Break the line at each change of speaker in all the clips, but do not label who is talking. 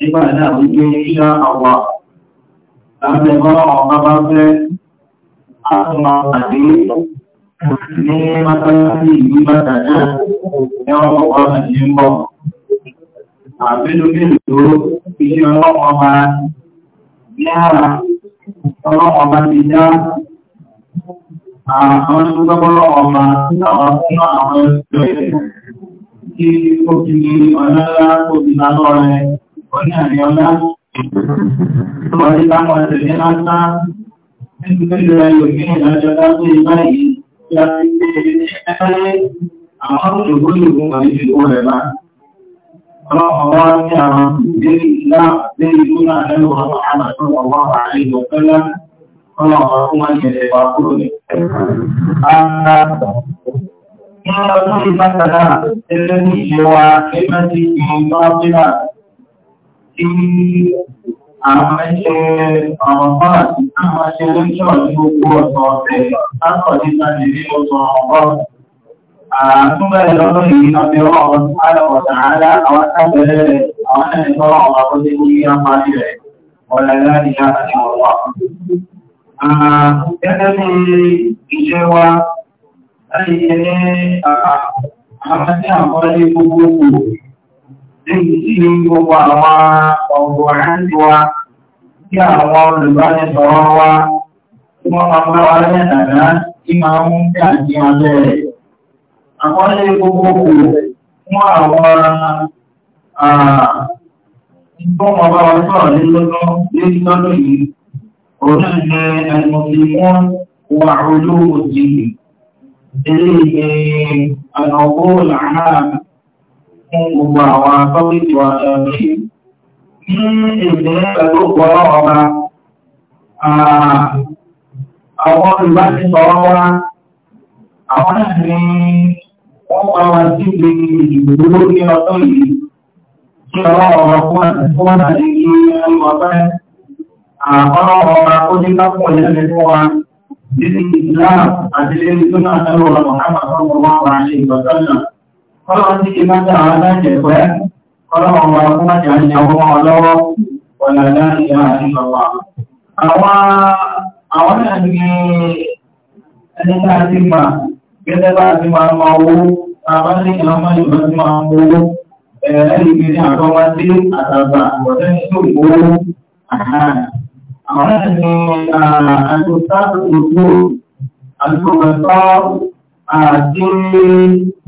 nígbà náà wípé iṣẹ́ àwà lábẹ́gbọ́ ọ̀pá bá fẹ́ àtúnmà àdé
ní mátàlásí ìlú
bàtà náà ní ọmọ wà ní mọ́. Àbẹ́lúgbèlú iṣẹ́ ọlọ́wọ́ bá ní ara ọlọ́wọ́ bá ti dá àwọn ìgbọ́gbọ́lọ́ ọmọ àwọn fún àwọn ẹgbẹ́ tí ó fi ọ̀nà ńlá tó ti lálọ́rẹ́ ní àrin ọlá, ọmọ ìlàmọ̀ ẹ̀rẹ̀ ní láńlá, nítorí ẹ̀yọ̀ ní ìrìnàjò lábẹ́ ìbáyìí, láti ní ẹ̀rẹ́ àwọn òṣògbó ìlú àti ìṣòwò rẹ̀ bá. Ọlọ́pàá wá ní àwọn ìdílé ìlà àti ìlú náà lẹ́nu ọmọ àmàtún ọwọ́ àárín ìlọ̀pẹ́lá, ọlọ́pàá fún wọn ṣẹlẹ̀ wà kúrò ní. Ní ọdún ìbátàdá, ẹgbẹ́ ní ìṣẹ́wà ẹgbẹ́ ti ìmọ̀ bá tí àwọn ẹṣẹ́ àwọn fọ́nà tí a máa ṣe lẹ́ṣọ́ ní gbogbo ọ̀sán ọ̀sẹ̀ látọ̀ ní sáàdì ní ọ̀sán ọ̀gbọ́n. Àtúnbẹ̀ lọ́dún yìí ọdún ọ̀rọ̀ ọ̀sán àárá àwọn tábẹ̀rẹ̀ rẹ̀ àwọn ẹni tọ́rọ̀ ọ̀rọ̀ tó ní kí á máa rí rẹ̀ ọ̀rẹ́ láti láti ọ̀rọ̀. Gẹ́gẹ́ bí iṣẹ́ wa, láti ṣe ní àwọn tí àwọn ọdún gbogbo níbi tí gbogbo àwọn ọ̀gbọ̀n àti wa tí àwọn olùbánisọ̀rọ̀ wa tí wọ́n máa bá wa lẹ́nàdá tí máa ń bí àti abẹ́ rẹ̀. Àkọ́lé gbogbo kò fún àwọn ìgbọ́mọ̀ bá wa sọ̀rọ̀ lélọ́dún lórí lọ́dún yìí. Òun wọn wà fún gbogbo àwọn akọ́bìtì wa ṣe ní èdè pẹ̀lú ọ̀pọ̀lọ́ ọba àwọn ìbánisọ̀rọ̀ wa àwọn àti wọ́n máa wá sí ilé ìdìbò lórí ọdún yìí kí ọlọ́wọ́ ọba fún àtẹ̀kọ́ àti kí ọlọ́wọ́ ọlọ́wọ́ ọba ó ní kápọ̀ lẹ́nu fún wa nínú ìlà àti Ọlọ́run tí kí máa dára aláìjẹ̀ pẹ́, ọlọ́run wa kó máa jẹ́ àyẹ̀wò wọn lọ́wọ́, wọ̀nà láàrin àárín lọ́wọ́. Àwọn náà ní ẹni náà ti mà, gẹ́gẹ́ bá ti máa ma owó, àwọn ní ìlànà ìbọn ti máa mú owó, ẹ̀ẹ́rì kiri àtọwádé àtàgbà àwọ̀dẹ́ ní tó gbówó. Àwọn náà ní àjọ̀tá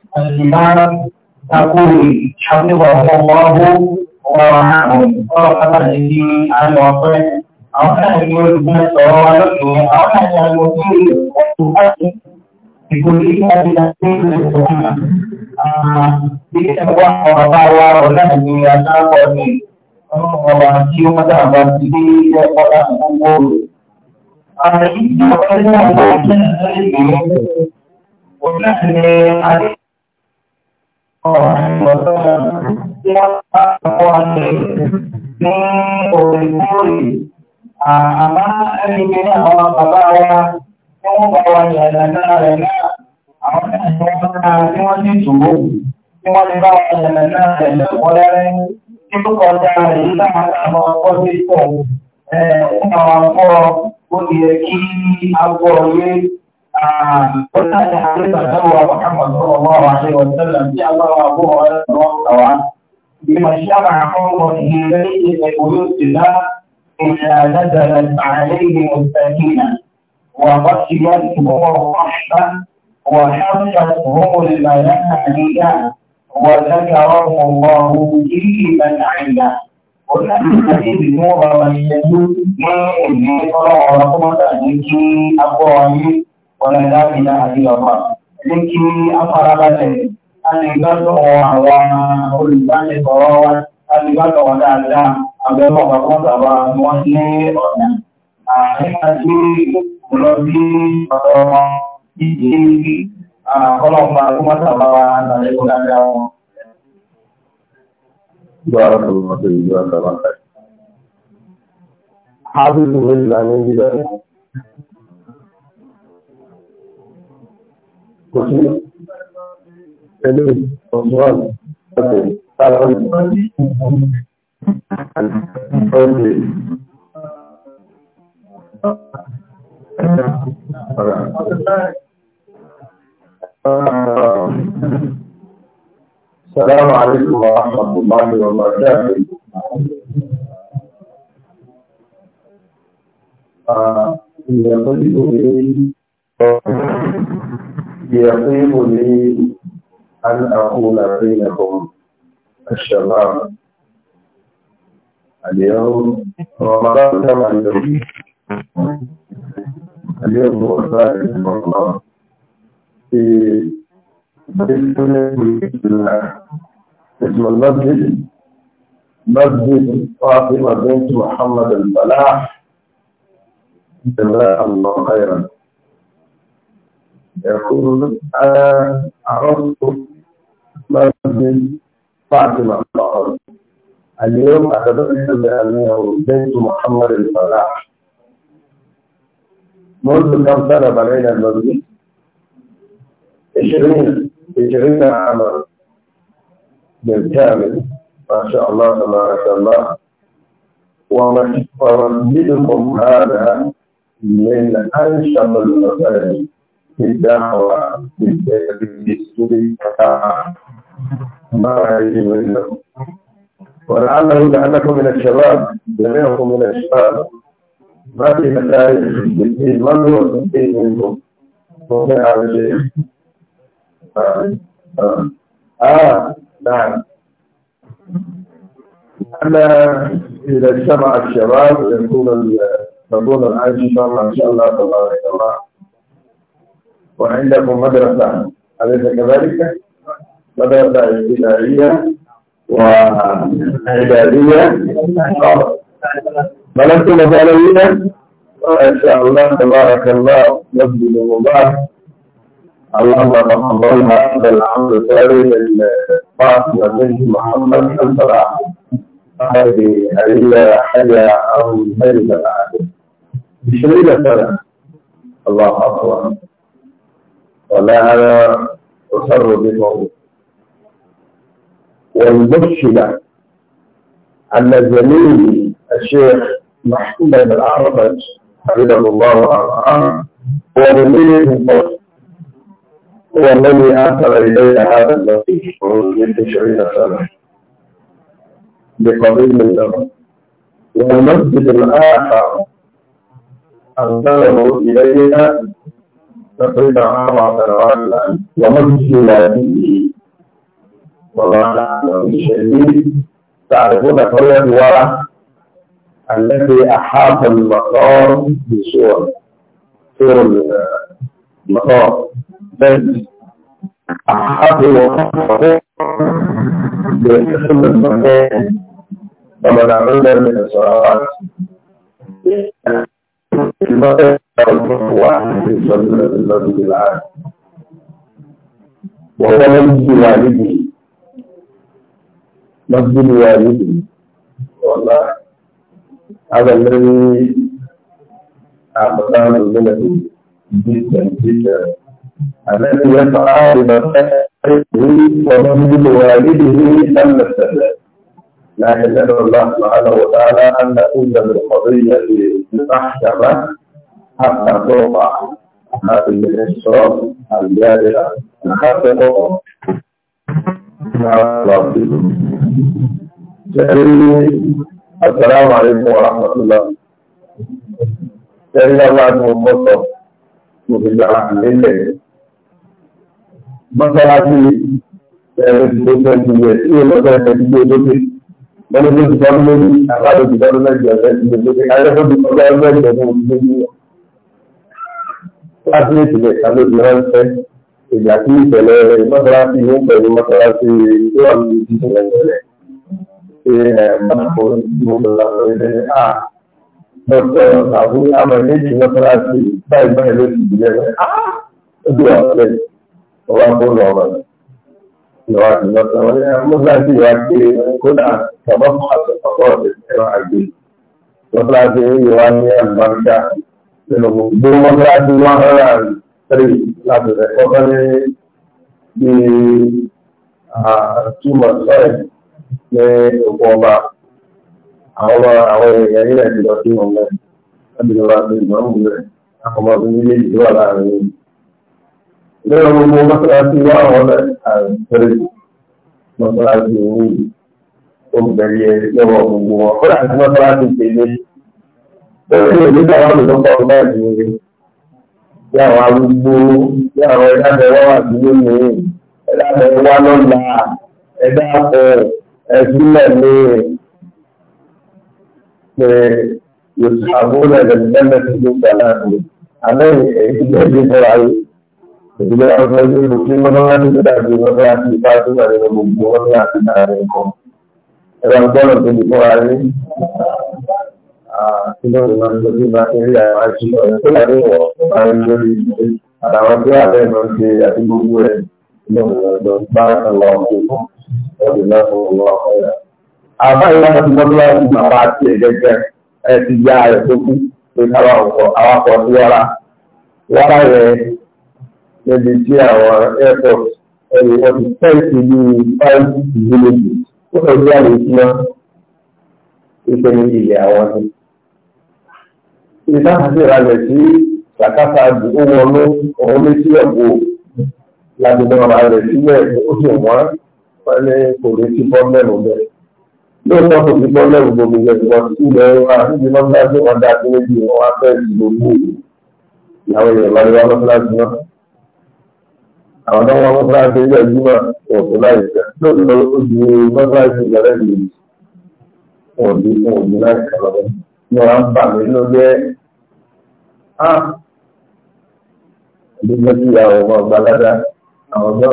الإمام تقول حفظه الله ورعاه ورحمة به عن وصف أرحم الناس وولده أرحم المسير بكل إيمان نسيب بكتب وحر طاوى ولهني أساقني ومراتي ومدعبا به وقرأ أقول أرحم الله ونحن عليه ọ̀rọ̀ wọ́n bá wà ní ní òrèkóòrè àmá ẹni pé àwọn bàbá wa tí wọ́n bá wà ní ẹ̀lẹ́nà rẹ̀ náà àwọn ẹ̀lẹ́nà tí wọ́n sì tòó tí wọ́n lè bá wà ní ẹ̀lẹ́nà rẹ̀ lẹ́kọ̀ọ́lẹ́rẹ́ tí tó kọjá rẹ̀ láwọn àwọn ọkọ̀ sí pọ̀ ẹ̀ẹ́n àwọn akọ́ ó ti yẹ kí agbọ̀ yé قلنا في حديث هو محمد صلى الله عليه وسلم جاء الله وابوه ولا توقع بما اجتمع قوم في بيت من بيوت الله إلا نزلت عليهم السكينة وغشيتهم الرحمة وحفظتهم الملائكة وذكرهم الله في من عنده قلنا في حديث نور من يجوز من يجوز من يجوز من يجوز wọ́n dábì náà àbí ọ̀pá. Ní kí á farabalẹ̀, a lè gbádùn àwọn olùbánisọ̀rọ̀ wa, a lè gbádùn wọn dáadáa, àbẹ̀wò àwọn bàbá wọn ní ọ̀nà. Àyíká tí kò lọ sí ọ̀dọ̀ wọn ní ìdí ọlọ́pàá tó má sábà wà lálẹ́kọ̀ọ́ dáadáa wọn. بارك الله فيك جزاك الله خير حافظ من الأمين kò sí pẹ̀lú ọ̀sán ọ̀sẹ̀ tára ọ̀sẹ̀
ọ̀sẹ̀
السلام عليكم ورحمة الله وبركاته يقول يطيب لي أن أكون بينكم الشباب اليوم رمضان كما اليوم هو ثالث رمضان في اسم المسجد مسجد فاطمة بنت محمد الفلاح جزاها الله خيرا يقول الآن آه، عرفت من بعد ما أعرف اليوم أخبرت بأنه بيت محمد الفلاح منذ كم سنة بنينا المسجد؟ 20 عشرين عاما بالكامل ما شاء الله تبارك الله ومسجدكم هذا من أنشط المساجد ولعله لعلكم من الشباب جميعكم من الشباب ما في مسائل بالدين من هو الدين منكم ممكن على شيء آه نعم أنا إذا اجتمع الشباب يكون تكون الآن إن شاء الله إن شاء الله تبارك الله وعندكم مدرسة أليس كذلك؟ مدرسة ابتدائية وعبادية بل أنتم مثاليين وإن شاء الله تبارك الله مسجد مبارك اللهم تقبل هذا العمل الثاني للفاطمة بنت محمد الصلاة هذه هي حياة أو هي العادة 20 الله أكبر ولا أنا أصر بكم والمشكلة أن زميلي الشيخ محمد الأعرج حفظه الله وأرعاه هو زميلي في هو الذي أرسل إلي هذا اللطيف من تشرين سنة بقضيب الأمر والمسجد الآخر أرسله إلينا فقلت عام فرعون ومجد فيه وقال شديد تعرفون قرية الورع التي أحاط المطار بسور سور المطار بل أحاط بقسم المطار ومن عمل من الصلوات ما يعرفه واحد يصلي الذي بالعاد وهو مسجد والده مسجد والده والله هذا الذي أعطانا البلد جدا جدا الذي يسعى بمساعده ومسجد والده تم السلام لا يزال الله سبحانه وتعالى أن نقول بالقضية المحكمة حتى توقع هذه الإشراف حتى نحقق مع ربكم السلام عليكم ورحمة الله Jadi Allah itu memotong Mungkinlah ini Masalah ini Saya berdosa juga Ia wọ́n ní bí wọ́n lórí àbájọ ìdánwò náà jẹ́ ọ̀rẹ́ ti lè lórí ajẹ́kọ̀ọ́ ọjọ́ ọjọ́ ìjọ náà ti lórí wọn. Fáṣílẹ̀tì rẹ̀ kájọ́ ti ránṣẹ́ ìgbà tí ìṣẹ̀lẹ̀ rẹ̀ mọ́sálásí ń pẹ̀lú mọ́sálásí tó wà lórí ti ìṣẹ̀lẹ̀ rẹ̀. Ṣé ẹ̀ máa kó mo lọ rẹ̀ à dọ́kítọ̀ àbúrò àmọ̀ méjì mọ́sálásí báyìí báyìí ló ti ìwádìí lọ́sàn án ní mọ́sálásí ìwádìí kódà bàbá fún àtọ́kọ́ ẹ̀rọ àgbẹ̀ mọ́sálásí ìwádìí àgbàǹdà nínú gbogbo mọ́sálásí wọn rárá tẹ̀lé láti rẹ̀ kọ́kọ́ ní bí túmọ̀ sọ́ẹ̀ ní òkú ọba àwọn àwọn èèyàn nílẹ̀ ti wọn mẹ́rin láti lọ́ra sí rẹ̀ àkọ́mọ́ fún ilé ìdíwà láàrin lẹ́yìn gbogbo mọ́sálásí wà wọ́n àtẹ̀rẹ̀ mọ́sálásí òun olùbẹ̀rẹ̀ lọ́wọ́ gbogbo wọn kọ́dà tí mọ́sálásí ti lé
lẹ́yìn ìgbésẹ̀ àwọn olùdókọ̀
ọ̀gá ìdílé bí àwọn arúgbó bí àwọn ẹ̀dá bẹ̀rẹ̀ wà dúró ní ẹ̀dá bẹ̀rẹ̀ wà lọ́la ẹ̀dá pọ̀ ẹ̀sílẹ̀ ní pé yòòsàbó lẹ́dẹ̀ẹ́dẹ́gbẹ̀ẹ́ tó gbà láàrin àmẹ́yìn èyí ìdílé ọ̀sán yìí ló kí wọ́n máa ń gbé àti wọ́n máa ti bá tó wà nínú gbogbo wọn ní àti àárín kan. ẹ̀rọ gbọ́dọ̀ tó lè fọ́ra rí kí ló lè máa ń lọ sí bá ti rí àwọn aṣọ ọ̀rẹ́ tó wà níwọ̀ àwọn lórí ìdílé àtàwọn tí wà bẹ́ẹ̀ máa ń ṣe àti gbogbo ẹ̀ ló ń lọ bá ọ̀la ọ̀gbẹ́ ọ̀gbẹ́ náà fún ọ̀la ọ̀la. àbá ìlà ti mọ́ láti bàbá àti ẹ̀gẹ́gẹ́ ẹ̀ ti yá ẹ̀ tó kú pé káwá ọ̀pọ̀ àwọn akọ̀ sí wàrà wàrà yẹn níbi tí àwọn airport ẹni wọ́n ti tẹ́ǹtì ní five villages ó lọ bí àwọn ìtumọ̀ ìṣẹ́ ní ilẹ̀ àwọn ni. ìdáhàsí ìrànlẹ̀ sí ṣàkàtà ó wọnú òun ní sí ẹ̀kọ́ láti dán ara rẹ̀ sílẹ̀ ó sì wọ́n wọ́n ní kò rí sí bọ́ọ̀lù bẹ́ẹ̀. lóòótọ́ kò sí bọ́ọ̀lù gbogbo ìgbẹ̀gbọ̀n sílẹ̀ wa níbi lọ́gbàdún ọ̀dà tó ń bí wọn wá fẹ́ẹ̀ sí gbogbo ìyàwó ìrẹ̀lẹ́ wọn lọ́gbàdún náà àwọn tó ń wá mọ́sálásí ilé ìjúmọ̀ òkú láyé ìjà tó ń lọ ojú mọ́sálásí ìjà lẹ́yìn ìlú òbí òbí láti kàlọ́wọ́ ni wọ́n ń bà mí ló jẹ́ á ìdíjẹ́ sí àwọn ọmọ ọgbà dáadáa àwọn tó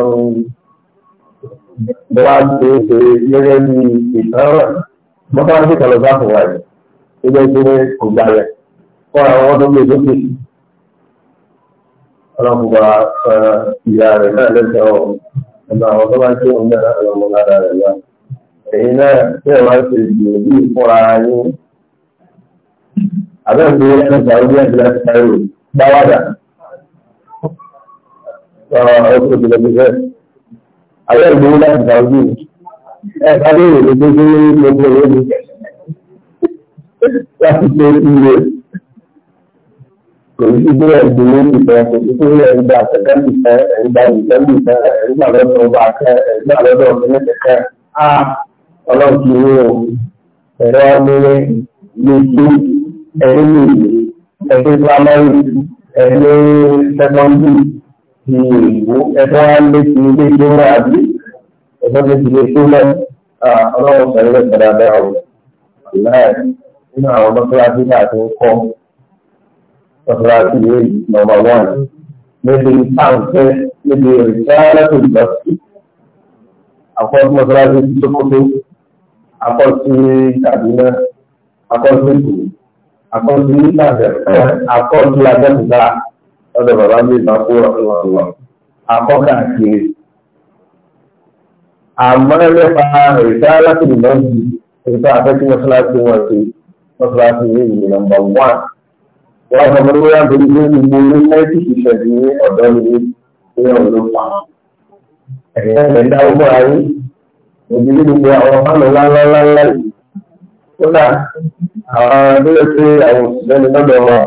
ń wá ṣe é ṣe gẹ́gẹ́ bí ìtọ́rọ̀ mọ́sálásí kàlọ́wọ́ bá fò wáyé ilé ìjúmọ̀ kò gbalẹ̀ fún àwọn ọmọ tó ọlọ́mùbá ìyá rẹ̀ náà lẹ́sẹ̀ ọ̀hún ọ̀nà àwọn tó bá jẹ́ òun náà lọ́mọ lára rẹ̀ yá. èyí náà tí ẹ̀ máa ń ṣe ìgbìyànjú fúnra yín àbẹ́ǹdé ẹ̀ka orí ẹ̀dá ẹ̀rọ gbáwádà ọkọ̀ ìjìnlẹ̀ bíbẹ́ àbẹ́ǹdé láti dàrúgbì ẹ̀ka lóòrè lójoojúmọ́ ní gbogbo ìwé mi láti ṣe ìwé èyí tí bóyá ìdílé ń bìfẹ́ kò sí bóyá ẹ̀rígbà àtẹ̀kẹ́ ń bìfẹ́ ẹ̀rígbà ìfẹ́ ń bìfẹ́ ẹ̀rígbà lọ́dọ̀ ọba akẹ́ ẹ̀rígbà lọ́dọ̀ ọ̀gbẹ́lẹ́kẹ́kẹ́ á ọlọ́ọ̀kì ní o ẹ̀rọ amúlé ibu ẹ̀rí nìyí ẹ̀rí primary ẹ̀rí secondary ti ìlú ẹ̀fọ́ alẹ́ ti ilé tó ń rà bí ẹ̀fọ́ alẹ́ ti ilé tó lẹ̀ ọlọ́run sọ̀rọ̀ mọ́sálásí yìí nọ́mbà wọ́n níbi pàǹfẹ́ níbi ìrìnsára tó lọ sí àkọ́ mọ́sálásí tó kókó àkọ́ sí Kaduna àkọ́ sí kù àkọ́ sí Ìbàdàn àkọ́ sí Abẹ́òkúta ọ̀dọ̀ bàbá mi bá kó ọ̀rọ̀ àkọ́ káàkiri. Àmọ́ nípa ìrìnsára tó lọ sí ìrìnsára tó kí mọ́sálásí wọn sí mọ́sálásí yìí nọ́mbà wọ́n wọ́n sọ pé bóyá torí pé gbogbo orí mẹ́tì ṣiṣẹ́ sí ọ̀dọ́ mi ní ọ̀dọ́ pa. Ẹ̀yìn ẹ̀rẹ̀ dá owó ayé, òbí ní gbogbo àwọn fáànù ńláńláńlá yìí. Kódà àwọn abẹ́rẹ́ pé àwọn òṣìṣẹ́ ni lọ́dọ̀ wọn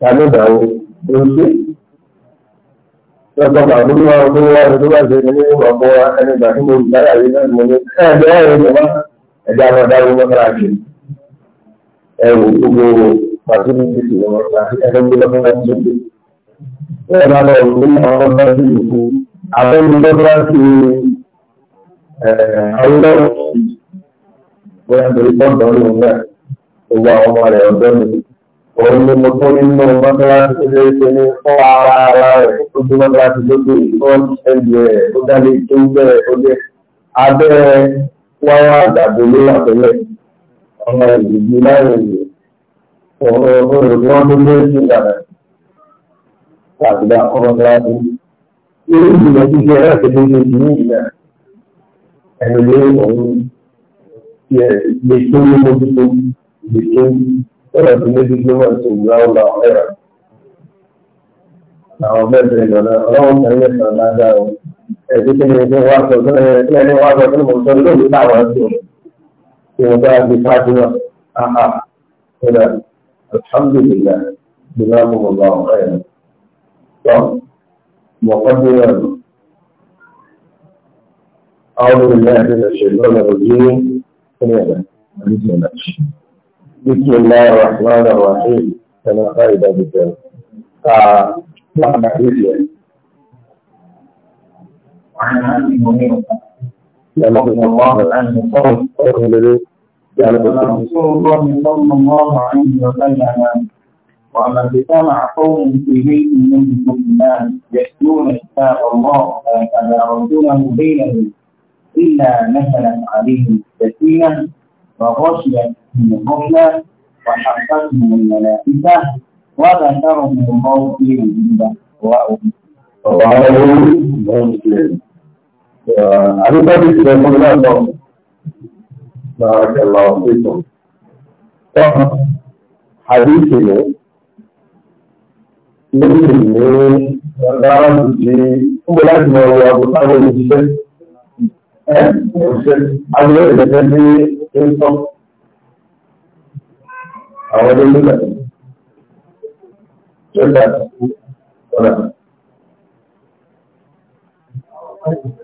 tàbí ìdàwó ló ń ṣe. Lọ́sọ̀kọ̀ àbúrò wa tó wá ní tó bá ṣe ní ọ̀pọ̀ ẹni ìgbà tí mo ń yìí náà mo ní ẹ̀ẹ́dẹ́ ẹ̀rọ ìjọba ẹ̀dá àwọn ọ̀dá ẹ̀wù gbogbo pàtó ní ìdíje ìwọ̀n ọ̀gá ẹgbẹ́ gbọ́dọ̀ bá ti ṣe. Bẹ́ẹ̀ bá lọ rí àwọn bá ti ìlú àbẹ́mi lọ́dọ́ bá ti ọlọ́ bóyá torí bọ́ọ̀dọ̀ ló ń gbà gbogbo àwọn ọmọ rẹ̀ ọ̀dọ́ mi. Òun ni mo tó nínú mọ́tàlásí tó lé ṣe ní fún ara ara rẹ̀ tó dé mọ́tàlásí tó dé ìfọ́n ẹgbẹ́ rẹ̀ tó dálé tó ń bẹ̀rẹ̀ tó dé abẹ́ wáwá àgbàdo ló wà tẹ́lẹ̀ ọmọ ìdìbò láàrin
ọ̀rọ̀ olùkọ́ tó
lé sí ìlànà àgbà ọmọ kíláàsì irú ìdìbò tí ṣe ẹ̀rọ tó lé sí ìlànà ẹ̀rọ lé ọ̀hún lè tó ní mójútó lè tó ọ̀rọ̀ tó lé sí ìlànà tó gbà ọ̀la ọ̀rẹ́ àwọn bẹ́ẹ̀ lọ́nà ọlọ́run tẹ̀lé sọ̀rọ̀ dáadáa o ẹ̀sìn tí mo ti wá sọ tó ẹni wá sọ tó mo sọ lóòótọ́ àwọn ẹ̀sìn وبعد فاتنا أحا هنا الحمد لله جزاكم الله خيرا ومقدما أعوذ بالله من الشيطان الرجيم بسم الله الرحمن الرحيم كما قال ذلك فمعنى عن أبي هريرة رضي الله عنه قال رسول الله صلى الله عليه وسلم ومن اجتمع قوم في بيت من الإيمان يتلون كتاب الله فيتدارسونه بينهم إلا نزلت عليهم سكينة من الغفلة وحفتهم الملائكة وذكرهم الله في وأولئك àdúgbàdì ìṣẹ̀lẹ̀ fún ilé ẹ̀kọ́ láàrẹ̀lá ọ̀pẹ̀tọ̀. Tọ́n àdúgbò ní lókè ní rárá jù sí gbogbo láti mọ ọ̀rọ̀ àbò sáré òṣìṣẹ́. Ẹ òṣìṣẹ́ àbúrò ìdẹ́fẹ́ ní ẹ̀ńtọ́. Àwọn ọdún nígbà tó. Ṣé ọ̀dà? Ọ̀dà. Thank you.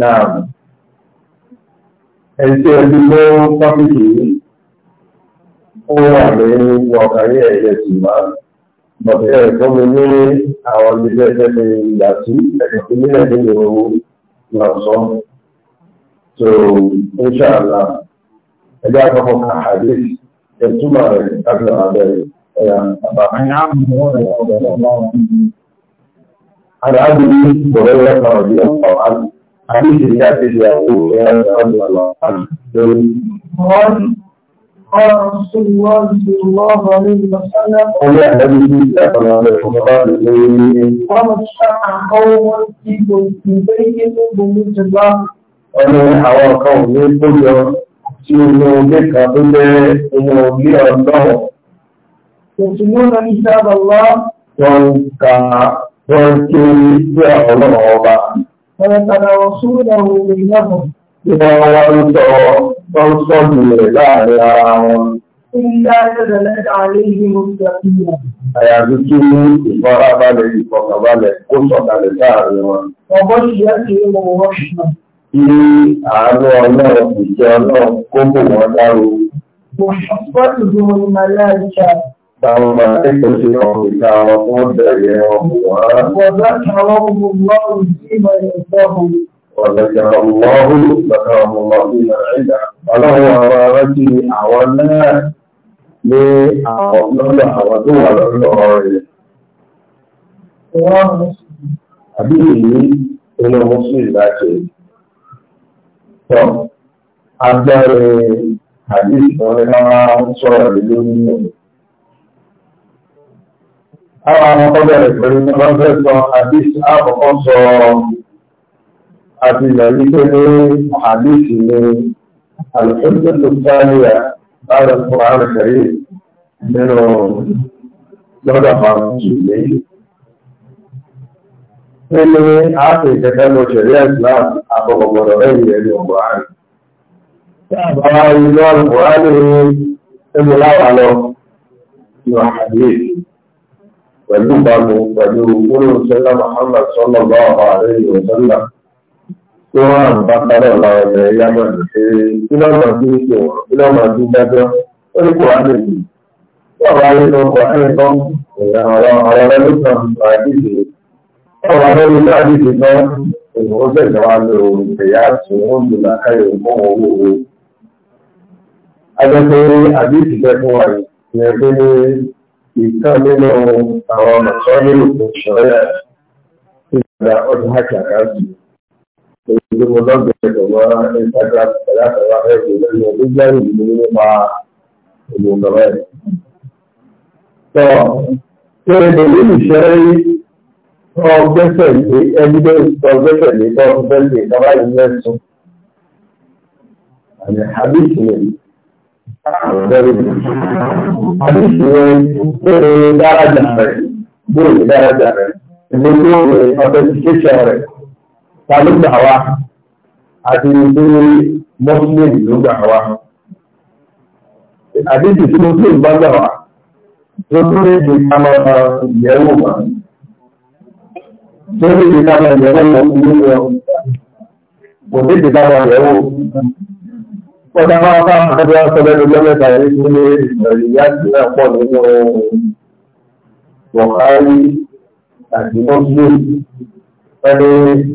náà ẹ̀sẹ̀ ẹ̀dúgbò tọ́pìkì yìí ó wà ní wọ̀kàrí ẹ̀yẹ tì máa bọ̀dẹ̀ ẹ̀kọ́ mi ní àwọn ilé ẹgbẹ́ ìyà sí ẹ̀kọ́ nílẹ̀ nílẹ̀ owó náà so inṣàlá ẹgbẹ́ àkọ́kọ́ kà àdé ẹ̀túmọ̀ rẹ̀ láti àwọn abẹ́rẹ́ ẹ̀yà bàbá. Àdáàbí bọ̀rẹ́ lẹ́kọ̀ọ́ bí ọ̀pọ̀ àdé àbíjì jáde lè àwọn ìyá ọ̀dọ́ àlọ́kàn lórí. Ọlé àdábí ní ìjàkọ̀nà rẹ̀ fún bá lè lórí ní ọ̀nà àwọn ọ̀kan òní tó yọ tí inú ilé kan tó jẹ́ inú ilé ọ̀dọ́wọ̀. Òṣìlúnà ní sábàlá wọ́n ń wọ́n فذكر رسوله بينهم Iná wọn ń sọ ọ́ ń sọ́dúnlẹ̀ láàrin ara wọn. Ilé ayẹ́dẹ̀lẹ́ àlẹ́ yìí ló ń jẹ́ ìyá. Àyàfi kí ní ìfarabalẹ̀ ìfọkànbalẹ̀ kó sọ̀kalẹ̀ láàrin wọn. Ọgbọ́n ìyá ti ń mọ wọ́n ṣùgbọ́n. Kí àánú ọlọ́run kò jẹ́ ọlọ́run kó bò wọ́n dáró. Mo ṣàpọ̀tù bí mo ní màláìka. Báwọn akẹ́kọ̀ọ́ ṣe ọ̀rọ̀ ìta wọn fún ọ̀bẹ̀rẹ̀ ọmọ wá. Ọ̀dọ́ ìṣàwọn ọmọ lọ́rùn sí ìmọ̀ ìṣọ́hùn. وذكر الله ذكرهم الله إلى العدة ọlọ́run ọ̀rọ̀ ọ̀rọ̀ ti àwọn náà ní àwọn ọmọkọ́ bẹ̀rẹ̀ pẹ̀lú nígbàfẹ́ sọ àdíṣì àkọ́kọ́ sọ àti ìlàrí pé ní àdíṣì ni àlùfẹ́sẹ̀ tó sáyà bára fún ààrẹ kẹrì nínú lọ́dà àwọn ìlé nínú àti ìkẹta lọ ṣẹ̀rí islam àkọ́kọ̀gbọ̀dọ̀ lẹ́yìn ẹ̀rí lọ, ìwà àdíṣì. pẹ̀lú ìbámu pẹ̀lú gbólóhùn sẹ́lá Muhammad sallallahu alaihi wa sallam tó wà ń bá láwọn ẹ̀rọ ẹ̀yà máa ń ṣe máa máa dájọ́ ó ní kò wá lè àwọn ìkan nínú àwọn ọ̀sán nínú ìṣọ̀rẹ́ ìgbà ọdún hàkì àkáàtì èyí mo lọ́gbẹ̀ẹ́ ìjọba instagram pẹ̀lú àtàwọn ẹ̀rọ lẹ́nu nígbà ìlú nípa ìlú ìjọba ẹ̀. sọ pé èdè ìṣẹ́ tó gbẹ́sẹ̀ lé evidence tó gbẹ́sẹ̀ lé tó gbẹ́sẹ̀ lé tó bá yẹ lẹ́sùn. àmì àbí ìṣẹ̀lẹ̀ yìí. Àdìsí rẹ̀ dáradà rẹ̀, bóòlù dáradà rẹ̀, ìwé tó rẹ̀ authentication rẹ̀, ta ló gbà wá, àti ìwé Muslim ló gbà wá. Àdìsí tí Muslim bá gbà wá, tó tó lè di ká máa yẹ̀wò wá. lè di ká máa yẹ̀wò wọ́n ní Wọ́n máa bá àjọ sọ́lẹ́nu lọ́mẹ́ta yìí nílé ìrìyá ìpínlẹ̀ pọ̀ nínú Bọ̀hárí àti Mọ́sílẹ̀. Ẹni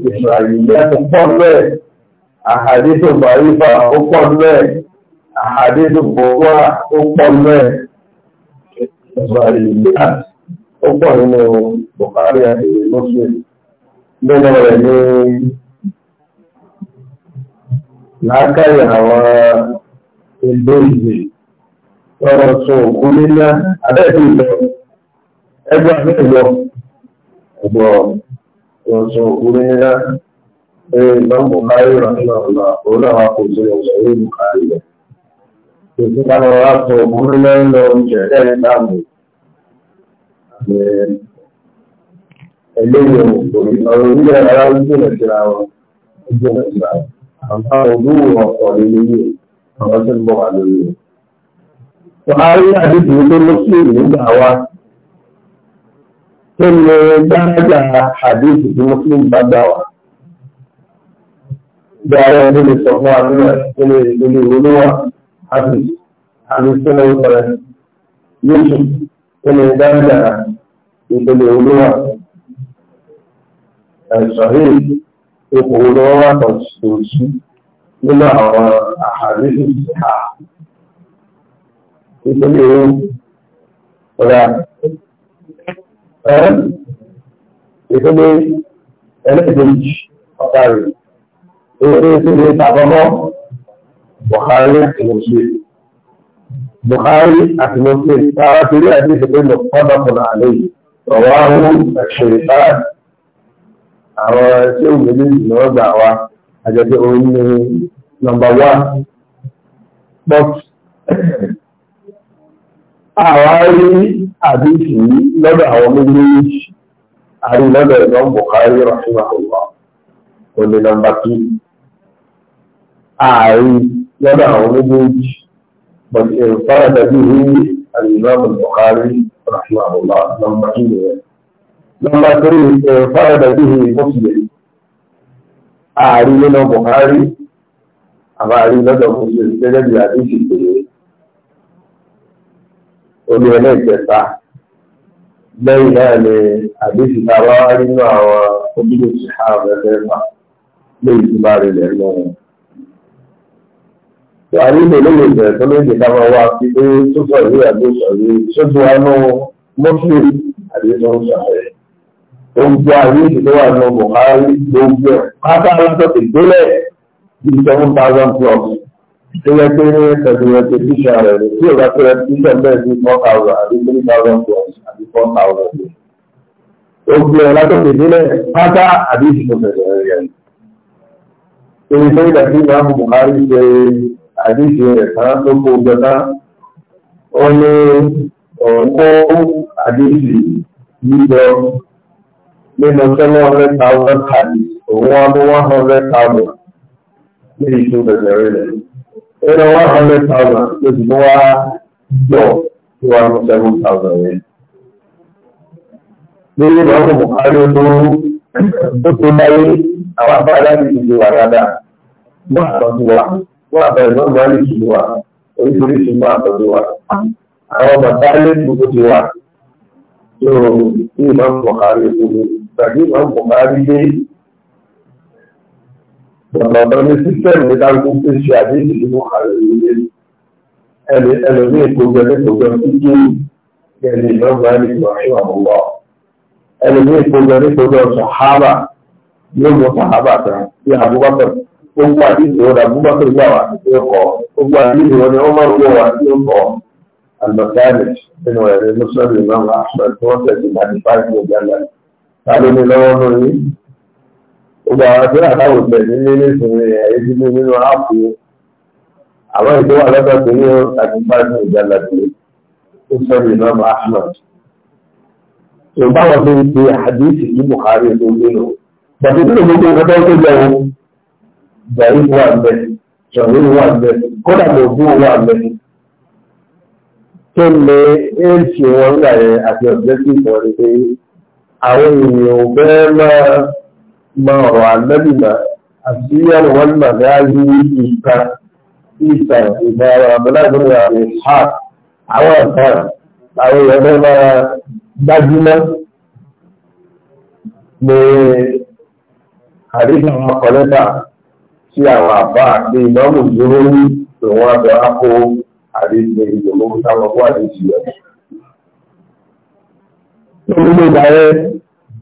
ìṣàyíyá tó pọ̀ bẹ́ẹ̀, àhàdé tó bàrífà ó pọ̀ bẹ́ẹ̀, àhàdé tó bọ̀wá ó pọ̀ bẹ́ẹ̀. Ìṣàyíyá ó pọ̀ nínú Bọ̀hárí àti Mọ́sílẹ̀. Bẹ́ẹ̀ làákàyè àwọn ẹgbẹ́ ìwé
lọ́rọ̀ sọ òkú
nílá abẹ́ẹ̀dì lọ ẹgbẹ́ abẹ́ẹ̀ lọ ẹgbọ́ lọ́rọ̀ sọ òkú nílá pé lọ́mọ báyìí rọ̀ nínú ọ̀la òun náà wà kò sí ọ̀sẹ̀ yìí mú kárí lọ. Èsì káwọn wá sọ òkú nílá ń lọ oúnjẹ lẹ́yìn dáàbò. Ẹlẹ́yìn òkú ìlọrin ní ẹ̀rọ ìjìnlẹ̀ síra wọn. Ìjìnlẹ̀ síra wọn àǹfààní owó ọ̀pọ̀ lórí yìí àwọn tó ń bọ̀ wà lórí rẹ̀. Sọ ayé àdéhùn tó lókèrè nígbà wa tó lè dáradà àdéhùn tó lókèrè gbàgbà wa. Bí ara ẹni lè sọ fún abúlé ilé ìlú olówó àti àlùsílẹ̀ ìfọ̀rẹ́ yóò tó lè dáradà ìpele olówó àti yìí ipò wo lọ́wọ́ wàtọ̀ òṣì nínú àwọn àhàrí ìṣà nítorí ọ̀rà ẹ́ ìpínlẹ̀ ẹlẹ́gbẹ̀ẹ́jì ọ̀tá rẹ̀ èyí tí ó tàbọ́mọ́ Buhari àti Muslim Buhari àti Muslim tààrà torí àti ìṣẹ̀lẹ̀ lọ́pọ̀lọpọ̀ àlẹ́ yìí rọ̀wá ọ̀hún ẹ̀ṣẹ̀rẹ̀ sáà àwọn ṣéwù méjèèjì ni wọ́n gbà wá àjọṣe òun ní nọ́mbà wán but àwa rí àdéhùn yìí lọ́dọ̀ àwọn méjèèjì àrí lọ́dọ̀ Imam Bukhari rahimahullah òní nọ́mbà tí ààrí lọ́dọ̀ àwọn méjèèjì but ìrùfáà dàbí rí àrí Imam Bukhari rahimahullah nọ́mbà tí nìyẹn nọ́mbà torí fáradà ìdíhì mọ́sílẹ̀ ààrí nínú Buhari àbáàrí lọ́dọ̀ mọ́sílẹ̀ gẹ́gẹ́ bí àdéhì pé olú ẹlẹ́ẹ̀kẹta lẹ́yìn náà ni àdéhì tàbá wá nínú àwọn obìnrin ti ha mẹ́fẹ́fà lẹ́yìn tí bá rí lẹ̀ lọ́wọ́ àrí ilé olóyè ìbẹ̀rẹ̀ tó lóyè ìdáwọ́ wa fi pé tó sọ ìwé àdéhùn sọ̀rọ̀ tó tún wá àdéhùn sọ̀rọ̀ oúnjẹ ayé ìlú wà ní Buhari gbogbo ẹ̀ pátá lọ́sọ̀tì ìgbélẹ̀ bíi seven thousand plus tó yẹ pé ní ẹ̀sẹ̀dùrẹ̀tì tíṣà rẹ̀ rẹ̀ tí òbá tó yẹ tíṣà bẹ́ẹ̀ sí four thousand àti three thousand plus àti four thousand. gbogbo ẹ̀ lọ́sọ̀tì ìgbélẹ̀ pátá àbí ìṣòro fẹ̀sẹ̀ rẹ̀ rẹ̀. èyí tó yẹ kí ìmáàmù Buhari ṣe àdíṣe rẹ̀ tán ló kó oúnjẹ tán ó ní òun kó àdíṣe yíyọ nínú seven hundred thousand hadith òun wá ní one hundred thousand ní ìṣó bẹ̀rẹ̀ rẹ̀ nínú one hundred thousand ló ti mú wá jọ tí wàá mú seven thousand yẹn. nínú ìbámu buhari tó tó tó dáyé àwọn abáyá ti ti wà dáadáa wọ́n àtọ́jú wa wọ́n àtọ́jú wa wọ́n àtọ́jú wa oríṣiríṣi máa àtọ́jú wa àwọn bàtà lẹ́nu tó ti wà. Yóò ní ìbámu buhari tó tàbí ìwọ̀n kò máa rí lé ọ̀nà ọ̀dọ́ ní sísẹ́ẹ̀mù ní dáńgó pé ṣe àdéhùn ìlú àrẹ̀lẹ̀ ẹni ẹlòmí ìkójọ nípòjọ kíkí ẹni ìlọ́gbà ní ìwàṣíwà mọ́wọ́ ẹlòmí ìkójọ nípòjọ sàhábà yóò mọ sàhábà kan bí Abubakar ó ń pa àdéhùn ìwọ̀n Abubakar gbà wà sí ọkọ̀ ó pa àdéhùn ìwọ̀n ni Umar gbà wà sí ọkọ̀ almasani nínú ẹ̀rẹ́ mọ́sálì náà àṣà tí wọ́n tẹ̀sí 95 million láti ní lọ́wọ́ lórí gbogbo àwọn tí àtàwọn ìpè ní nílé ìsinmi ẹ̀yẹ ti ní nínú áàpù àwọn ètò wà lọ́dọ̀ tó ní àti gbádùn ìjàlá tó ó sọ ní ìlú Ahmad tó báwọn tó ń pe àdéhìí ní Buhari tó ń nínú bàtí tó lè gbogbo ọkọ tó jẹ òun jàrí wà bẹ jàrí wà bẹ kódà lè bú wà bẹ tó lè éèkì wọn gbà yẹn àti ọ̀gbẹ́sì àwọn èèyàn ò fẹ́ máa máa ọ̀rọ̀ àlẹ́bìmá
àti àwọn
màgá yí ìta ìta ìta àbúlágbèrè àmì ha àwọn àǹfà àwọn èèyàn fẹ́ máa gbájúmọ́ ní àdéhùn ọkọ̀lẹ́ta tí àwọn àbá àti ìmọ̀mù dúró ní ìwọ̀n abẹ́ àpò àdéhùn ìjọba táwọn wà ní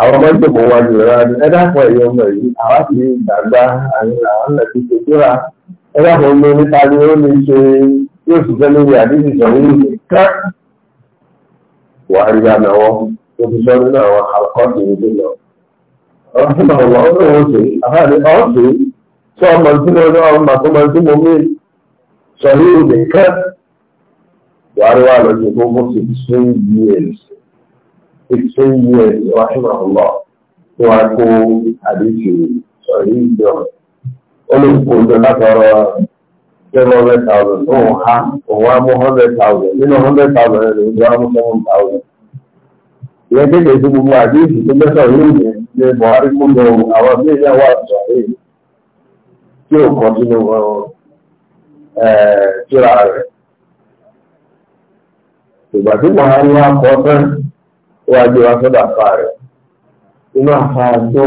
àwọn ọmọ ìjọba wa jù rárá ni ẹ dákun ẹ̀yọ́ ọmọ yìí àwa sì ní ìdàgbà àwọn ọ̀nà ti ṣe ẹ dákun ọmọ nípa ni ó lè ṣe yóò sì fẹ́ lórí àdéhùn ìṣòro yìí ká wàhálì àná wọn tó fi sọ nínú àwọn àkọ́kọ́ ìwé lọ. ọ̀rọ̀ tó bá wà ó lè wọ́n ṣe àbáyé ọ̀ ṣe sọ ọmọ tí mo ní ọmọ màkó máa tí mo mí sọ ní ìdè ká wàhálì wà lọ fifteen years rahimahullah tí wọ́n kó àdéhùn sọ̀rí ìjọ olùkójọ látọ̀rọ̀ seven hundred thousand ń ha òun á mú hundred thousand nínú hundred thousand rẹ̀ ló ń mú seven thousand. ìyẹn kéde sí gbogbo àdéhùn tó gbẹ́sọ̀ yóò ní Buhari kó àwọn bí wà sọ̀rí tí kọ́ sínú rẹ̀. ìgbà tí Buhari wá kọ́ sẹ́yìn. wá gbé wá sọ́dọ̀ àfa rẹ̀ inú àfa tó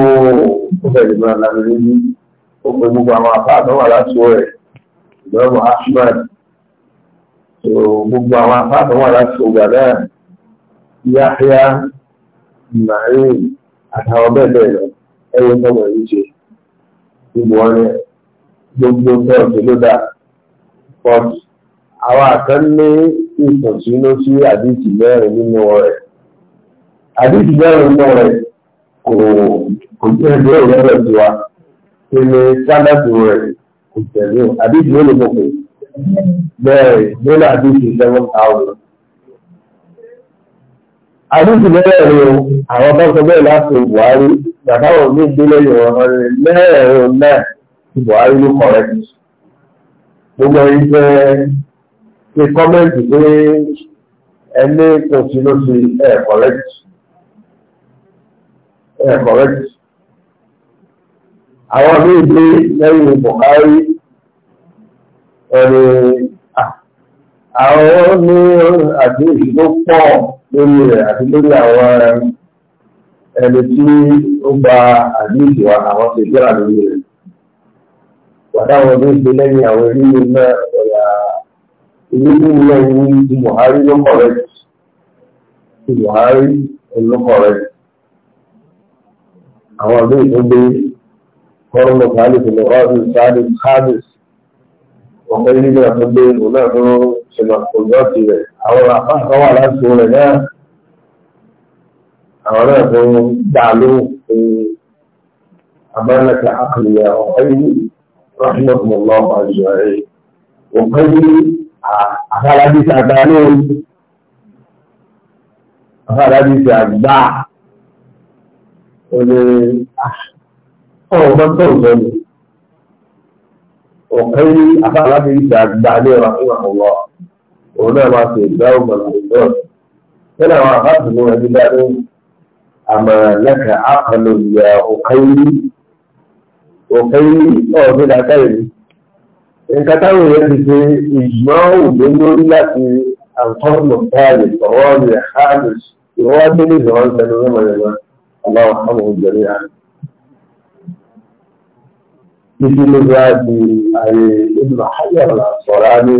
fẹ́ lè máa lanu lórí ó pe gbogbo àwọn àfa àtọ́ wà láti wọ̀ rẹ̀ ìdánwò ahmed gbogbo àwọn àfa àtọ́ wà láti wọ̀ gbàdá yáyá ìmàlẹ́ àtàwọn bẹ́ẹ̀ bẹ́ẹ̀ lọ ẹ̀yẹ tọ́mọ yìí ṣe gbogbo wọn rẹ̀ gbogbo tọ́ọ̀tù ló dà pọ́ọ̀tù àwọn àkànní ìtọ̀sí ló sí àdìsí mẹ́rin nínú ọ̀rẹ́ àdéhùn bẹ́ẹ̀ mọ́ rẹ̀ kò jẹ́ ẹgbẹ́ ìrẹ́rẹ́ ti wa tí ní sáńdàtì rẹ̀ kò tẹ̀lé o àdéhùn ló lè mọ̀ pé bẹ́ẹ̀ dọ́là àdéhùn seven thousand. àdéhùn bẹ́ẹ̀ ni o àwọn bá sọ bẹ́ẹ̀ láti Buhari bàbá wọn ní ìgbélé ìwọ̀n rẹ̀ mẹ́rin náà ti Buhari ló kọ̀ rẹ̀ gbogbo ẹni fẹ́ ṣe kọ́mẹ́ǹtì pé ẹni kò sí ló ti ẹ̀ kọ̀rẹ́tì ẹ̀ kọ̀rẹ́tì. Àwọn míì dé lẹ́yìn Bùkárí ẹ̀rọ àwọn ní àdéhùn tó pọ̀ lórí rẹ̀ àti lórí àwọn ẹni tí ó gba àdéhùn wa àwọn tó jẹ́ra lórí rẹ̀. Wàdáwọn tó ń lẹ́yìn àwọn eré náà ọ̀yà ilé nílẹ̀ ní ti Buhari ló kọ̀rẹ́tì. Ti Buhari ló kọ̀rẹ́tì àwọn ọdún ìtúgbé kọ́rọ̀mọ̀ kálífì lọ́rọ̀dún sáàdì kábìs ọ̀pẹ́ nígbà tó gbé òun tó ṣẹlẹ̀ òjò ti rẹ̀ àwọn àpáǹkà wà láti rẹ̀ náà àwọn náà tó dà lóhùn pé àbálẹ̀kà àkàlìyà ọ̀pẹ́ rahmatullah àjọyẹ̀ ọ̀pẹ́ àkàlàdìsì àgbà lóhùn àkàlàdìsì àgbà ẹni ọ̀gbọ́n tó ń sọ ni ọ̀kan yìí afárábí ìdàgbà ní ọ̀rọ̀ fún àwọ̀ òun náà máa ṣe ìdáhùn mọ̀lá ìdọ́ọ̀ nínú àwọn àbáàbí ní ẹni dání àmọ̀ lẹ́kà ápàlò ìyá ọ̀kan yìí ọ̀kan yìí ọ̀gbìn àkáyìí nǹkan táwọn èèyàn ti ṣe ìgbọ́n òde lórí láti àǹtọ́nù táàlì ọ̀rọ̀ rẹ̀ hálùs ìwọ́n dé ní ìjọba ń tẹnu mọ́ ẹ̀rọ الله يرحمهم جميعا títí ló bá di ààyè Ibn Hajar al-Asqalani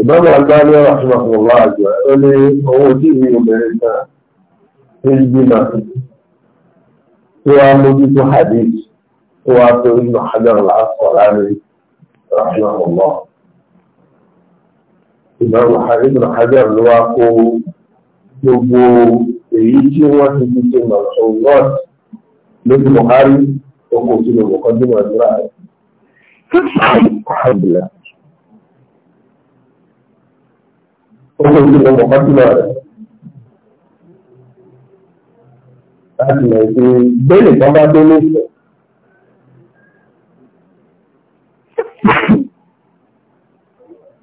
ìbámu àgbáni rahimahullah àjọ ó ní owó tí ìwé obìnrin náà ń gbìmọ̀ tó wá mójútó hadith tó wá tó Ibn èyí tí wọ́n ti fi ṣe mọ̀sọ̀rọ̀ lójú buhari tó kò sí lòbò kan tó mọ̀sọ̀rọ̀ rẹ̀. alhamdulilah ó kò sí lòbò kan tó mọ̀sọ̀rọ̀ rẹ̀. láti mọ̀ pé bẹ́ẹ̀ kan bá dé lóṣù.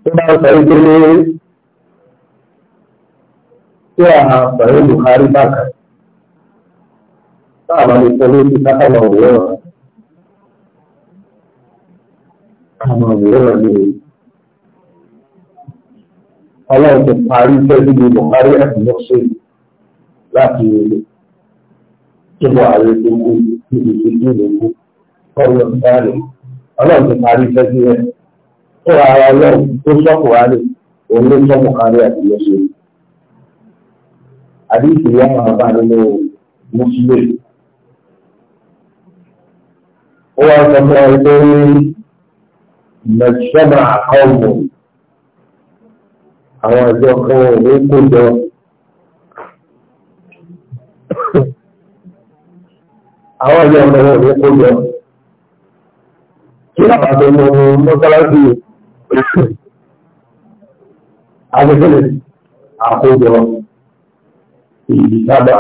tó bá ń sọ ìpele cewa bayan Buhari ba ka ba ba ne tsaro su ta kama wuyawa kama wuyawa ne ọlọ́run ti parí tẹ́lẹ̀ ní Buhari àti lọ́sẹ̀ láti ìbọ̀ ààrẹ tó kú níbi ìṣẹ́jú ìlú ọlọ́run sáré ọlọ́run ti parí tẹ́lẹ̀ rẹ̀ tó ara ọlọ́run tó sọ́kù wálé òun ló sọ́kù kárí àti lọ́sẹ̀ àbí ìpìlẹ̀ àwọn bá nínú mùsùlùmí. Ó wá sọ fún ọ pé mẹ̀sọ́mà àkọ́ọ̀mù àwọn àjọ kan ò ní kó jọ. Àwọn àjọ kan ò ní kó jọ. Kí làbà tó mọ mọ́sálásí agbègbè àkójọ èyí sábà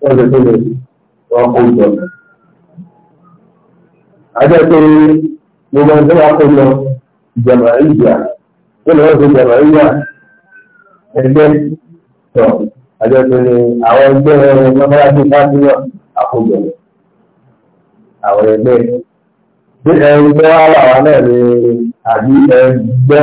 wọ́n ti tó lè wọ́n kó jọ. Ajẹ́ pé gbogbo ẹgbẹ́ wa kó lọ ìjàmbá ìjà ó lọ́wọ́ sí ìjàmbá ìjà ẹgbẹ́ tọ̀ ajẹ́ pé àwọn ẹgbẹ́ mọ́mọ́láṣí fásitì àkójọ àwọn ẹgbẹ́. Bí ẹgbẹ́ wa wà náà ni àbí ẹgbẹ́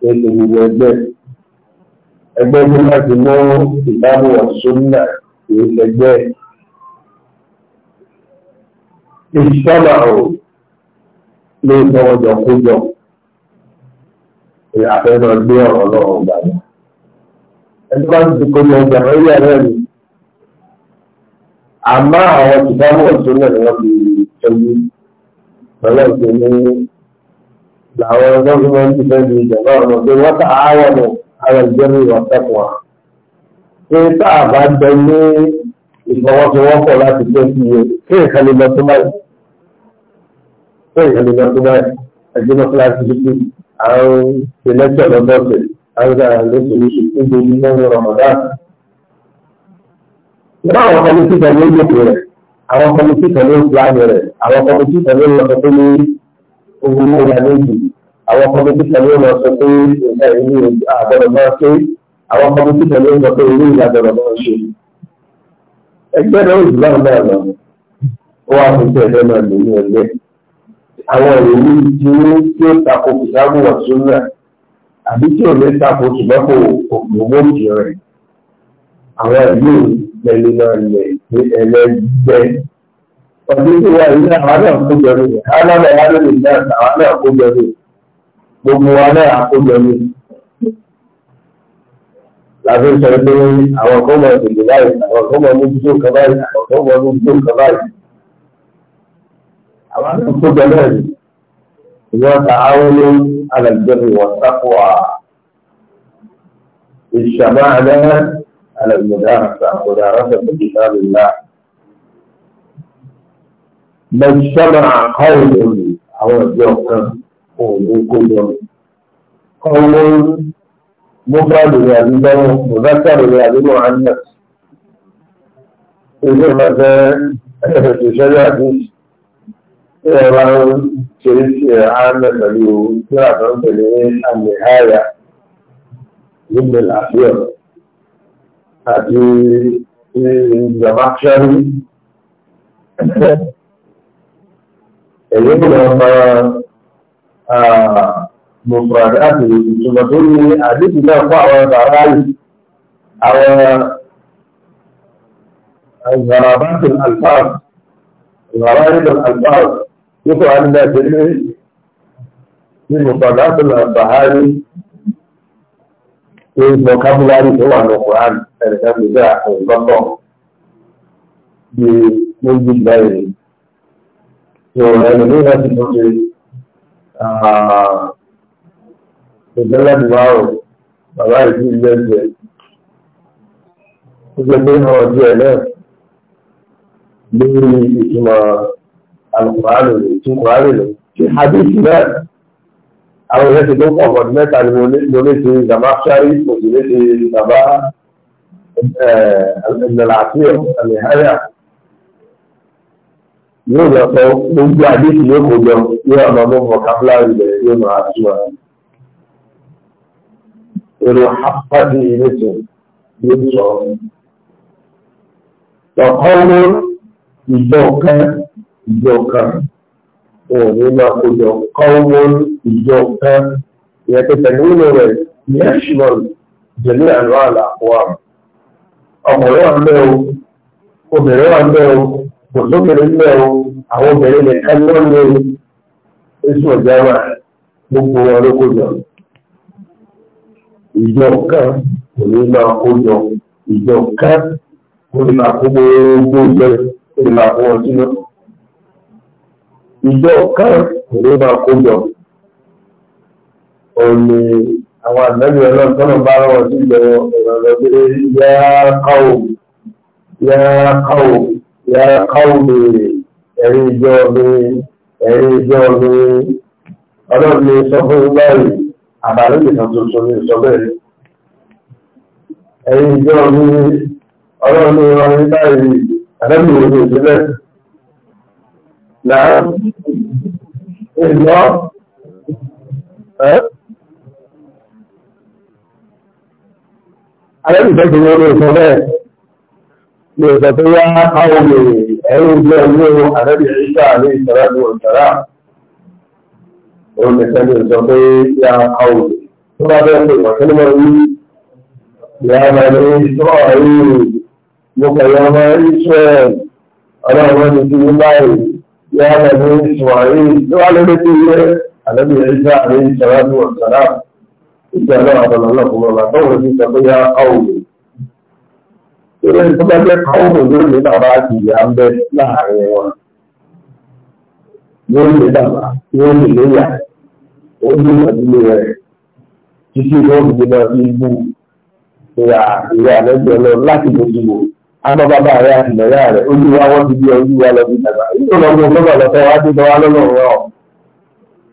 pẹ̀lú gbogbo ẹgbẹ́ ẹgbẹ́ ní láti mọ́ ìbámu ọ̀ṣunà kìí lẹ́gbẹ́ ìṣọ́nà ò lè sọ́wọ́jọ kójọ àfẹ́ràn gbé ọ̀rọ̀ lọ́wọ́ gbàgbọ́ ẹni bá ti kó ní ọjà lórí ẹ̀rọ ni àmọ́ àwọn ìbámu ọ̀ṣunà ni wọ́n fi tọ́jú lọ́lọ́ọ̀ṣun ní làwọn gọ́ọ̀mẹ́ntì fẹ́ di ìjọba ọ̀nà pé wọ́n tà áwọ̀ nù ara ìjẹ́rú ìwà tẹ́kùn wa. pé tá a bá jẹ ní ìfọwọ́sowọ́pọ̀ láti pé kí iye kí nǹkan lè lọ tó báyìí kí nǹkan lè lọ tó báyìí ẹgbẹ́ náà kíláàsì títí àrùn ìlẹ́tọ̀ lọ́dọ̀ọ̀sẹ̀ àrùn ìdára lóṣù lóṣù tó gbé ní lẹ́yìn rọ̀mọ̀dán. ìlú àwọn kọmitì kan ló ń rẹ̀ àwọn kọmitì kan ló ń rẹ̀ àwọn kọmitì kan ló ń lọ ogun ní ìlànà méjì àwọn kọmíkítà ló lọ sọ pé ìlà ìlú àgbọ̀dọ̀ máa ṣe àwọn kọmíkítà ló lọ pé ìlú ìlàgbọ̀dọ̀ máa ṣe. ẹgbẹ́ náà òjò náà náà lọ wọ́n á fi tẹ̀ lọ́nà nínú ẹgbẹ́. àwọn ìlú tí ó tí ó takò kìtàbù wà súnà àbí tí ò ní takò ṣùgbọ́n kò gbogbo òkè rẹ̀. àwọn ìlú ìlẹ̀ ìlẹ̀ ẹlẹ́gbẹ́ ọdún wa ilé àwọn àkójọrí alábẹ̀ alóòrùn ilé àwọn àkójọrí gbogbo wa náà àkójọrí láti sọ pé àwọn ọkọ̀mọ̀ ìdìbò báyìí àwọn ọkọ̀mọ̀ mójútó kan báyìí àwọn ọkọ̀mọ̀ mójútó kan báyìí àwọn àkójọ náà ni ìwọ́n ta àwọn alàgbẹ̀rù wọ́n sáfọ́ à ìṣàmáà náà alàgbẹ̀rù àti àkójọ àrásẹ̀ fún ìṣàlùmá. mọ̀ṣọ́nà àkọ́ọ̀lù àwọn ọ̀dọ́ kan òun kó lọ. Kọ́wọ́ mọ́bàlù rẹ̀ àdúgbọ́n mọ̀dákàrù rẹ̀ àdúgbọ́n àníyàn. Ilé ìmọ̀tẹ́ ìṣẹ́jú àti ìrọ̀lá ṣe é ṣe àánà pẹ̀lú tí àwọn pẹ̀lú àmì àyà nígbè làbíọ̀ àti ìjọba ṣẹ́rí èyí ń lọ fa mọ̀fúrádé àti ìtumọ̀ tó ní àdéhùn náà fún àwọn sàáràlì àwọn ìgbàràbáṣe alfáà ìgbàràbáṣe alfáà yóò wà nílẹ̀ tẹ́lẹ̀ ní mọ̀fúrádé àti sàáràlì ní vocabulary tó wà ní Quran ẹ̀rẹ̀ká gbèsè àti ìgbọ́tọ̀ bí mo gbígbà tó ẹni ní láti mú ṣe ìgbẹ́lẹ̀ ìwárò bàbá ìdí ilé ẹgbẹ́ ó jẹ́ pé ọ̀rọ̀ díẹ̀ náà lórí ìtumọ̀ alùpùpù tí kò rárẹ̀ lọ tí hadith náà àwọn ìrẹsì tó pọ̀ ọ̀gọ̀dún mẹ́ta ni mo lè ṣe bàbá ṣárí mo ṣe bàbá ẹ̀ẹ́dẹ̀lá àti ẹ̀ẹ́dẹ̀lá yóò lọ sọ gbogbo àdéhùn yóò kó jọ yóò ọmọ mọ vocabulary rẹ yóò máa tú wa. èrò àpàdé ìrètò yóò sọ. ọ̀kọ́wọ́ ìjọ kan ìjọ kan òun ní máa kó jọ kọ́wọ́ ìjọ kan ìyẹn pé pẹ̀lú ìlú rẹ̀ national jẹ̀lé àlọ́ àlàkùwà ọkùnrin wà ń bẹ́ o obìnrin wà ń bẹ́ o kò lóbìnrin lẹ́ o àwọn obìnrin nìkan ló ń lè oṣù ọ̀já wa gbogbo wọn ló kójọ ìjọ kan kò ní máa kójọ ìjọ kan kò ní máa kó gbogbo ìjọ kò ní máa kó wọn sínú ìjọ kan kò ní máa kójọ òní àwọn àgbẹ̀bí ọlọ́run tọ́nà bá rọwọ́ sí ìjọ ọ̀rọ̀ lọ́gbẹ́rẹ́ káwò yá káwò ìyá káwùmí ẹ̀rí ìjọ mi ẹ̀rí ìjọ mi ọlọ́run ní sọ fún báyìí àbálẹ́ nìkan tuntun ní sọ bẹ́ẹ̀ ẹ̀rí ìjọ mi ọlọ́run ní wọn ní báyìí àdẹ́bí ìwé ìwé sílẹ̀ náà ìlọ ẹ́ àdẹ́bí ìfẹ́ kìíní ọdún ìfọ́ bẹ́ẹ̀ ní ọ̀sẹ̀ tó yá àwọn ẹ̀rùn jẹ́ ọmọ àrẹ́bì ìṣà ní ìṣẹ̀lẹ́bù ọ̀tàrà òun nìkan ní ọ̀sẹ̀ tó yá àwọn tó bá bẹ́ẹ̀ pé wọ́n tẹ́lẹ̀ mọ́ ní ìyá ọmọ ẹ̀rọ ìṣọ́ àrí mo pẹ̀lú ọmọ israel ọlọ́run ní ti ní báyìí ìyá ọmọ ẹ̀rọ ìṣọ́ àrí tó wá lórí tí ilé àrẹ́bì ìṣà ní ìṣẹ̀lẹ́bù ọ̀tàrà ìṣẹ̀lẹ́ àbọ̀lọ́lọ́ ìrẹ́ tó bá jẹ́ kọ́ọ̀mù yóò lé bàbá àti ìyá ń bẹ láàrin wọn yóò lé bàbá yóò lè léyà ó ní ìdílé rẹ̀ títí tó ń gbé lọ sí ibú ìyá ìyá àlẹ́gbẹ̀ẹ́ lọ láti gbogbo àmọ́ bàbá rẹ̀ àti ìyá rẹ̀ ó ní wá wọ́n ti bí ọdún wa lọ bí bàbá yóò lọ bí ọgbọ́n lọ fẹ́ wá dé lọ wá lọ́nà rọ̀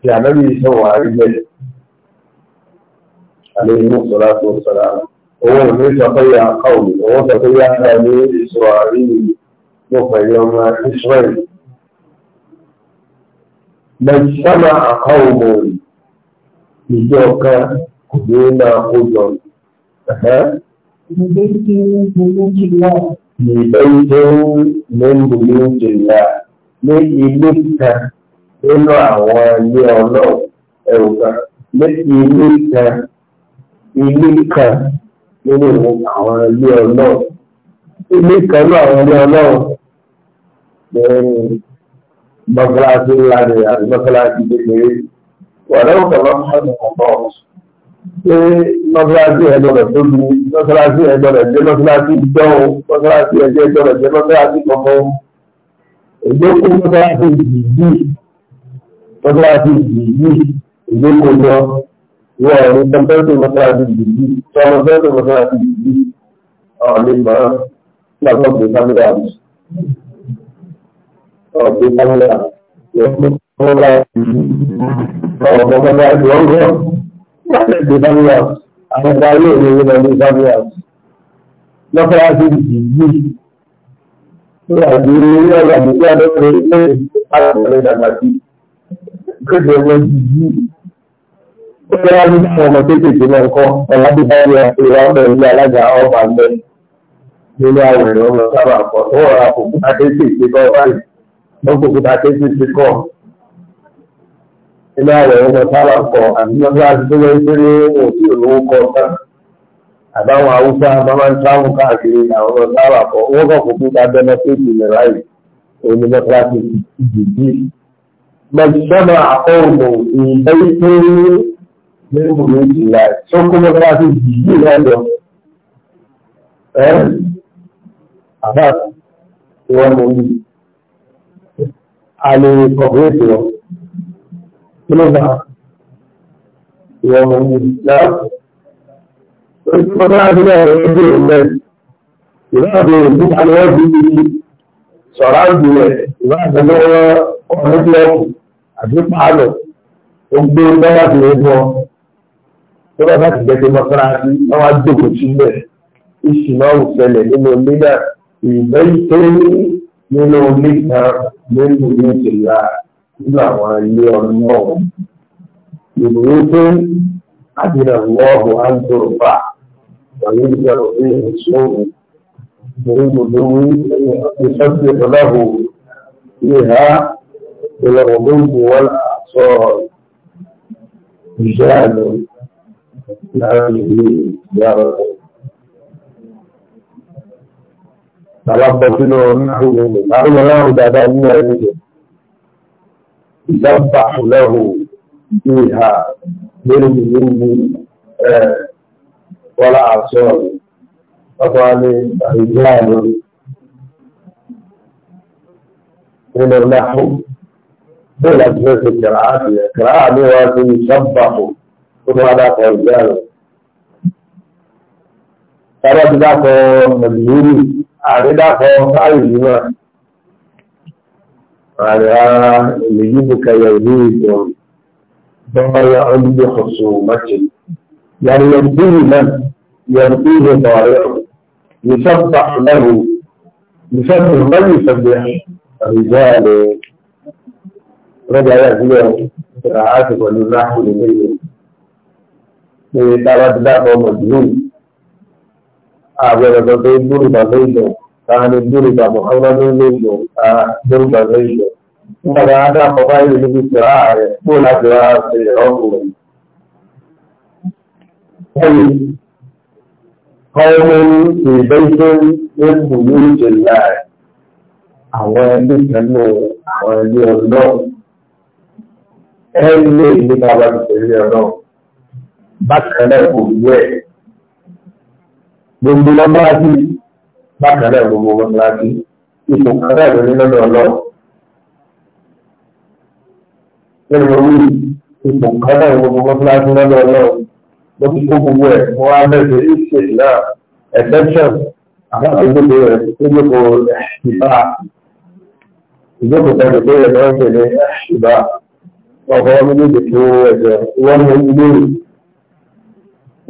ti ànábì ìṣòwò àrígbẹ̀ẹ́ àlẹ́ ìmú sọ̀rọ̀ àti òṣèlú owó ìlú ìsọfẹ́yà káwùlù owó ìsọfẹ́yà ká ní ìṣòro àríyìn mo pẹ̀lú ọmọ Israel bẹ̀sánà àkáwùmọ̀ ìjọ kan kò ní máa kó jọ ìbẹ́jẹ́ mẹ́mbùlẹ́jẹ̀yà ní ilé kan nínú àwọn ilé ọlọ́ọ̀ ẹ̀wọ̀n ní ilé kan ilé kan nínú àwọn ilé ọlọ́run ilé kan náà àwọn ilé ọlọ́run ní mọ́sálásí ńlá ni àti mọ́sálásí kékeré wà lọ́wọ́ kọ̀ọ̀kan mọ́sálásí kọ̀ọ̀kan ṣé mọ́sálásí ẹ̀ gbọ́dọ̀ tó lu mọ́sálásí ẹ̀ gbọ́dọ̀ jẹ́ mọ́sálásí dánwó mọ́sálásí ẹ̀ jẹ́ gbọ́dọ̀ jẹ́ mọ́sálásí kọ̀ọ̀kan ìgbókùn mọ́sálásí yìí mọ́sálásí yìí ìgbókùn ìwọ ọ̀rọ̀ dandan tó mọ́sálásí dìbí tó ọmọ dandan tó mọ́sálásí dìbí ọ̀rọ̀ lè máa nígbà tó gbé kámẹ́rà rẹ̀ ọ̀rọ̀ gbé kámẹ́rà rẹ̀ ọ̀rọ̀ bá ọ̀rọ̀ bá bá ẹ̀dùn ọ̀rọ̀ wọ́n lè gbé kámẹ́rà àwọn ọba ilé ìwé ló lọ gbé kámẹ́rà mọ́sálásí dìbí Ìyàgbé ní ilé ọ̀gá àdúgbò àdókòrò ilé ìgbàlódé àgbàdì. Kéde ọmọ ìdíjí ó fẹ́ wá ní fún ọmọ kéékèèké náà kọ́ ọ̀la bí báyìí ìwà ọmọ ilé alága ọba ń bẹ nínú àwòrán ọmọ sábà kọ́ ó rà òkúta kéékèèké kọ́ báyìí ó kòkúta kéékèèké kọ́ nínú àwòrán ọmọ sábà kọ́ àbí ọjọ́ àti tó lọ sí ní òsì olówó kọ́ tán àbáwọn haúsá bàbá ń táwọn káàkiri àwọn ọmọ sábà kọ́ ó kọ́ kòkúta bẹ́ẹ̀ kéèkì ní ráyè òní mọ́tíráàtì ìdìbí. Mọ̀tíṣọ́nà nínú méjìlá tó kó lọ́wọ́ láti jìjì lọ́dọ̀ ẹ́ àbá wọn mọ̀ ní alẹ́ kọ̀wéètì wọn kí ló bá wọn mọ̀ ní láàbù ojú ọdún láti náà rẹ̀ ń bèèrè mẹ́ ìwádìí òbí alẹ́ bí sọ̀rọ̀ àjù rẹ̀ ìwádìí lọ́wọ́ ọ̀rẹ́dẹ́ọ̀kù àti pààlọ̀ ó gbé lọ́wọ́ àti ẹ̀dùn ọ̀hún tó bá bá ti jẹ́ pé mọ́sálásí wọ́n wá jókòó sílẹ̀ ìṣù náà ń ṣẹlẹ̀ nínú ilé náà ìgbẹ́ ìtẹ́rí nínú ilé kan nínú ilé ìṣèlá nínú àwọn ilé ọlọ́run ìbúrú tó àdínà wọ́ọ̀bù àǹtòròpà wọ̀nyí ìjọba ìrìn ìṣòro ìbúrú gbogbo ìṣọ́sí ìṣọ́láhù ìhà ìlọ̀gbọ̀gbọ̀ wọ́n sọ ìṣẹ́ àlọ́. يذبح له فيها برم برم ولا عصام فقالي رجال من اللحم بلا جهة العافية كراعي واجب يذبحوا ó tó wá dákọ̀ ìgbé rẹ̀. Tàbí ti dákọ̀ mẹ̀lúrì, àti dákọ̀ sáàrì yìí náà. Àrà èlè yìí bù kẹyà ìlú ìdùn bọ́ọ̀lá olùgbé kòsò mọ́tì. Yàrá yẹ̀dúrì náà, yẹ̀dúrì bọ̀ọ̀rẹ́ يسبح له يسبح من يسبح رجال lórí dáradá ọmọ ìlú àgbẹ̀rẹ̀dọ̀ tó gbúrùbà lóìlọ tààni gbúrùbà Muhammadu lóìlọ gbúrùbà lóìlọ nígbàdá adáàpọ̀ báyìí níbi tìrá rẹ̀ kó láti rá ṣe ìrọ́pù rẹ̀. Ẹ̀yìn kọ́wọ́n ìbẹ́jọ́ lóòkù ní ìjìnlá rẹ̀ àwọn ẹbí pẹ̀lú àwọn ẹbí ọlọ́run. Ẹ̀yìn lè ní bàbá ìṣẹ̀lẹ̀ ọlọ́run bákan náà kò wú ẹ̀. Gbogbo lọ́mọ́lájú bákan náà gbogbo lọ́mọ́lájú ipò kan náà lórí lọ́dọ̀ ọlọ́run. Nínú orí ipò kan náà gbogbo lọ́mọ́lájú lọ́dọ̀ ọlọ́run ló fi kó gbogbo ẹ̀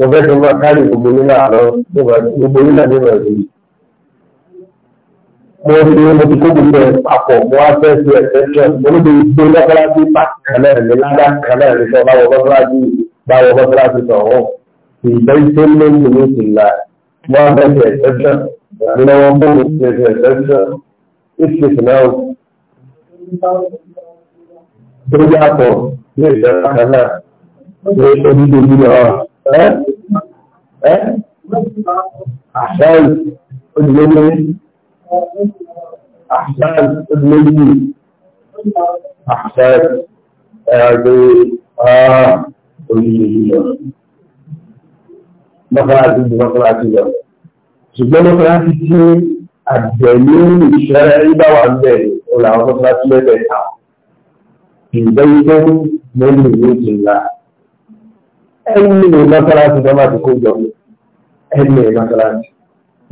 mo fẹ́ kí n máa kárí gbogbo nínú àlọ́ gbogbo nínú àdínú ẹ̀rí. mo fi mo ti kó gbogbo ẹ̀ papọ̀ mo wá fẹ́ sí ẹ̀sẹ̀ tẹ̀ mo ní bíi gbé lọ́kọ́lájú pàtàkì kan náà ní ládà kan náà ní sọ báwo lọ́kọ́lájú báwo lọ́kọ́lájú sọ̀ wọ́n ìgbẹ́ iṣẹ́ lónìí ní ìlà mo wá fẹ́ sí ẹ̀sẹ̀ tẹ̀ nínú wọn bó mo ti ẹ̀sẹ̀ tẹ̀ ìṣèṣì náà. Tó yàtọ̀ ní ìjọba kan náà ní onídìí náà. أحسن أدلني أحسن أدلني أحسن أدلني أحسن مقراتي أحسن الدليل الشرعي ده وعندنا ولا مقراتي ده بيتها في بيت من بيوت الله ẹni mọ́sálásí tó máa ti kó jọ ẹni mọ́sálásí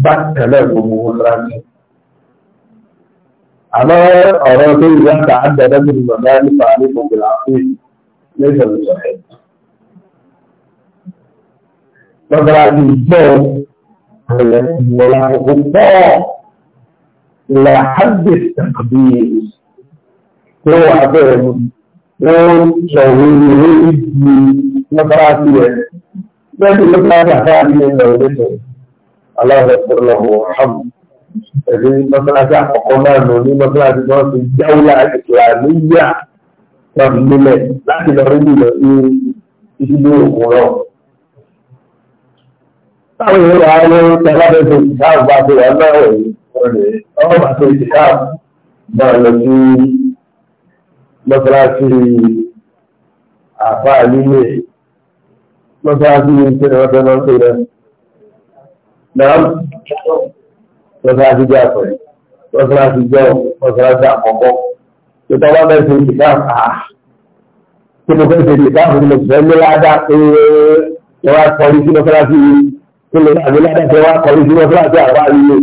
bákan náà gbogbo mọ́sálásí. àmọ́ ọ̀rọ̀ tó yẹ ká àdàdà bí bàbá nípa ní gbogbo àfihàn lẹ́sẹ̀ lọ́sọ̀ ẹ̀. mọ́sálásí gbọ́ ọ̀rẹ́ ìwọlá púpọ̀ làhàbì tàbí tó wà bẹ́ẹ̀ ni wọ́n sọ̀rọ̀ ìwé ìdí. mọ́sálásí rẹ̀ lẹ́nu mọ́sálásí àtàrí ẹ̀yìn ọ̀rẹ́ rẹ̀ aláwọ̀sọ̀lọ́wọ̀ ọ̀hánù ẹ̀rí mọ́sálásí àkọ́kọ́ náà nù ní mọ́sálásí náà ti jáwúlá ìsìlámíyà náà nílẹ̀ láti lọ rí nílẹ̀ ní ìṣílẹ̀ òwúrọ̀. táwọn èèyàn wà á lọ sí alábẹ́sẹ̀ ìṣáàbù bá ti wà náà rẹ̀ ọ̀rọ̀ bá ti àfáà nílẹ̀ mọ́sáàsì ní ṣe ọ̀fẹ́ máa ń pè rẹ̀ náà mọ́sáàsì jẹ́ àpẹẹrẹ mọ́sáàsì jẹ́ mọ́sáàsì àkọ́kọ́ tó tọ́ bá bẹ́ẹ̀ ṣe ìdíkà àá tí mo fẹ́ ṣe ìdíkà fún mi fẹ́ ní ládà pé ẹ wá kọrí sí mọ́sáàsì yìí kí lè àmì ládà pé wá kọrí sí mọ́sáàsì àwa yìí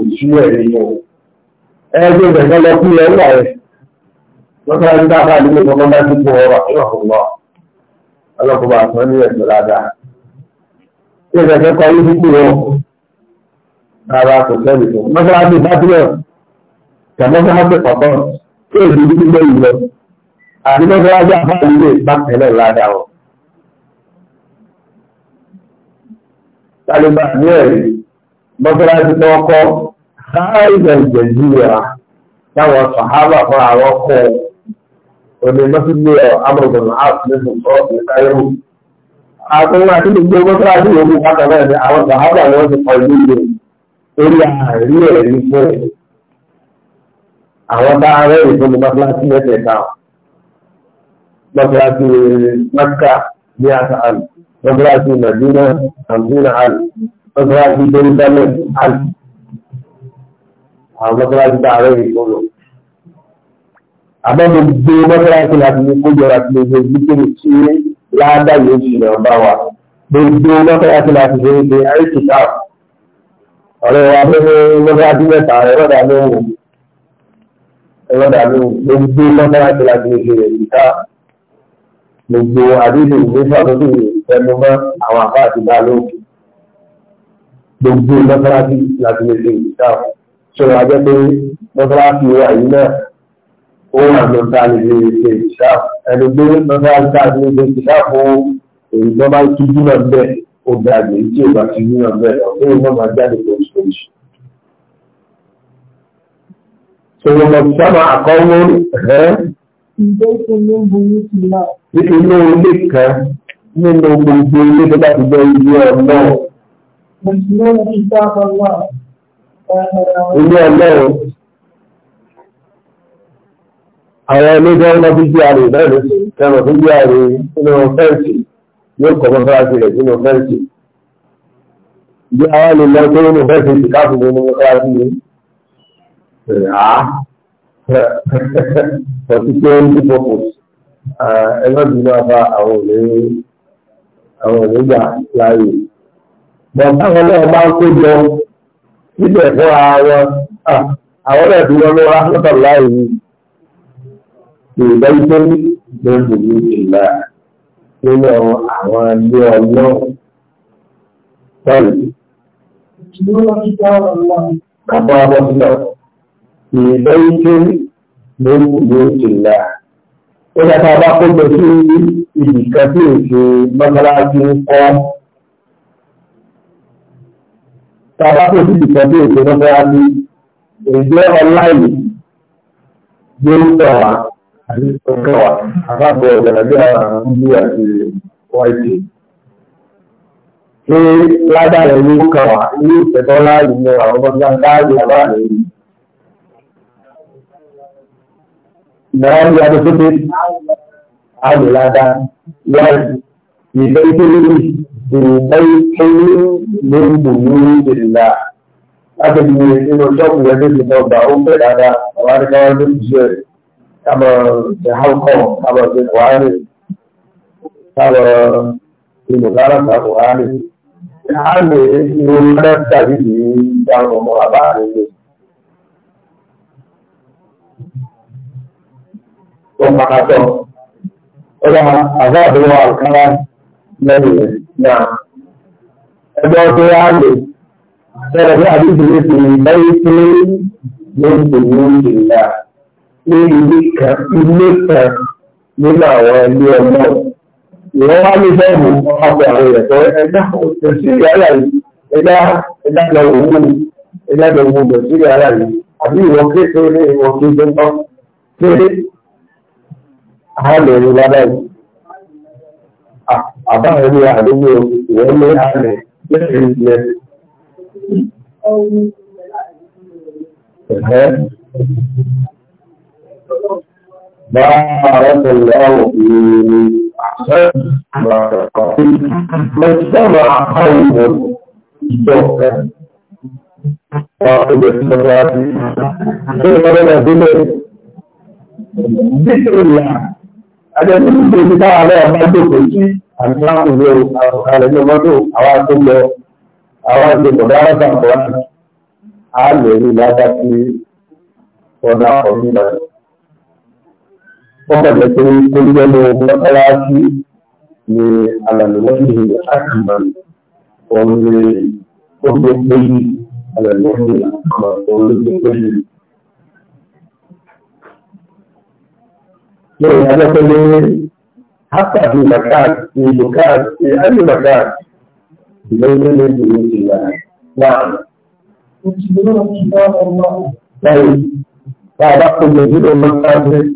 òṣìṣẹ́ rẹ̀ yìí ẹ gbé ìgbẹ̀gbẹ́ lọ kú ẹ wà rẹ̀ mọ́sáàsì dáfà nílé mọ́sáàsì tó ọlọ́kọ̀ọ́bà fún ní ẹ̀sùn dáadáa. Ṣé ìfẹ̀fẹ́ kọ yí dípò wọn? Rárá kò sẹ́rì fún. Mọ́sálásí Bábílọ̀, Tẹ̀mọ́sálásí Pàpọ̀, ṣé èdè gbígbẹ́ yìí lọ? Àti mọ́sálásí àbáyé lè bá tẹ̀lẹ̀ ládàá wọn. Tàlíbà ní ẹ̀rí, mọ́sálásí tó kọ́, sáà ìgbẹ̀jẹ̀ yìí rà, táwọn sàhábà fún àwọn kọ́ ẹ̀ òní mọ́sílẹ̀ amọ̀gbọ̀n àtúnṣe ọ̀ ìkáyọ̀rù. àtúnwá àti gbogbo mọ́sálásí yòókù bákan náà ni àwọn sàhábà ni wọ́n ti kọ ilé ìlú torí àárí ẹ̀rí fún ẹ̀. àwọn bá arẹ́ ìfúnni mọ́sálásí mẹ́tẹ̀ẹ̀ta mọ́sálásí mẹ́kà ní àṣà àlù mọ́sálásí mẹ́dínà àmdínà àlù mọ́sálásí dẹ́rẹ́dẹ́mẹ́ àlù àwọn mọ́sálásí bá arẹ́ ìfúnni àmọ́ gbogbo mọ́tàlásí láti ní kó jọra sí gbogbo ìgbésẹ̀ tí láàdá yóò ṣe lọ bá wa gbogbo mọ́tàlásí láti ṣe ṣe àìsí ká ọ̀rẹ́ wa fẹ́ẹ́ mọ́tàlásí mẹ́ta ẹ̀rọ̀dà ló wù ẹ̀rọ̀dà ló wù gbogbo mọ́tàlásí láti ṣe ṣe ká gbogbo àdéhùn ìgbésẹ̀ tó ti tẹnu mọ́ àwọn àbá àti bá ló gbogbo mọ́tàlásí láti ṣe ṣe ká ṣọlá jẹ́ pé mọ́tàlásí wa yìí náà òun àgbọ̀ sáàlì lè ṣe ìṣáàfù ẹni gbé lọ́sàálì sáàlì lè ṣe ìṣáàfù èyí tó bá ti jùlọ bẹ́ẹ̀ ó bẹ àgbẹ̀ tí ò bá ti jùlọ bẹ́ẹ̀ ọ̀pẹ́ ìwọ́n máa jáde tó ṣòṣì.
sọ̀rọ̀ lọ sábà àkọ́wọ́ rẹ̀. ǹjẹ́ kò ní
burú sí i náà. ní inú ilé kan nínú gbogbo ilé tó bá ti jẹ́ ilé ọ̀nà. mùsùlùmí ìta ọlọ́run. ilé ọlọ́run àwọn ẹlẹ́jọ́ ń lọ bí bí àrè náà ló sì tẹ́lọ̀ bí bí àrè nínú fẹ́ǹsì yóò kọ́ mọ́sálásí rẹ̀ nínú fẹ́ǹsì. Bí àwọn lè lọ tó nínú fẹ́ǹsì ti káàkiri nínú mọ́sálásí rẹ̀. Rà for security purpose ẹlọ́dún náà bá àwọn òní àwọn òní gbà láàyè. Bọ̀dá àwọn náà máa ń kó jọ síbẹ̀ fún àwọn àwọn náà ti lọ lọ́wọ́ láàyè yìí ìbẹ́jọ́ lórí ìlà nínú àwọn ilé ọlọ́run sọ́ọ̀lù. Bàbá ọmọ sílẹ̀ ìbẹ́jọ́ lórí ìlà. Ó yẹ ká bá kó lọ sí ibìkan tí èsì mọ́sálásí ń kọ́. Tàbá kó sí ibìkan tí èsì mọ́sálásí ìjẹ́ ọláyìí yóò tọ̀ wá kọ́kọ́wà àbábọ̀ ọ̀gbẹ̀lẹ̀gbẹ̀ àwọn ìlú àti wáìtì. Ṣé ládàá ìlú kọ̀wà ní ìtẹ̀tọ́ láàrin ní àwọn ọgbọ́n láàrin àbá àrẹ̀rí? Ìnáwó ni a ti tó dé àmì ládàá láàrin ìfẹ́ ìkéléwì ìrìnlẹ́ ìkéwì lórí bùnú ìrìnlá. Láti fi nínú ṣọ́ọ̀bù ẹgbẹ́ ìjọba ti kama da halko kama da kwari kama ilo gara ta kwari ya ne ilo na tabi ni da mu abare ne ko maka to ila azabu wa alkara ne na ẹgbẹ́ tó yá lè ní ilé kan ilé kan nínú àwọn ilé ọmọ ìwọ́n wá ní bẹ́ẹ̀mù ọkọ̀ àwọn èèyàn tó kò sí ìyára yìí ẹgbẹ́ ẹgbẹ́ lọ òun ẹgbẹ́ lọ òun kò sí ìyára yìí àbí ìwọ̀n kékeré ìwọ̀n kékeré tán ṣé àwọn èrè wá báyìí àbáwọn ẹni àdúgbò ìwọ́n ní àlẹ́ lẹ́yìn ilẹ̀. Ẹ̀hẹ́. بارك الله فيه أحسن بارك فيه ما اجتمع قوم جوكا واحد الصلاة ثم لنا بلد ذكر الله أنا من بلدها على بعضكم أنا أقول على جمعته أواكم له أواكم مباركة أواكم أعلم لا تكفي ونعم منه وقد يكون كل يوم مطلعتي على الوجه الأكمل ومن كل شيء على الوجه الأكمل ومن كل شيء يعني هذا كله حتى في مكان في مكان في أي مكان بين بيوت الله نعم يجبرون كتاب الله طيب فأبقوا يجبرون مكان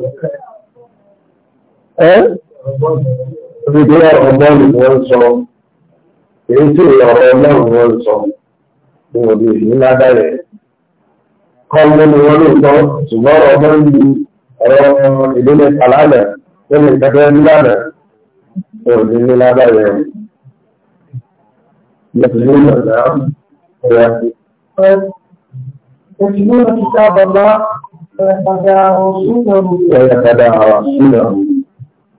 ẹ́
nítorí ọ̀rọ̀ ọlọ́run wọ́n
sọ èyí tí ọ̀rọ̀ ọlọ́run wọ́n sọ ní òde ìlú ládàrẹ̀ kọ́ńtò ni wọ́n lóòótọ́ ṣùgbọ́n ọ̀rọ̀ ọlọ́run yìí ọ̀rọ̀ ìdílé kàlálẹ̀ lórí ìtẹ́tẹ́ nílànà òde ìlú ládàrẹ̀ yẹtùlé lọ́nà ẹ̀yà. يتلون كتاب الله ويتبعون سنه ويتبعون سنه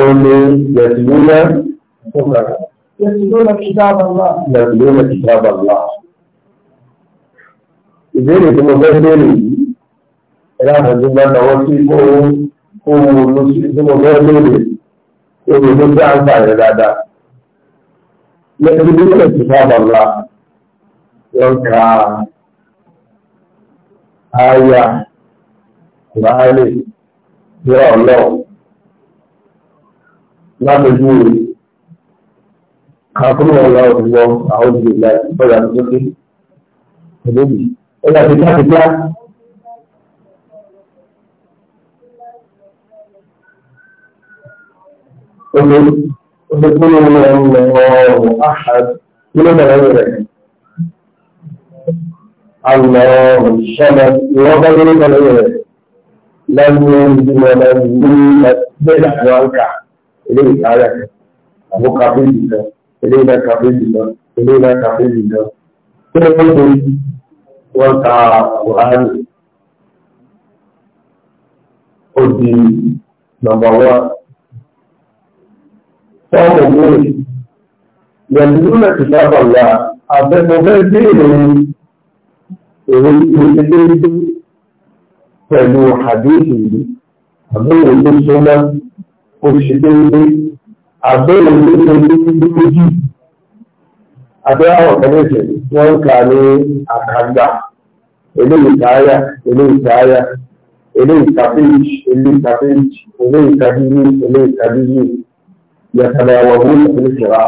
omi yẹ̀tìlúnà yẹ̀tìlúnà kìtàbàlá ìbéèrè tí mo fẹ́ béèrè yìí ẹ̀rọ àmọ̀jú bá tọwọ́ sí kó mú ló sí tí mo fẹ́ béèrè kó mú ló sí àǹfà rẹ̀ dáadáa yẹ̀tìlúnà kìtàbàlá wọ́n ka àyà ìbáhálẹ̀ ìrọ̀ lábẹ́jú rẹ̀ kakúrò ọ̀la ọ̀gbọ́ àwọn ìgbèlà ìbọ̀lá lókè ẹ̀lẹ́bì ẹ̀yà pẹ̀lẹ́pẹ̀lá Omi omi kúrò ní ọ̀rọ̀ ọ̀rọ̀ àhàd nínú ìbẹ̀rẹ̀ rẹ̀. Àlọ́ ìṣẹ́lẹ̀ ìwọ́gbẹ́ nínú ìbẹ̀rẹ̀ rẹ̀ lẹ́nu ìdíwọ̀n lẹ́nu ìdíwọ̀n bẹ́ẹ̀ àwọn àǹkà ilé ìtara kan àbó kàféèjì kan ilé ìlà kàféèjì kan ilé ìlà kàféèjì kan kí ni wọ́n torí wọ́n ta buhari ó di nọ́mbà wá sọ́ọ̀mù gbòòrò yẹ̀lú láti sábà wà àbẹ̀mọ̀fẹ́ béèrè èrè ìgbésẹ̀ pẹ̀lú àdéhùn àbẹ̀wò tó sọ́lá oṣù déédé àbẹ́rẹ́ olóṣèlú ní méjì abẹ́ àwọn ẹlẹ́sẹ̀ wọ́n ń kà ní àkàgbà eléyìí káyà eléyìí káyà eléyìí kàfíìsì eléyìí kàfíìsì eléyìí kàdíyì eléyìí kàdíyì yàtàlẹ̀ àwọn ọmọ ìlú ìṣẹ̀lá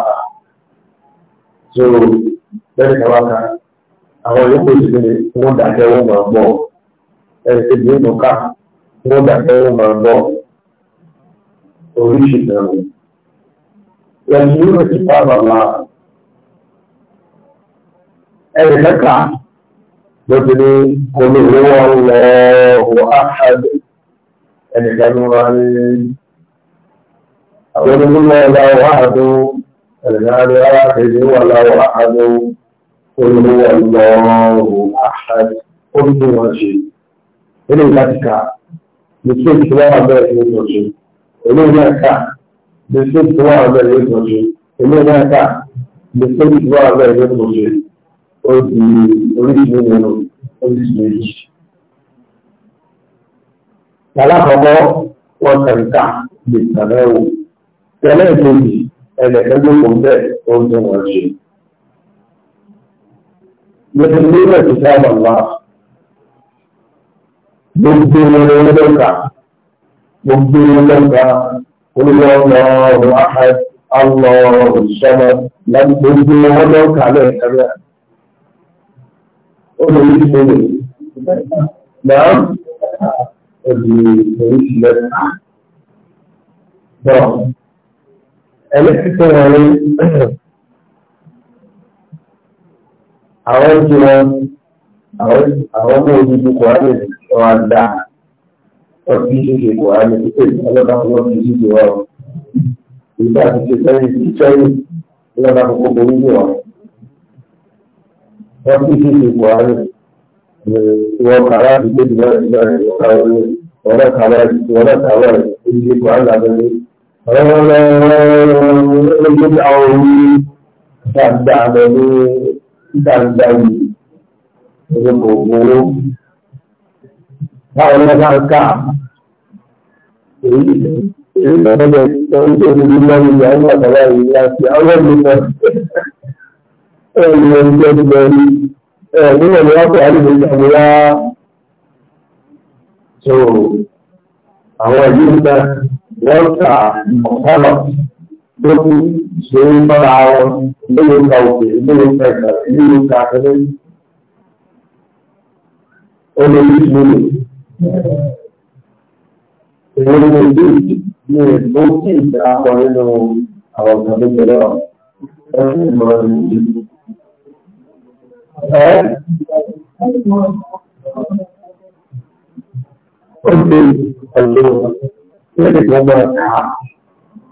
so bẹ́ẹ̀ kàwá kan àwọn yòókù sì ni wọ́n dàkẹ́ wọ́n máa gbọ́ ẹ̀ ṣe bí wọ́n ká wọ́n dàkẹ́ oríṣìíṣẹ́ Yàtúrò ti pàbà máa ẹ̀rẹ̀ mẹ́ta lọ́tẹ̀lẹ́ olówó lọ́wọ́ àádé ẹnìkanú wa ní àwọn olówó lọ́wọ́ àádó ẹ̀rẹ̀gáàrí alákèjì wà láwọ́ àádó olówó lọ́wọ́ àádé oríṣìí wọn ṣe ilé ìlàtíkà ní kí èkìlá àbẹ́ ìlú tó ṣe eléyìí náà kà gbèsè tó wà ọbẹ̀ yóò tó ṣe eléyìí náà kà gbèsè tó wà ọbẹ̀ yóò tó ṣe ó di oríṣiríṣi nínú oríṣiríṣi. Alákọ̀ọ́kọ́ wọ́n tẹ̀ka lè tẹ̀lé o. Tẹ̀lé ìkejì ẹnìkẹ́gbẹ́ kò bẹ́ẹ̀ ó ń tún wọn ṣe. Gbèsè nílẹ̀ tó sábà wà. Gbèsè nílẹ̀ tó sábà wà gbogbo lọ́gbà olùlọ́rọ̀ ahad alọ́rọ̀ ìṣọ́nà lágbègbè ọdọ́ kalẹ̀ ẹ̀rẹ́ olùlọ́rọ̀ náà olùlọ́rọ̀ náà ẹlẹ́sìtẹ̀ wọn àwọn jùlọ àwọn ọmọ òdìdí kò wá lè ọtí ṣíṣe kò á lè pípé ọlọ́dàkùnkùn ọtí ṣíṣe wa o ìgbà tí ṣe sẹ́yìn sí sẹ́yìn ọlọ́dàkùnkùn borí ní wa ọtí ṣíṣe kò á lè ìwọ kàrá àdúgbò ìgbà ìgbà ìwọ̀ká orí ọ̀rẹ́ kàrá ìwọ̀rẹ́ kàrá ìṣe kò á lábẹ́lé ọlọ́dàkùnkùn àwọn orí dáadáa lọ ní dáadáa yìí orúkọ owó báwo ni ká ká èyí lọ́dọ̀ bẹ̀ tó ń tó ní lọ́wọ́ ìyá ń bàbá yìí yá sí ọlọ́ mi lọ ẹ ní ẹni tó ti lọ rí ẹ nígbà tí wọ́n kọ́ àdìgbò yá so àwọn yìí ń wọ́n ta ọ̀pọ̀lọ̀ tó kú ṣe ń bára wọn lóye ka òkè lóye ka ìgbà lóye ka akẹ́lẹ́ ó lè ìlú Èyí ni ìlú ní èkó tí ìdáàbọ̀ nínú àwọn ọ̀gá tó jẹrẹ ọ̀. Ẹ sì mọ ìlú. Ẹ ó ṣe ẹ̀lò lẹ́yìn tó máa kà á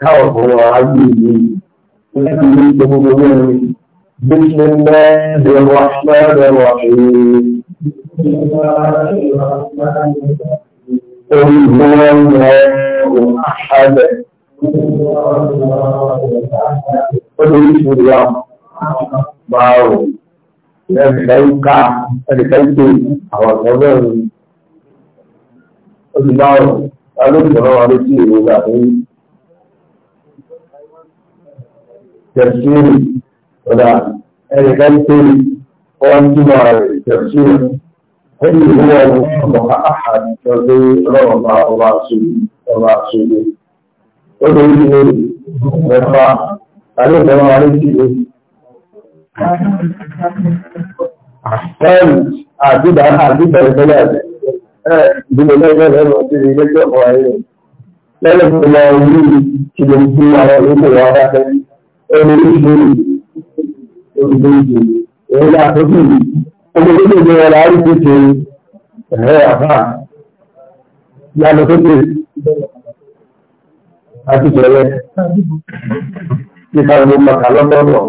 káwọn fún wa á gbé ìlú. Níbi ìlú gbogbo قل هو الله أحد قل هو الله لبيك لبيك أو غير الله ألوك عليك إلهي تفسيري ولا أي غير تفسير وأنتم على التفسير قل هو الله أحد الذي رغب ọba àṣòro ó lè rí lórí ẹ̀fà alẹ́gbẹ̀rún àríkìlẹ̀ àṣẹ́rì àdídà àdídà ìfẹ́lẹ̀ ẹ̀ ìdílé lẹ́gbẹ̀rún ẹ̀rọ ti rí lẹ́gbẹ̀rún ọ̀rọ̀ ayé lẹ́gbẹ̀rún lọ rí ìṣẹ̀lẹ̀ ìgbé àwọn olóko wọn bá fẹ́ ẹni ìṣẹ̀lẹ̀ olùdó ìṣẹ̀lẹ̀ èyí àtọ́kùnrin ọmọ orílẹ̀ èdè wọn láàárín tó ṣe ẹ̀rẹ́ àfà yàtọ̀ tó ṣe àti ṣẹlẹ̀ nípa ìlú màkà lọ́lọ́rọ̀.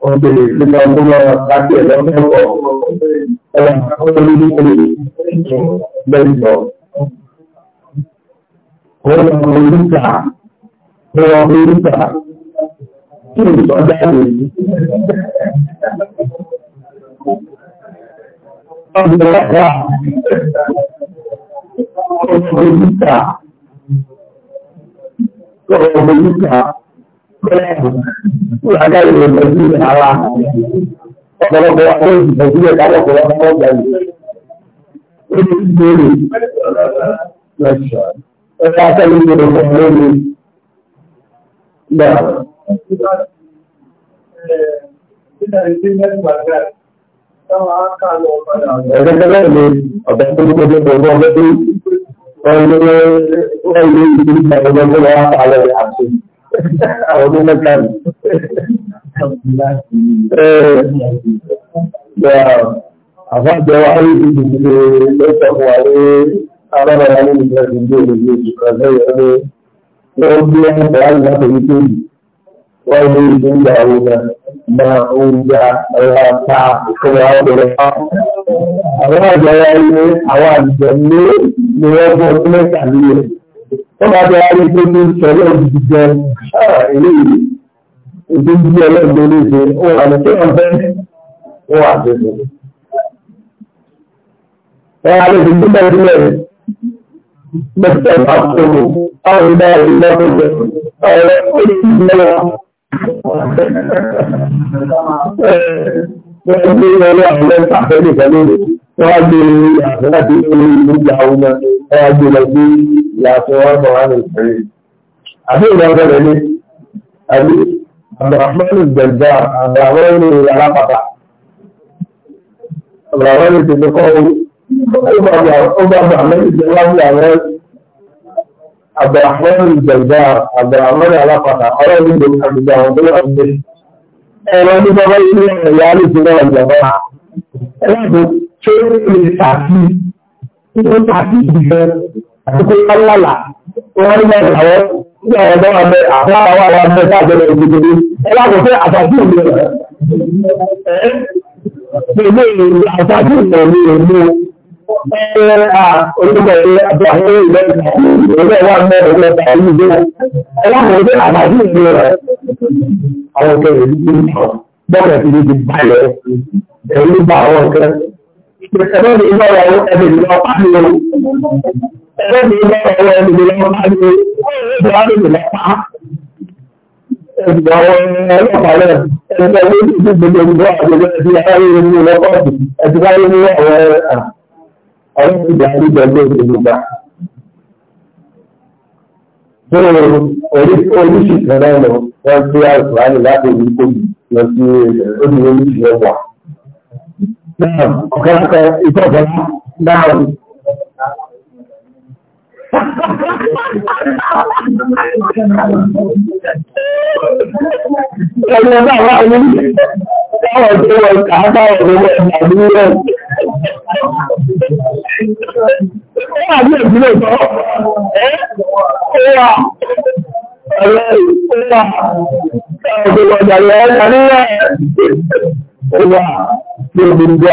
Wọ́n bèèrè nípa ọdún lọ láti ẹ̀lọ́ mẹ́wọ̀
ẹ̀rọ orílẹ̀ èdè bẹ́ẹ̀ lọ.
Wọ́n lọ orí ìta, wọ́n lọ orí ìta kí n sọ jáde yìí. Ọ̀dọ̀ ọ̀gá
ọ̀gbẹ̀yíkà
ọ̀gbẹ̀yíkà bẹ́ẹ̀ ìwádà ìròyìn ìlú ara ọ̀pọ̀lọpọ̀ àwọn ìgbẹ̀jú ẹ̀ka ọ̀pọ̀lọpọ̀ ọ̀gbà yìí. Ó ní ìgbèrè lọ́sọ̀ọ́. Ẹ̀ka sẹ́yìn ìgbèrè ọ̀pọ̀ lórí. Bẹ́ẹ̀. Ẹgbẹ́ bẹ́ẹ̀ ni ọ̀bẹ tó ní kojú pẹ̀lú ọgbẹ́ tó wọ́n lé wọ́n lé ìlú ìgbà ọgbẹ́ tó wọ́n pa alẹ́ àti àwọn ọdún mẹ́ta ni. Àfáàjọ wa rí ibi ìdílé lọ́sọ̀ fún wa ní alábàárà nínú ìgbà ìdílé ìdílé ìdílé ìdílé lọ́wọ́ gbé ọgbẹ́ àgbà tó ní kéjì. ويريدون ما أوجد رفع كما رفع àwọn àjọyọ̀ ilé àwọn àjọ ilé ni wọ́n bọ́ sílẹ̀ tàbí rẹ̀ wọ́n bá bẹ́ẹ̀ rí pé ní ìṣẹ̀lẹ̀ òjijì jẹ eléyìí ìdí bí ẹlẹ́gbẹ̀ẹ́ lè ṣe ó wà ní kéwọn bẹ́ẹ̀ ó wà bẹ́ẹ̀. ẹ alẹ́ ti gbé bẹ́ẹ̀ sílẹ̀ bẹ́ẹ̀ tó o báwo ni báyìí lọ́wọ́ Bẹ́ẹ̀ ni ọlọ́ àwọn ẹ̀ka àfẹ́lẹ̀ pẹ̀lú wọ́n á gbé ìyàtọ̀ láti orí ìlú ìjà àwọn ọmọ ẹ̀ á gbé lọ sí ìyàtọ̀ wọn bọ̀ wọn nìkan. Àbí ìlú ọ̀rẹ́ rẹ̀ ni àbí Abdulrahman Gbẹ̀gbà Abdulrahman ní yàrá pàtà. Abdulrahman ti fi kọ́ orí. Ó bá bá Abdulrahman Ìjọba Abdulrahman Alápàtà ọlọ́run ìlú àgbègbè àwọn tó wà nílé. Ẹ̀rọ ní bọ́bá ilé ẹ̀yà àlùfẹ́ náà ìjọba. Ẹlẹ́dùn ṣé ilé tàbí ilé tàbí ìgbẹ́ àti pé lálàlà wọ́n ní bẹ́ẹ̀ àwọn ní àwọn ọ̀dọ́ wọn bẹ àwọn àwọn àwọn ọmọ ẹ̀ka àjọyọ̀ ìgbègbè ẹlẹ́dùn pé àtàkì ìlú rẹ̀. Ẹ̀ẹ́
olùdarí àbáyé ilẹ̀ ìgbẹ́ wà ní ẹgbẹ́ tàbí ìgbẹ́ ẹlẹ́wọ̀n ní àbájú ìgbẹ́ rẹ̀
àwọn ọ̀kẹ́ rẹ̀ ní bọ́ọ̀kẹ́ ti di balẹ̀ ẹ̀rú bá àwọn ọ̀kẹ́ ẹgbẹ́ ní ìgbà wà ó ẹgbẹ́ ní ọ̀pá ní ọ̀rẹ́ ìgbà ìgbà lórí ìgbà. Tó oríṣi kan náà lọ, wọ́n gbé àìsàn láti orí kòyí lọ sí orí oríṣi ẹwà.
Ẹgbẹ́
náà wà ní káwọn tó wọ káàbá òwúrọ̀ ìgbàlúwọ̀. Ó wà ní ìdílé kan, ẹ́ ó wà ọ̀rẹ́ ó wà káwọn tó wọ ìgbàlúwọ̀ ìgbàlúwọ̀. Ó wà ní ìdílé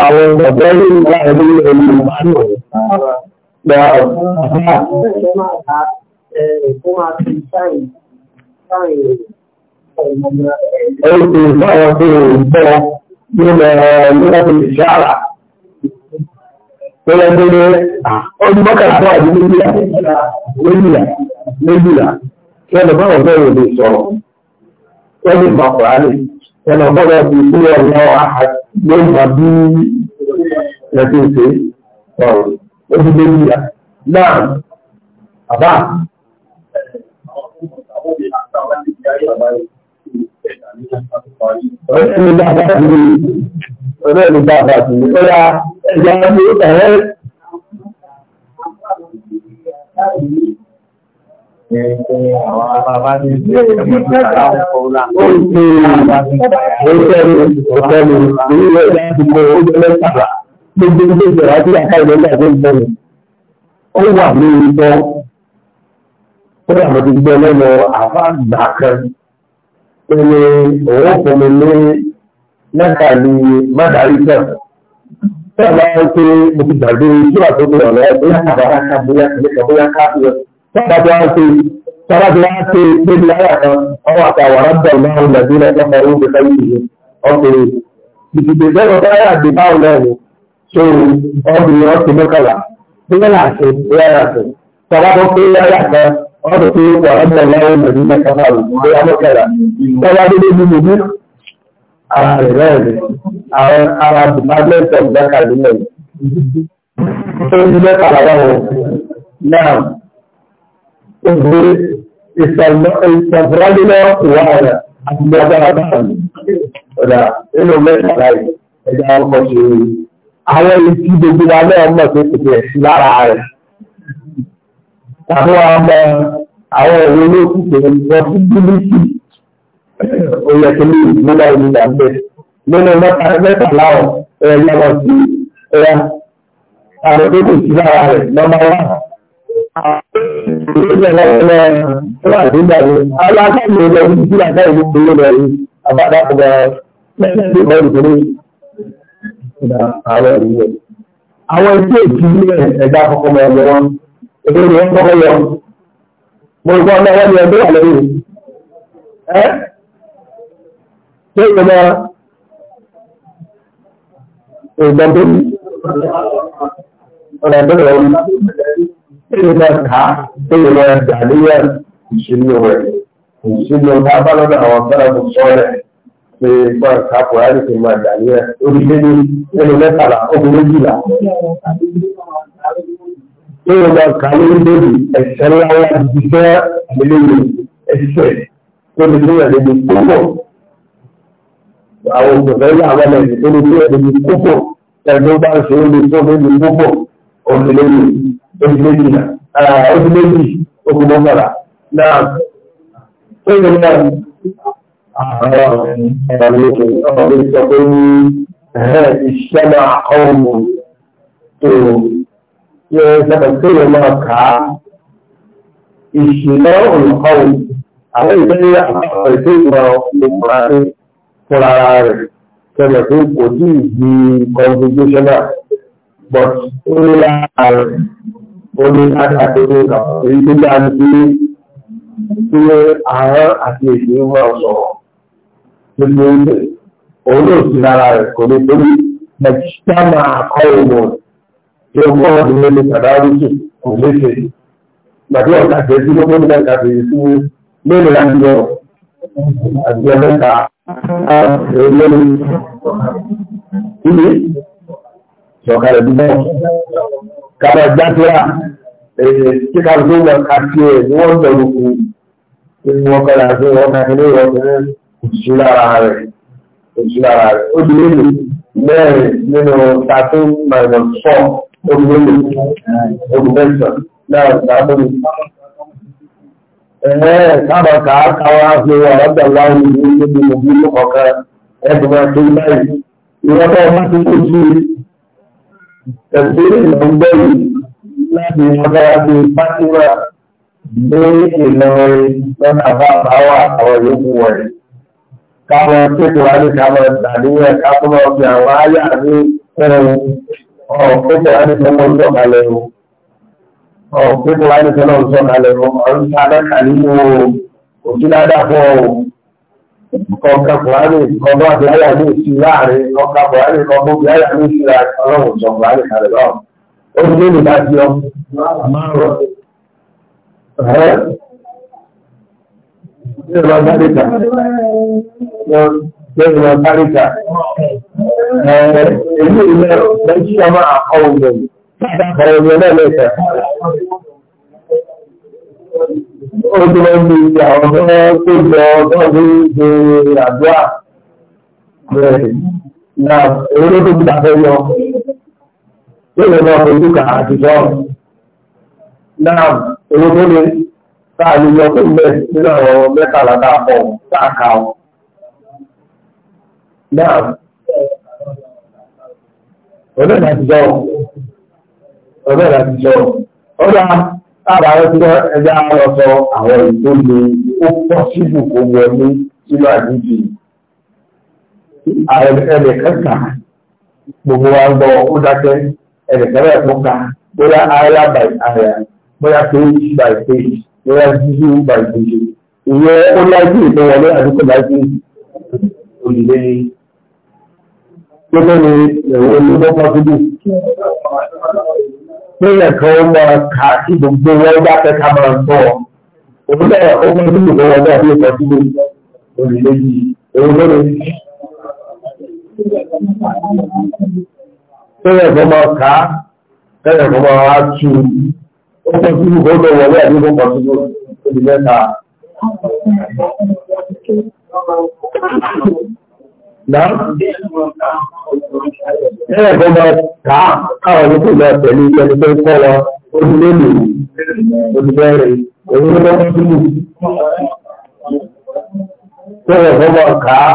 àwọn ọ̀gbẹ́ ìgbàlúwọ̀ ìgbàlúwọ̀. Gba Ẹ̀sìn ìfọwọ́ sí ìgbọ́ nílẹ̀ nílẹ̀ ìṣára. Lọ́lọ́ tó lé ọdún mọ́kànlá tó àdúgbò nílẹ̀ méjìlá méjìlá kí ẹnì bá wọ́n bẹ̀rẹ̀ lè sọ̀rọ̀. Wọ́n lè bá kọ̀ọ̀rọ̀ lè ẹnì bá wọ́n bí sílẹ̀ ọ̀nà àgbẹ̀ ìgbà bí ẹ̀sìn ìṣe sọ̀rọ̀ ojúlé ìyá náà àbá. Ọ̀rẹ́ mi dáadáa ti ní ọ̀rẹ́ mi dáadáa ti ní ọ̀rẹ́ ẹ̀yà mi ẹ̀rẹ́. Àwọn bàbá ní ilé ẹ̀mọ́ ní ọ̀rá ọ̀pọ̀ ọ̀la. Ó ń ṣe ìrìn àbá ní ọ̀rá ọ̀pọ̀ ọ̀la. Ó ń ṣe ìrìn àbá ní ọ̀rá ọ̀pọ̀ ọ̀la gbogbo ilé ìjọba tí àká ilẹ̀ ilé àti ìgbọ́ mi ó wà ní ìgbọ́ ó yà mọ́tò gbọ́ lẹ́nu àfáàgbà kan pé ní òun fún mi ní mẹ́ta ní mádàrí tẹ̀ tẹ̀ máa ń pé mo ti gbàgbé ìjọba tó ti rọ̀lẹ́ bóyá kàbára ká bóyá kìlẹ̀kẹ̀ bóyá káfíọ̀ tọ́ba tó wá ṣe tọ́ba tó wá ṣe lórí láyà kan ọwọ́ àtàwọn àbẹ̀ náà ń lọ sí ẹgbẹ́ kan ó ń gbé sáyé ìlú ọkùnrin ìdìbò ìjọba tó wá yà dé báwọn náà ni so ọdún yẹn ti mẹ́kànlá bíyẹn náà ṣe bíyẹn náà ṣe tọ́lá tó pé yáyà kan ọdún tó wà ọdún lọ́wọ́ mẹ́rin mẹ́kànlá bíyẹn mẹ́kànlá tọ́lá tó débi níbi ara rẹ̀ náà rẹ̀ àwọn ara dùmágbẹ́sọ̀ mẹ́kànlá rẹ̀ tó ní mẹ́kànlá báwo náà ó gbé ìsọ̀rọ̀lẹ́ wà rẹ̀ àti mẹ́kànlá báwo rẹ̀ inú mẹ́kànlá yìí ẹ̀dá ọkọ̀ ṣe é àwọn èyí tí gbogbo wa náà mọ̀ pé kò tẹ̀ sí lára rẹ̀ tàbí wọn mọ àwọn òwe ló kù pé wọn fún bílíkì oyè kìíní ìgbóná ìlú ìdàgbé nínú mẹ́ta mẹ́ta láwọn ẹ̀rọ lọ́wọ́ sí ẹ̀rọ àwọn tó kò sí lára rẹ̀ lọ́mọ wa. Ìjọba ẹ̀rọ ẹ̀rọ àdúgbò rẹ̀ alákàtúntò lọ́wọ́ sí àgbà ìlú ìgbóná rẹ̀ àbádá ọ̀gá mẹ́ta ìgbóná rẹ̀ ààrẹ ìwé. Àwọn ẹgbẹ́ ìdílé ẹ̀dá kọ́kọ́ mọ ẹgbẹ́ wọn, èdè ni wọ́n kọ́kọ́ yọ. Mo gbọ́ ọmọ ẹgbẹ́ ni ẹgbẹ́ wà lẹ́yìn. Ẹ́ ṣé ìjọba ìgbà tó ní ọ̀nà ìbẹ̀rẹ̀ wọn ṣé ìjọba ká ṣé ìjọba ìgbà níyà ìṣèlú rẹ̀ ìṣèlú ọ̀gá abálọ́dọ̀ àwọn fẹ́rẹ̀ kò sọ rẹ̀ pé máa ta kùránì kì máa dà ní ẹ ní ẹnu mẹ́tàlá ọdún méjìlá.
Ṣé o máa kà ní bèbí ẹ̀sẹ̀ ńlá wa
jíṣẹ́ àgbélẹ̀wò ẹ̀sẹ̀ tó lè ní ẹ̀rẹ́ ní púpọ̀? Àwọn òṣèlú ní àwọn ẹ̀sẹ̀ tó lè ní ẹ̀rẹ́ ní púpọ̀ ẹ̀dọ́ bá ṣe ó lè tó lè ní púpọ̀ ọdún méjì ọdún méjìlá ọdún méjì ọdún mọ́kànlá náà. Ṣé o máa ìṣẹ́lẹ̀ ọmọ tó yẹ sẹ́bẹ̀ tó yẹ máa ká ìṣẹ́lẹ̀ ọ̀nàkọ́wò àwọn ìgbẹ́lẹ̀ àpẹẹ̀tẹ́ ìgbà ọkùnrin fúnra rẹ̀ tẹ́lẹ̀ tó kò tí ìdí congregational but ó ní láàárẹ̀ ó ní láàárẹ̀ tó ní kàwé tó dáa ní pé àwọn àti èsì ń wọ́n sọ̀rọ̀ gbogbo ilé òun yóò sí lára rẹ̀ kò lè torí mẹ̀tíṣámà àkọ́ ìwọ̀n tí ó gbọ́ ọdún lẹ́nu sàdáwùsù kò léṣe gbàdúrà ọ̀tá jẹ́ sí ló gbọ́dọ̀ náà kàfé sí mẹ́rin láti lọ àti ọlọ́ta ẹ̀rọ ilé sọ̀kalẹ̀ dúpọ̀ kàbà gbàdúrà kíkà tó wà kàfé ẹ̀ ni wọ́n bẹ̀rù kù ní wọ́n kọ́ra sí wọ́n kàfé ní ìrọ̀kùnrin òṣù lára rẹ̀ òṣù lára rẹ̀ ó di mélòó mẹ́rin nínú thirteen minus four ó di mélòó olùmẹ́sàn náà ìdámọ́ni. Ẹ̀ẹ́ sábà kàá káwọn àfihàn ọ̀rọ̀dà láwọn ìlú níbi ìlú kọ̀ọ̀kan ẹ̀dùn máa tó báyìí. Ìrọ́bọ̀ máa ti kó sí ẹ̀sìn ìgbọ̀ngbẹ̀rù láti ọgbàrá bí Fátíwà ní Ìlọrin lọ́nà bá bá wà àwọn yòókù wọ̀nyí káwọn kéèkì wá ní káwọn ìdàníyàn káwọn ọgbìn àwọn áyà ní ẹ̀rùn ọ̀pẹ́kì wá ní sọ́mọ́ ń sọ̀kalẹ̀ o ọ̀pẹ́kì wá ní sọ́mọ́ ń sọ̀kalẹ̀ o ọ̀run tá a lọ́kà nínú òkìládà fún ọ kọ̀ọ̀kan kùránì kọ̀ọ̀kan àti áyà ní ìsì láàrin kọ̀ọ̀kan kùránì kọ̀ọ̀kan bí áyà ní ìsì láàrin ọlọ́run sọ kùránì kalẹ̀ lọ́wọ́ ó ní lè nìkan ti ọ. Bẹ́ẹ̀ lọ sáré kà.
Bẹ́ẹ̀ lọ sáré kà. Èyí ìlú
lẹ́jí ọmọ àkọ́ ọ̀gbọ̀n. Ọ̀rọ̀ ìlú ẹlẹ́lẹ́kà. Ó ti lọ bí àwọn tó tó jọ tó fi ṣe àdúrà. Nà èyí ló tó gbà fẹ́ yọ. Bẹ́ẹ̀ lọ fojú kà àtijọ́. Nà èyí tó lè táà lè tó lẹ̀ nínú àwọn mẹ́tàlá tá pọ̀ táà wọn. Náà, ọ̀dọ́ ìlà ti jọ, ọ̀dọ́ ìlà ti jọ, ọ̀dọ́ táàbà rẹ̀ ẹja lọ sọ àwọn ètò lè ó pọ̀ síbù kó wọlé sínú àdúgbò. Àwọn ẹnìkan kà gbogbo wa ń gbọ́ ó dákẹ́ ẹnìkan rẹ̀ kó kà bóyá ayélujára bóyá page by page lọ́wọ́ jíjí ìgbà ìgbèjì ìyẹn ó lájú ìtọ́wọlé àdúgbò lájú olùdé lọ́wọ́ ni olùdókòwò fúdù. Níyẹn kan ó máa kà sí gbogbo wọn bá fẹ́ ká máa gbọ́. Òun náà ó máa ń dúró wọn náà bí ìtọ́ sílé olùdé yìí. Òun ló lè Níyẹn máa kà á, níyẹn kan máa wá tù ú ó pọ̀ sí ìgbò tó wọlé àdúgbò pọ̀ sí ìgbò tó di mẹ́ta. Náà ẹ̀rẹ̀ kan máa kà á káwọn ní kò máa tẹ̀lé ìjẹni tó ń kọ́ wa ó ti lé lè ó ti bẹ̀rẹ̀ òun ló lọ́kọ́ sí ìlú. Ẹ̀rẹ̀ kan máa kà á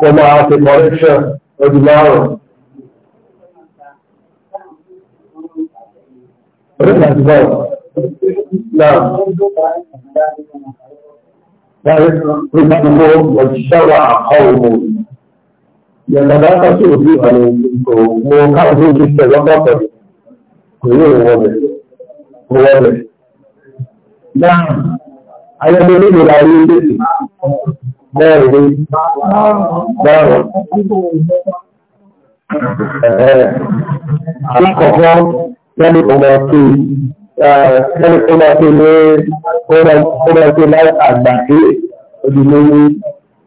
kó máa ṣe correction ó di márùn-ún. Oríṣà ti bọ̀. Náà. Báyé ìgbàgbọ́ ọ̀ṣẹ́wà àkọ́wò. Yàtọ̀ dáadáa sí òbí ọ̀nà òwò káàkiri ojú ṣẹ̀ lọ́pọ̀pọ̀. Kò ní ìwọ bẹ̀. Ìwọ bẹ̀. Náà. Ayọ́dé nílò la rí ilé Alákọ̀ọ́kọ́ wọ́n
ní ọmọ ọ̀tún
wọ́n ní ọmọ ọ̀tún ní ọmọ ọ̀tún láì àgbà pé olùlérí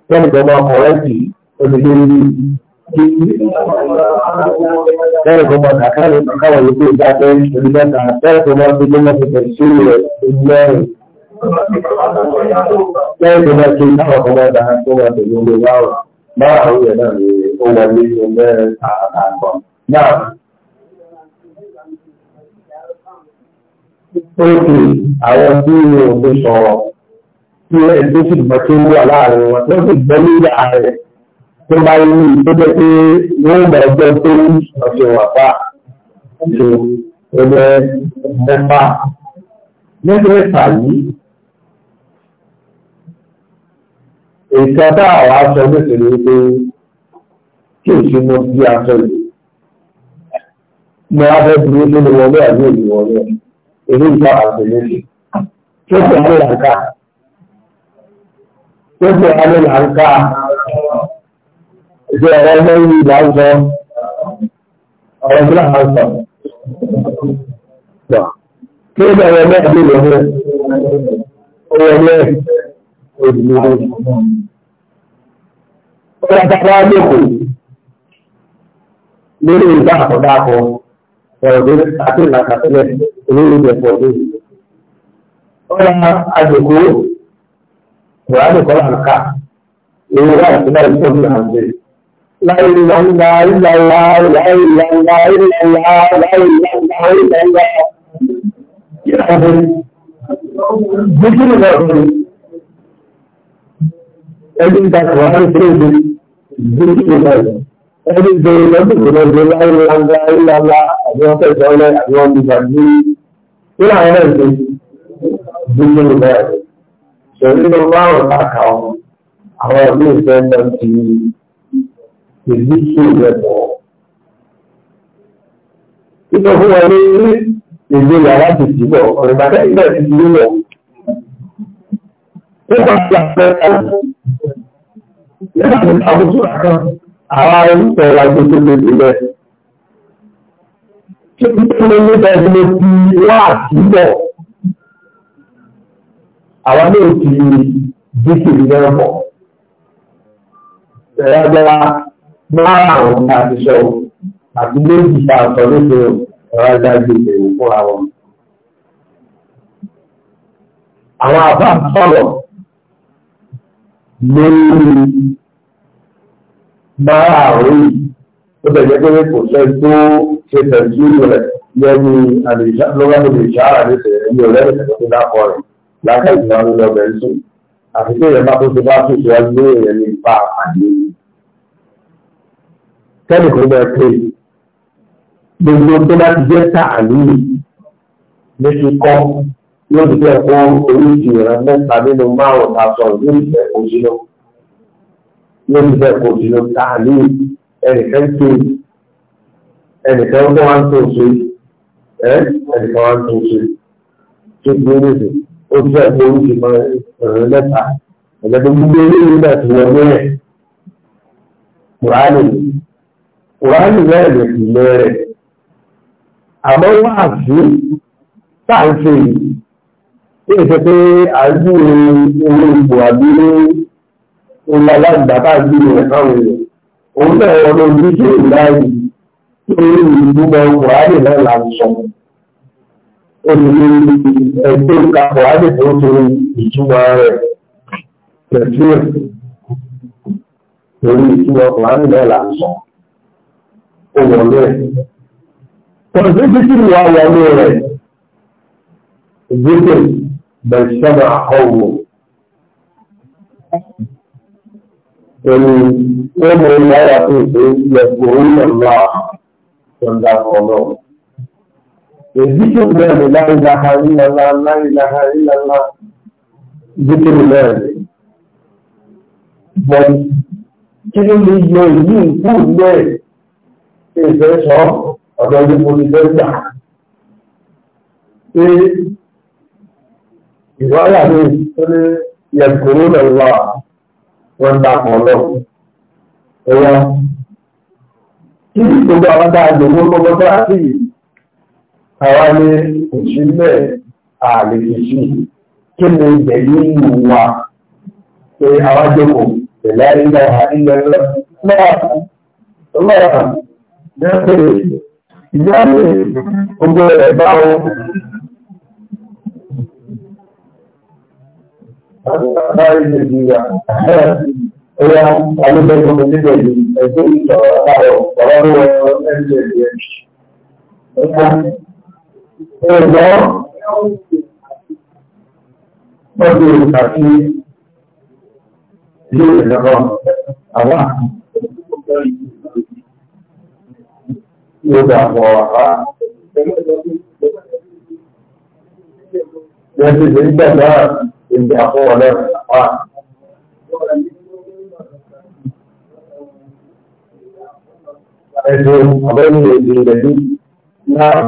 wọ́n ní ọmọ ọ̀rẹ́ sí olùlérí títí lẹ́yìn ọmọ àkàrà káwọn yòókù ìdáfẹ́ olùdẹ́ta lẹ́yìn ọmọ ọ̀tún lọ́mọ ìfẹ́ sí rẹ̀ olùlẹ́rìn. Lẹ́yìn ọmọ ọ̀tún láwọn ọmọ ọ̀dà tó wà pẹ̀lú olùwárò máa àwọn èèyàn náà ní ó wọlé ọmọ ẹ̀ ó fi àwọn tí òun sọ̀rọ̀ tí ẹni tó sì gbọ́ tó wà láàrin wọn tó sì gbọ́ ní ààrẹ tó bá rí i tó jẹ́ pé wọ́n gbà ọjọ́ tó ń ọ̀sẹ̀ wà pa ṣe ẹgbẹ́ mẹ́fà mẹ́fẹ̀ẹ́fà yìí ètò ọ̀tá àwọn aṣọ mẹ́sàn ni pé kí o ṣe mọ bí aṣọ yìí mo á fẹ́ dúró nínú wọn bẹ́ẹ̀ ní ìlú wọn bẹ́ẹ̀ èyí ń bá àgbèlè lè tó sì sì ń lè là ń ká ìṣe ọ̀rọ̀ lẹ́yìn ìlà ń sọ ọ̀rọ̀ bí làwọn sọ. Kí ló bẹ̀rẹ̀ mẹ́ta ló lọ rẹ̀?
Ó wọ ilé rẹ̀. Ó yà sábà lóko
lórí ìgbà àkọ́dá kan ọ̀rọ̀ tó àti ìlànà sílẹ̀ olórí ìjẹ̀pọ̀ lórí. ọ̀rọ̀ àjòkó ìwádìí kọ́ làǹkà èyí wà sí náà ìtọ́jú àǹdè. láìláńlá ìlàlá láìláńlá ìlàlá láìláńlá ìlàlá. kí ló dé? gbígbí ni wọ́n rí. ẹni ń ta kọ̀ọ̀rọ̀ ní ṣé ẹni ń lọ́dún kò lọ́dún láìláńlá àbí wọ́n fẹ́ sọ́ọ́lẹ̀ àbí wọ́n bí bàbá kí làwọn náà ṣe gbogbo ìgbà rẹ̀ ṣòrí ló márùn-ún láka ọmọ àwọn ìlú ìfẹ́ lọ ti ìlú sí ìrẹ́ pọ̀. Títọ́ fún wọn ní ìlú yàrá ti síbọ̀, ọ̀rẹ́ bàtà ìgbà ti ti lọ. Nípa ti àpẹẹrẹ nígbà tí a fojú àkàn, àwọn arúgbó ẹ̀rọ agbègbè lè lè ṣé kí ló ní bẹ́ẹ̀ ló fi wá àtúbọ̀ àwa náà ti díkìrì náà bọ̀ ẹ̀rọ̀dọ́ra márùn-ún láti sọ àti méjì ta ọ̀tọ̀ lóṣù ẹ̀rọ̀dájú ìbẹ̀wò fúnra wọn. àwọn àbá sọ̀rọ̀ lórí márùn-ún ó bẹ̀rẹ̀ pé kò sẹ́ tó que tẹ̀síwìrì rẹ̀ lẹ́nu lọ́wọ́nù lè ṣáà rẹ̀ tẹ̀ ẹ̀yìn ọ̀rẹ́ a tẹ̀síwìrì lápọ̀ rẹ̀ lákà ìgbà por lọ bẹ̀rẹ̀ sùn àti pé ìyẹn bá tó ṣe bá tó ṣe ọdún èèyàn ní ipa àpàdé kẹ́nìkan bẹ́ẹ̀ pé gbogbo tó bá ti jẹ́ sàánú ní kíkọ́ yóò ti fẹ́ kó oríṣi ìran mẹ́ta nínú márùn-ún ta sọ yóò ti fẹ́ kó sínú yóò ti fẹ́ kó sínú sàánú ẹnìkan kéèyàn ẹnìkan tó wá ń tó ṣe ẹ́ ẹnìkan wá ń tó ṣe tó gbé nìṣe ó ti fẹ́ pé oríṣi máa rẹ̀ lẹ́ta ẹ̀jẹ̀ tó gbé nìṣe nígbà tí wọ́n gbé rẹ̀ kùránì kùránì náà lè fi lọ rẹ̀ àmọ́ wá sí táǹṣe yìí tí èsì pé à ń bí owó ipò àbí ńlá láti bàbá àbí rẹ̀ káwọn èèyàn òun náà wọn ló ń bí sí ìlú lórí ìdúgbò buhari náà là sọ olùdó ẹgbẹ́ ìka buhari tó ń torí ìtumọ̀ rẹ̀ pẹ̀lú lórí ìtumọ̀ buhari náà là sọ òwòlú ẹ̀. pọ̀lùsí títí wọlé rẹ̀ ìgbésẹ̀ bẹ̀rẹ̀ àkọ́wò. Ẹni wọ́n mọ̀ ní àyàfi ìgbésẹ̀ ìgbésẹ̀ orílẹ̀ tó ń dá ọlọ́run. Èdíkì bẹ́ẹ̀ la ilaha illallah la ilaha illallah díkì bẹ́ẹ̀ ni. Bọ̀dì kí ló lè yọ ìlú ìkú bẹ́ẹ̀ tí ìfẹ́ sọ ọ̀dọ́ ní polifẹ́sà. Ṣé ìwáyà mi tó ní yẹ̀kúrú lọ́wọ́ wọn dá ọlọ́run? Ẹ̀yà Títí gbogbo àwọn dáadé ló gbogbo tó láti yìí, àwa ní òṣìlẹ̀ àlèkèṣì kí ni ìgbẹ̀ nínú wa pé àwa jókòó pẹ̀lú àrílẹ̀ àrílẹ̀ lọ́wọ́ jẹ́pẹ̀ ìyáàlè gbogbo rẹ̀ bá wọn. Àwọn ará ilẹ̀ ìgbìyà, ẹ̀yà alóbẹ̀gbọ̀n nígbẹ̀yìn ẹ̀sẹ̀ ìjọ ọ̀rọ̀ ẹ̀sẹ̀ ìjọ Ọjọ́ ìtàkì ilé ìjọba àwọn yóò dàpọ̀ àwá. Yẹ́n ti ṣe ń gbẹ̀dá ìgbàpọ̀ ọ̀lẹ́rìn àwá. ẹ̀sùn àbẹ́ni èdè ìrẹ̀lú náà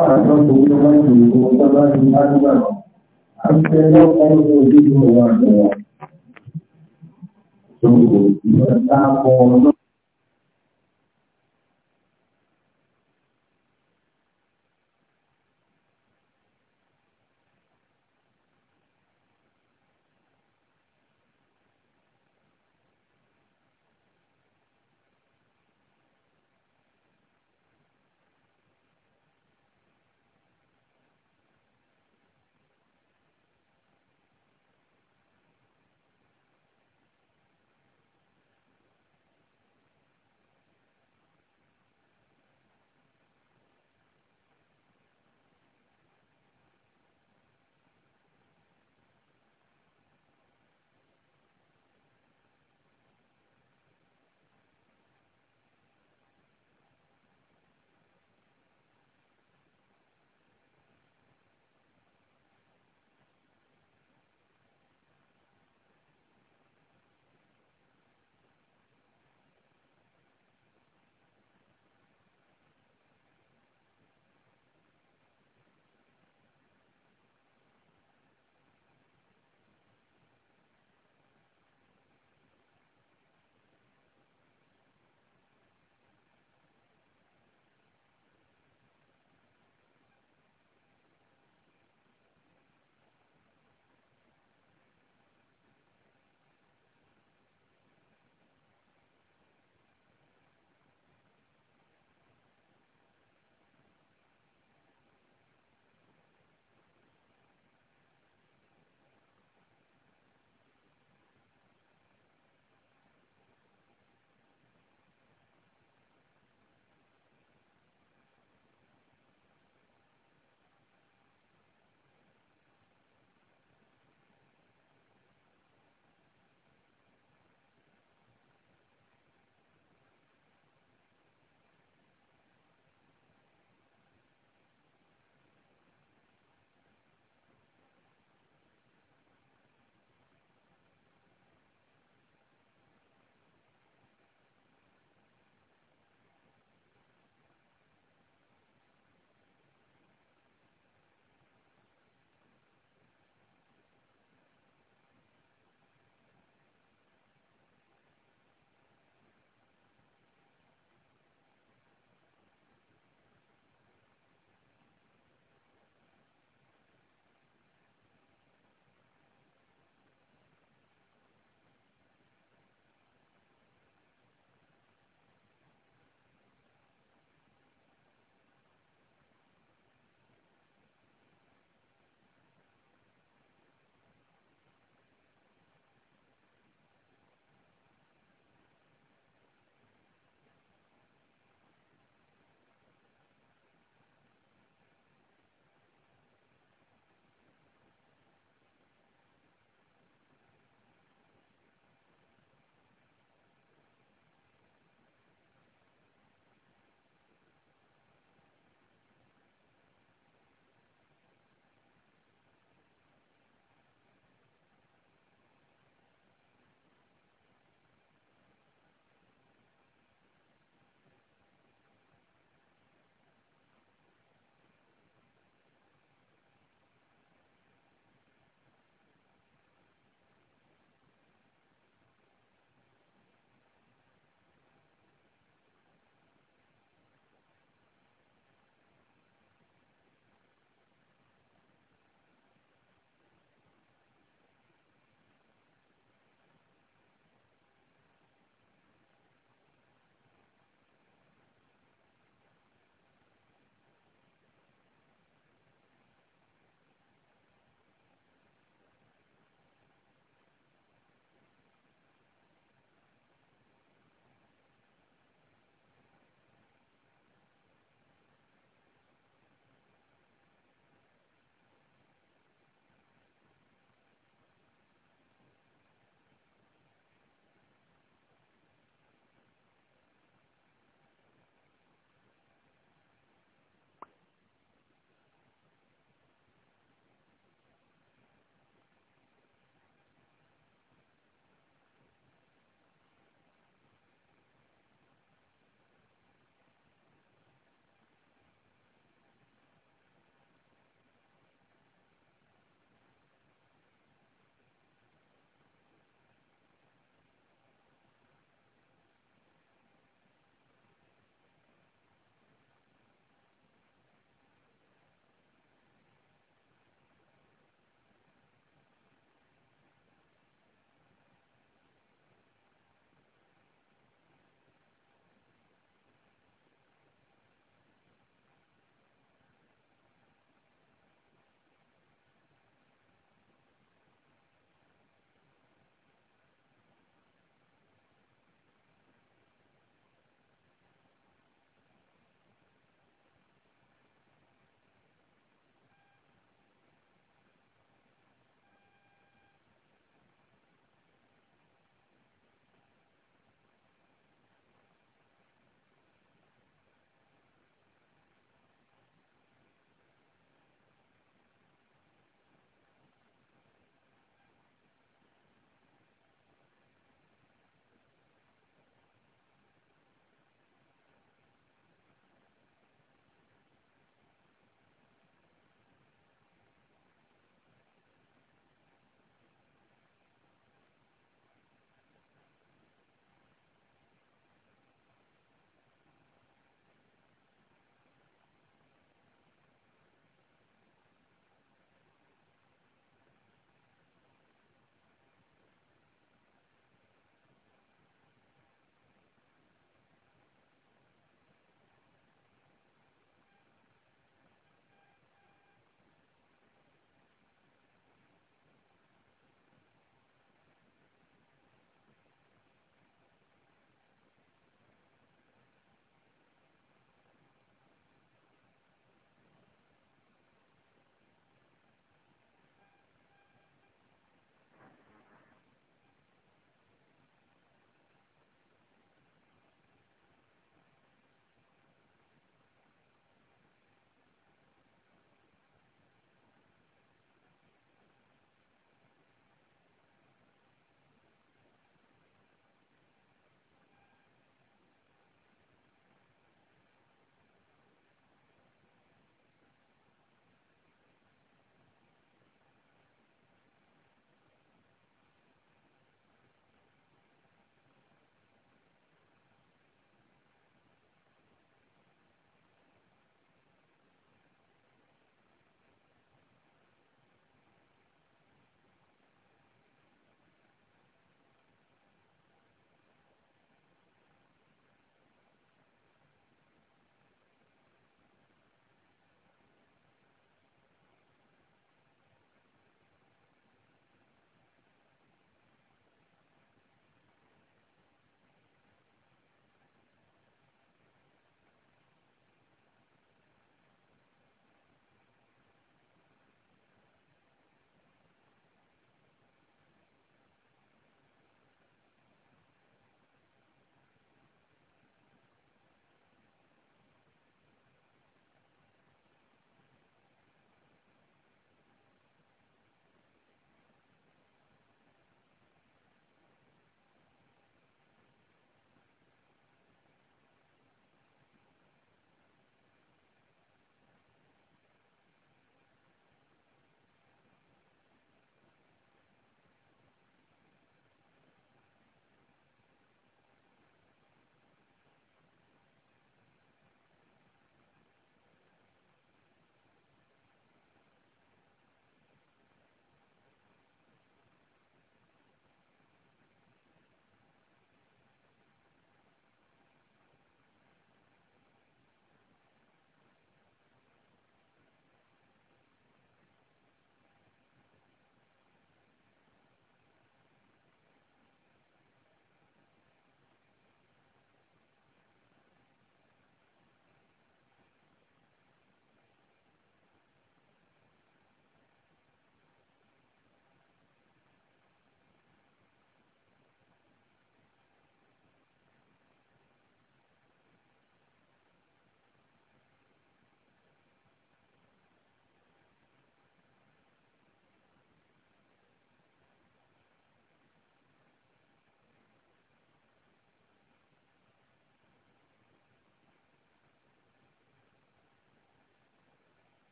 Ìjọba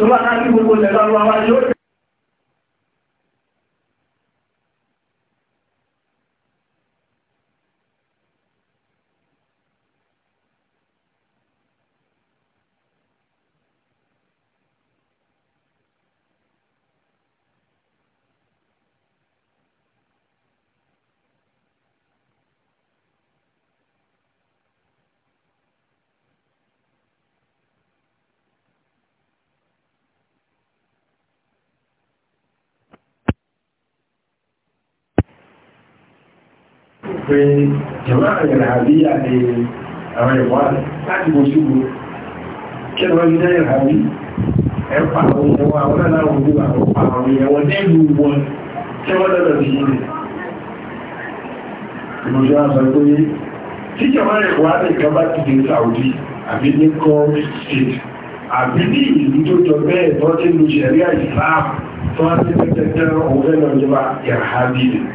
tó bá náà ní gbogbo pé jẹ̀mọ́ àyẹ̀rẹ̀ àbí àti àwọn ẹ̀wọ́ láti bó ṣúgbó kí ẹ̀rọ ní ẹ̀rẹ̀ àbí ẹ̀pà àwọn ẹ̀wọ́ àwọn aláwọ̀ ní àwọn ẹ̀wọ́ nílùú wọn kí wọ́n lọ́dọ̀ sí ilẹ̀ ìmọ̀jọ́ àṣọ pé tí jẹ̀mọ́ ẹ̀wọ́ àti ìkọba ti dé Saudi àbí ní kọ́ọ̀rì state àbí ní ìlú tó jọ bẹ́ẹ̀ tọ́jú ìlú sẹ̀ríà ìsìláàmù tó wá sí pẹ́tẹ́tẹ́ òun fẹ́ lọ́jọ́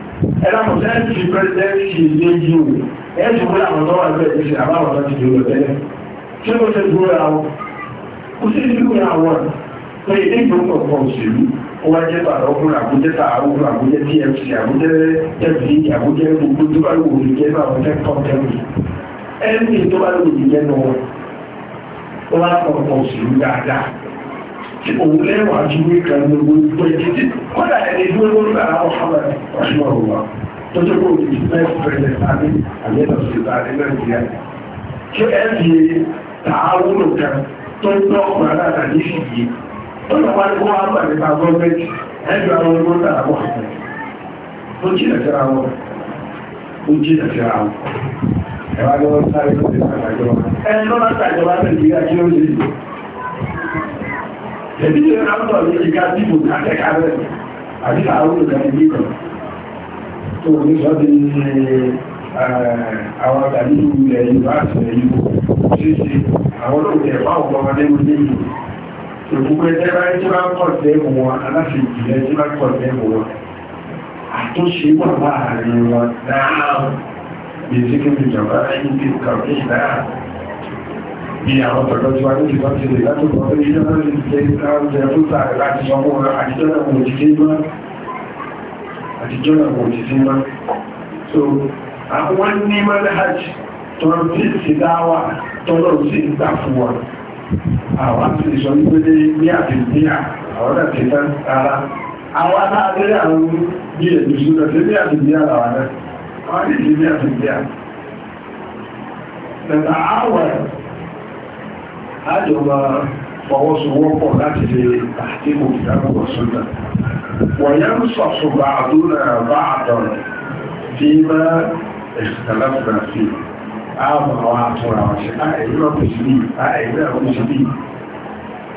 ẹlọ́pọ̀ sẹ́ẹ̀tì pẹ́sẹ́ẹ̀tì léjì o ẹ̀sùn pé àwọn ọ̀dọ́ ẹgbẹ́ ìṣẹ́ àbáwọn láti dúró tẹ́lẹ̀ tí ó ṣe dúró ra wọn kò sí ìlú àwọn pé ilé ìgbókọ̀ pọ̀ òṣèlú ó wá jẹ́ bàrọ̀ ọkùnrin àbújẹ́ ta àwọn àbújẹ́ tfc àbújẹ́ fd àbújẹ́ gbogbo tó bá lòwò ní jẹ́ bá wọn tẹ́kọ̀ọ́ tẹ́lẹ̀ ẹni tó bá lòwò ní jẹ́ náà ó wá pọ̀ òṣèlú dáadáa tí òun lẹ́wà ju ní kan ní gbogbo ìgbẹ́ títí kọ́dà ẹni tó lórí ara Muhammad rahimahullah tó tó kó ní first president àbí àyẹ̀dọ̀ sí àbí nàìjíríà tó ẹ fi tààrùn nìkan tó ń tọ́ ọkùnrin aláàdá ní ìyí ó lọ wá ní kó wá bà nípa gọ́ọ̀mẹ́ntì ẹgbẹ́ àwọn ọmọ náà wà tó jìnà síra wọn ó jìnà síra wọn ẹ̀wá ni wọ́n sáré lórí ìsàlàjọba ẹ̀ lọ́nà ìsàlàjọba nàìjíríà kí ó lè ẹbí tí ó rántọ̀ ló ti ká dìbò àtẹ́kàrẹ́ àti àwọn olùdarí kan tó ní sọ di àwọn àtàlí ilẹ̀ Yorùbá àti ilẹ̀ Yorùbá ṣíṣe àwọn olóòtẹ̀ fáwọn ọmọ lẹ́nu lẹ́yìn òkúgbé tẹ́lá tí bá kọ̀ tẹ́mù wọn aláfẹ́ ìjìlẹ̀ tí bá kọ̀ tẹ́mù wọn àtúnṣe wà láàrin wọn dáa èsì kí n jọba ẹni bí kàwé dáa bí àwọn tọ̀dọ̀ tí wá ní ìfọ́n ti lè láti pọ̀ pé ìjọ́ náà lè jẹ́ ìpínlẹ̀ tó sàárẹ̀ láti sọmọ àtijọ́ náà kò ti sí mọ́ so àwọn ní manhaj tọ́rọ tí ti dáwà tọ́rọ sí ìgbà fún wa àwọn àti ìsọ ní pé ní àtìlẹ́yà àwọn àti ìtàn ara àwọn aláàrẹ àwọn bí èdè súnà tí ní àjọ máa fọwọ́sowọ́pọ̀ láti lè àtìkò ìdáàbòbò sọ́nà wọ̀nyá ń sọ̀sọ̀gbà àdúrà bá àdọ̀rọ̀ tí má ẹ̀sìtàláfìlà sí ààbà wa àtúnra wọn sí àìyí náà kò sí bí àìyí náà kò sí bí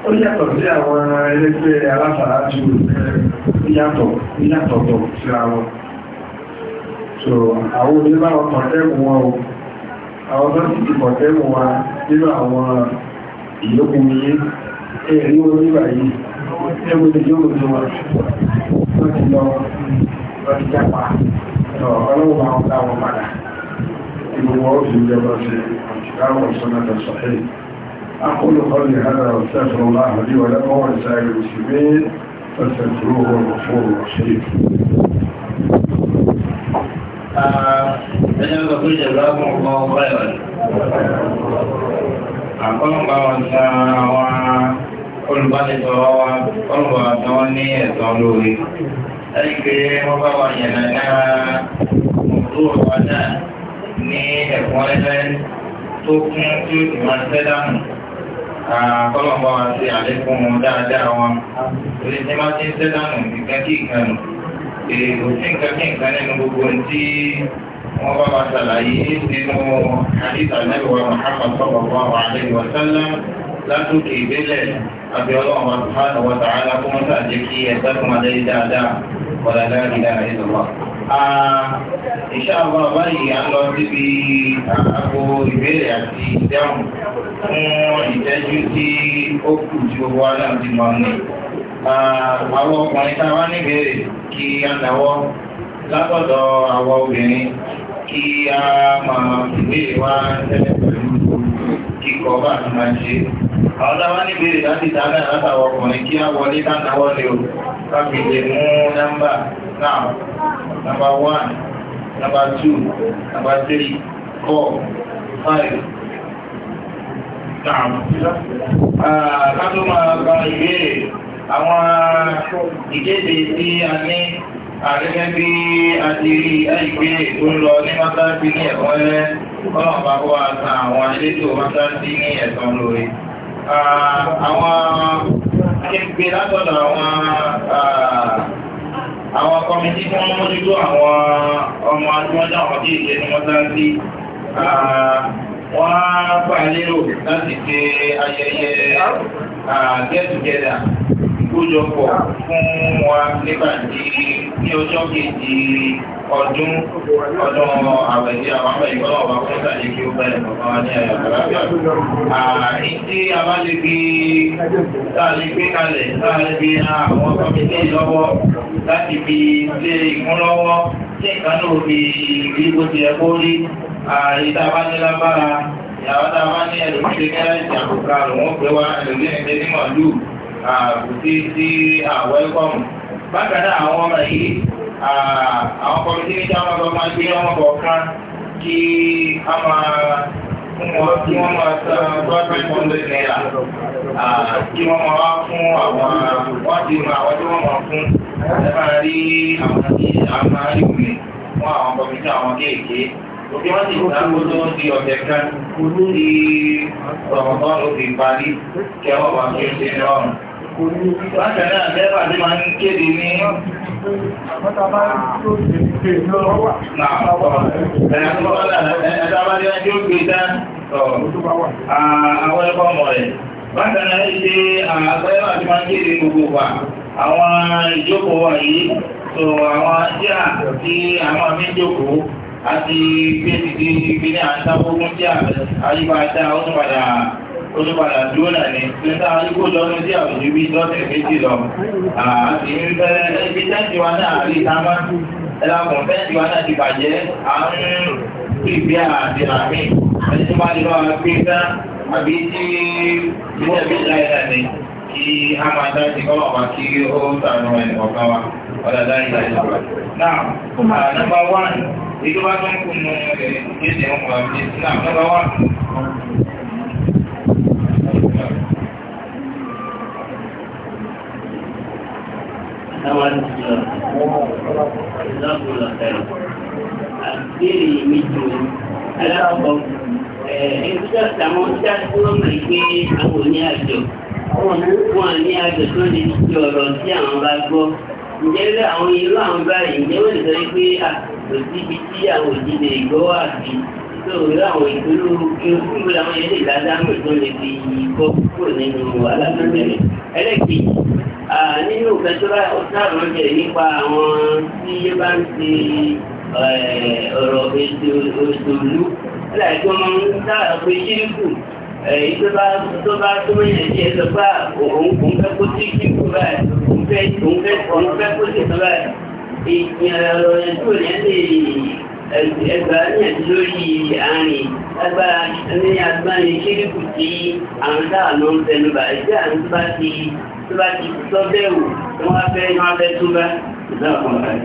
ó yàtọ̀ sí àwọn ẹlẹ́gbẹ́ alásàrá tí ó yàtọ̀ yàtọ̀tọ̀ síra wọn so àwọn oníbàwọn kọ̀tẹ́mù wọn o àwọn tó ti kọ̀tẹ́mù wa nínú àwọn ìyókù yé ẹ̀rí orí báyìí ẹgbẹ̀rẹ̀ yóò lọ wọ́n ti lọ wọ́n jápa ọlọ́wọ́ máa padà ìgbòwọ́ òsì ìjọba sí àwọn ìsọ́nàtà sọ̀hẹ́ أقول قولي هذا واستغفر الله لي ولكم ولسائر المسلمين فاستغفروه الغفور الرحيم أنا àkọ́lọ́gbà wọn ta àwọn olùbánisọ̀rọ̀ wa kọ́lọ́gbà tí wọ́n ní ẹ̀sọ́ lórí lẹ́yìn pé wọ́n bá wà yẹn náà mọ̀tò wa náà ní ẹ̀kọ́ ẹgbẹ́ tó kún tí ó ti máa tẹ́ dànù àkọ́lọ́gbà wa ti àlékún dáadáa wọn orí tí máa ti ń tẹ́ dànù ìkan kí ìkan nù èrò tí nǹkan kí nǹkan nínú gbogbo ti wọ́n bá bá ṣàlàyé nínú àdìsá nẹ́bíwá Muhammad sallallahu alaihi wa sallam látòkè ìbílẹ̀ àbí ọlọ́run wa sùhánù wa ta'ala kó mọ́ sàjẹ́ kí ẹ̀dá fún adé dáadáa wọ̀lá dáadáa ìlọ́wọ́. Insha Allah báyìí à ń lọ síbi àgbo ìbéèrè àti ìdáhùn fún ìtẹ́jú tí ó kù ju owó aláàbí máa ń lò. Àwọn ọkùnrin tá níbèrè kí a dáwọ́ látọ̀dọ̀ àwọn obìnrin kí a máa fìwé wá tẹ́lẹ̀ pẹ̀lú kíkọ́ bá ti máa ṣe. Àwọn táwọn ní ìbéèrè láti dáná látàwọn ọkùnrin kí á wọlé lánàáwọ́ lè o káfí mú nọ́mbà náà nọ́mbà one nọ́mbà two nọ́mbà three four five. Ah, ká tó máa gba ìbéèrè àwọn ìkéde tí a ní àrígẹ́ bí a ti rí ẹgbẹ́ tó lọ ní mọ́sáàtì ní ẹ̀kọ́ ẹlẹ́ ọlọ́run bá kó wa san àwọn elétò mọ́sáàtì ní ẹ̀sán lórí. àwọn akéèké látọ̀dọ̀ àwọn àwọn kọmitì tí wọ́n mójútó àwọn ọmọ adúmọ́jọ́ àwọn tí ìṣe ní mọ́sáàtì wọ́n gbà lérò láti ṣe ayẹyẹ get together ìkójọpọ̀ fún wa nígbà tí ní ọjọ́ kejì ọdún ọdún àwẹ̀ tí àwọn àmọ́ ìgbọ́nà ọba fún ìtàjẹ́ kí ó bá ẹ̀ bàbá wa ní ẹ̀rọ àlàáfíà. àní tí a bá lè fi táàlì gbé kalẹ̀ táàlì fi àwọn kọ́mítì lọ́wọ́ láti fi lé ìkúnlọ́wọ́ tí nǹkan náà fi rí bó ti ẹ̀kọ́ rí àìtàbánilágbára ìyàwó tá a bá ní ẹlòmíì gẹ́gẹ́ ìjàkùkà lòun pé wá ẹlòmíì gẹ́gẹ́ ní màlúù àbùsí sí àwọn ẹ̀kọ́ mu bákan náà àwọn ọmọ yìí àwọn kọmitì níjà wọn bọ máa gbé wọn bọ kan kí a máa fún wọn kí wọn máa san government hundred naira kí wọn máa wá fún àwọn wọn ti mọ àwọn tí wọn máa fún ẹ máa rí àwọn tí a máa rí wùmí fún àwọn kọmitì àwọn kéèké òkè wọn ti gbà kó tó di ọ̀sẹ̀ kan kó tó di ọ̀rọ̀ bọ́ọ̀lù ti parí kẹwàá wà kí ó ṣe rọrùn. Bákanáà mẹ́fà tí máa ń kéde ní àwọn ẹ̀kọ́ ọmọ rẹ̀. Bákanáà ṣe àgbẹ́wà tí máa ń kéde gbogbo wa, àwọn ìjókòó wà yìí, so àwọn jíà tí àwọn àmì ìjókòó àti pé ti di ìpínlẹ̀ àtàkógún jíà àyíká àtà ó tún padà olùpadà dúró náà ni nígbà arígbó lọ́dún sí àwùjọ bíi lọ́sẹ̀ méjì lọ àti ìrìnbẹ̀rẹ̀ ibi tẹ́ǹtì wa náà rí tamá ẹlẹ́kùn tẹ́ǹtì wa náà ti bàjẹ́ à ń pèpè àti àmì ẹni tó bá lè lọ́wọ́ pé tán àbí tí ìwé ẹ̀mí láyé ni kí a máa dá sí kọ́ ọ̀pá kí ó sàánú ẹnì kọ̀ọ̀kan wa ọ̀dàdá ìlà ìjọba. náà nọ́mbà wán ìjọba tó ń kùnú ìdíje táwa ti lọ lọ́kùnrin ọ̀fẹ́ àbílẹ̀ a tó mọ̀ pé àwọn ò ní àjọ wọn ní àjọ tó lè ti ọ̀rọ̀ tí àwọn bá gbọ́ ǹjẹ́ àwọn irú àwọn báyìí ǹjẹ́ wọ́n lè sọ pé kò sí ibi tí àwọn òjìlè gbọ́ wà sí tó irú àwọn ìpínlẹ̀ òkú làwọn yẹn lè ládámù tó lè fi kọ́ kúrò nínú alámọ́bẹ̀rẹ̀ ẹlẹ́kẹ̀ẹ́ nínú ìfẹ́ ọ̀sán ọ̀jẹ̀ nípa àwọn tí yé bá ń ṣe eh, ọ̀rọ̀ ètò òṣèlú láì máa ń dá ọ̀pọ̀ ìṣíríkù eh, tó bá tó bá tó mẹ́yìn ẹ̀jẹ̀ sọ ah, òun kò ń fẹ́ kó sí kíkù báyìí òun fẹ́ kó sí ìtọ́ báyìí ìyẹn ọ̀rọ̀ ẹ̀jẹ̀ tó lè ẹgbàáyàn lórí àárín agbára ní agbáni kíríkù tí àwọn táàmù ń tẹnubà ẹgbẹ́ àwọn tó bá ti tó bá ti tọ́ bẹ̀rù tí wọ́n fẹ́ wọ́n fẹ́ tó bá ìdáàbọ̀n rẹ̀.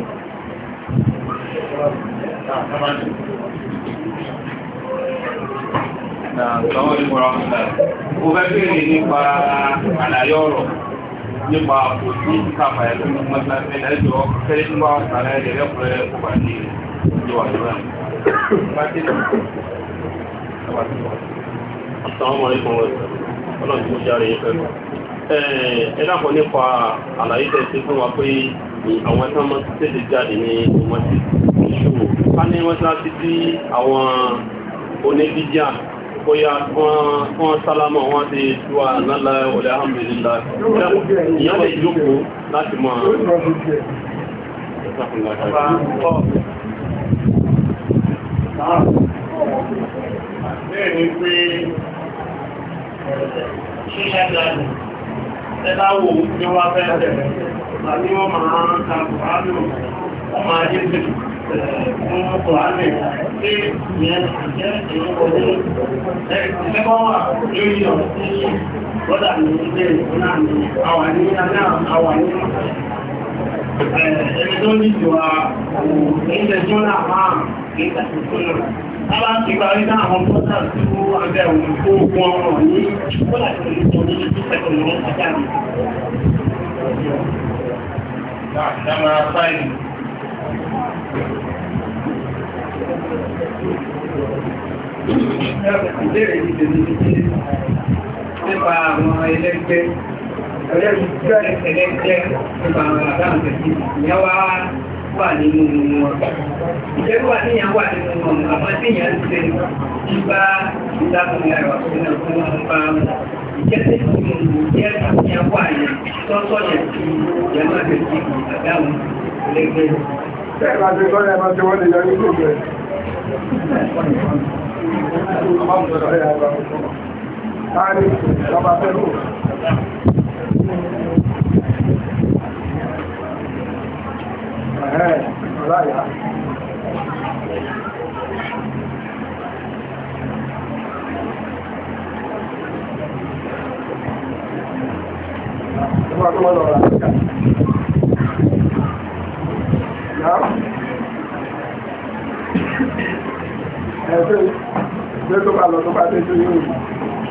Àwọn ìmọ̀ràn ọ̀sán. Mo fẹ́ bèèrè nípa àlàyé ọ̀rọ̀
nípa òtún kàfà ẹ̀lú mọ́tàfẹ́ ẹ̀jọ́ fẹ́ẹ́ tí wọ́n kàrẹ́ ẹ̀rẹ́kùnrin ẹ̀kọ́ bàjẹ́. Ẹ dákọ̀ nípa àlàyé tẹ̀sí fún wa pé àwọn ẹ̀sán mọ́ sí tètè jáde ní wọ́n ti ṣòwò. Ká ní wọ́n sá sí sí àwọn oníbíjà bóyá wọ́n sálámọ̀ wọ́n ti túwà lálá ọ̀lẹ́ àmìlélá. Ìyá lè láti mọ̀ bẹ́ẹ̀ ni pé ṣíṣẹ́ jáde ẹláwò ní wá fẹ́ẹ̀fẹ́ tàbí wọ́n máa ń ka kùránù wọ́n máa yé sí fún kùránù tí ìyẹn jẹ́ ìwọ̀dé ẹgbẹ́gbọ́n wà lórí ọ̀sí bọ́dà ní ilé ìgbóná ní àwà ní ẹni tó ní ìjọba ìṣẹ́ jọ́nà máa ní ìtàkùnkùnà lábá ti gba rí náà àwọn bọ́tà tí ó wà bẹ́ òun tó gbọ́n ọ̀rọ̀ ní ìṣúgbọ́lá tó ní ìṣọ́ ní ìṣẹ́kọ̀ọ́ ní ọjà mi. Dámàrà fáìlì. Ìbéèrè ìdèmí nípa àwọn ẹlẹ́gbẹ́ ọ̀rẹ́ mi tí ọ̀rẹ́ tẹ̀lé jẹ́ nípa àwọn àdáhùn tẹ̀sí ìyá wa wà nínú wọn. ìjẹ́rú wa tí ìyàn wà nínú wọn àmọ́ tí ìyàn ń ṣe nípa ìdákùnrin àrò àkùnrin náà fún wọn bá wọn. ìjẹ́sẹ̀ tí mo lò jẹ́ ìyàn wà yẹn tọ́tọ́ yẹn ti ìyàn máa tẹ̀sí àdáhùn lẹ́gbẹ́. Bẹ́ẹ̀ máa ti sọ́yà máa ti wọ́n lè yọrí sí kárí lọ́ba fẹ́rù. Ẹgbẹ́ tó bá lọ tó bá dé tó yóò rí.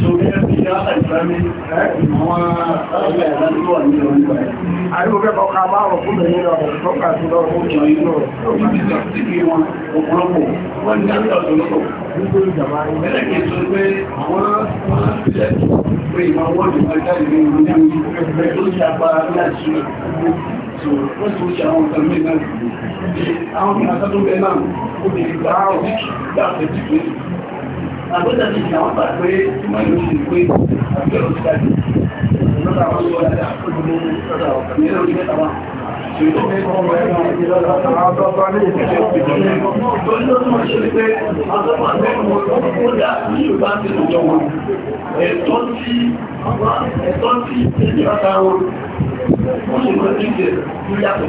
Àríwọ̀fẹ́ kọkà bá rọ̀ fún ẹ̀yìn ọ̀rọ̀ tó kà sí lọ́rọ̀ fún ìjọ inú rẹ̀. Ó máa ti sọ sí kí wọn ọ̀pọ̀lọpọ̀ wọ́n ní àríwọ̀ tó lọ́pọ̀. Nítorí ìjọba ẹlẹ́gbẹ̀ẹ́ tó pé àwọn ọ̀pọ̀lọpọ̀ pé ìmọ̀ wọ́n ti máa jáde ní ìlú ní ìgbẹ́ tó ṣe agbára láti ṣe wọ́n ti ṣe àwọn ọ̀tọ̀ mẹ́ta. Àwọn ìrìnàṣà tó bẹ náà, ó ti gbà á ọ̀ àgbẹ́ta ti ṣe àwọn pàpẹ́ ìmọ̀lú sí pé àgbẹ́ òṣìṣàjì lọ́ta àwọn ọmọ ọ̀dá ọdún lọ́ta ọ̀pọ̀ ní ẹ̀rọ ìgbẹ́ta wá Ẹ̀tọ́ tí ẹ̀tọ́ tí ìjọba wọn, wọ́n ṣe mọ̀ ní ìjẹ̀ ìyàtọ̀.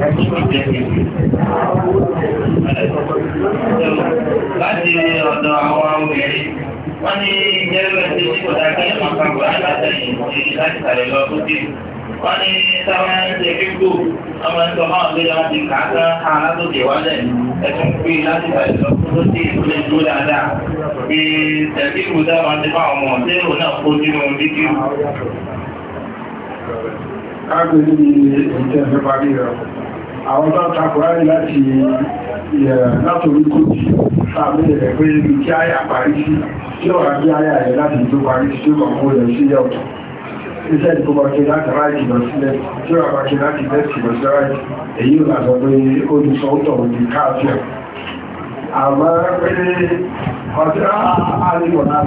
láti ọ̀dọ̀ àwọn obìnrin wọ́n ní jẹ́rú ẹ̀sẹ̀ tí kò dá kí ẹ̀mọ̀ kan kò láti àtẹ̀yìn lọ tó dé wọ́n ní sáwọn ẹ̀sẹ̀ fígbò ọmọ ẹ̀sọ́ máa ń gbé wọn ti kà á látòkè wálẹ̀ ẹ̀sùn pé láti sàlẹ̀ lọ tó dé ìpínlẹ̀ káàkiri ní ìtẹ́ẹ̀fẹ́ parí rẹ̀ àwọn tó takùrárì láti látòrí kò tí tàbí rẹ̀ pé ibi kí àyà parí sí tí ọ̀rá bí àyà rẹ̀ láti tó parí sí tó kọ̀kọ́ rẹ̀ sí yọ̀tọ̀ iṣẹ́ ìfowópamọ́sí láti ráìtì lọ sílẹ̀ tí ó àpàkì láti lẹ́sì lọ sí ráìtì èyí ò lásọ pé olùsọ́ọ̀tọ̀ òdì káàfíà àmọ́ pé ọjọ́ àlejò náà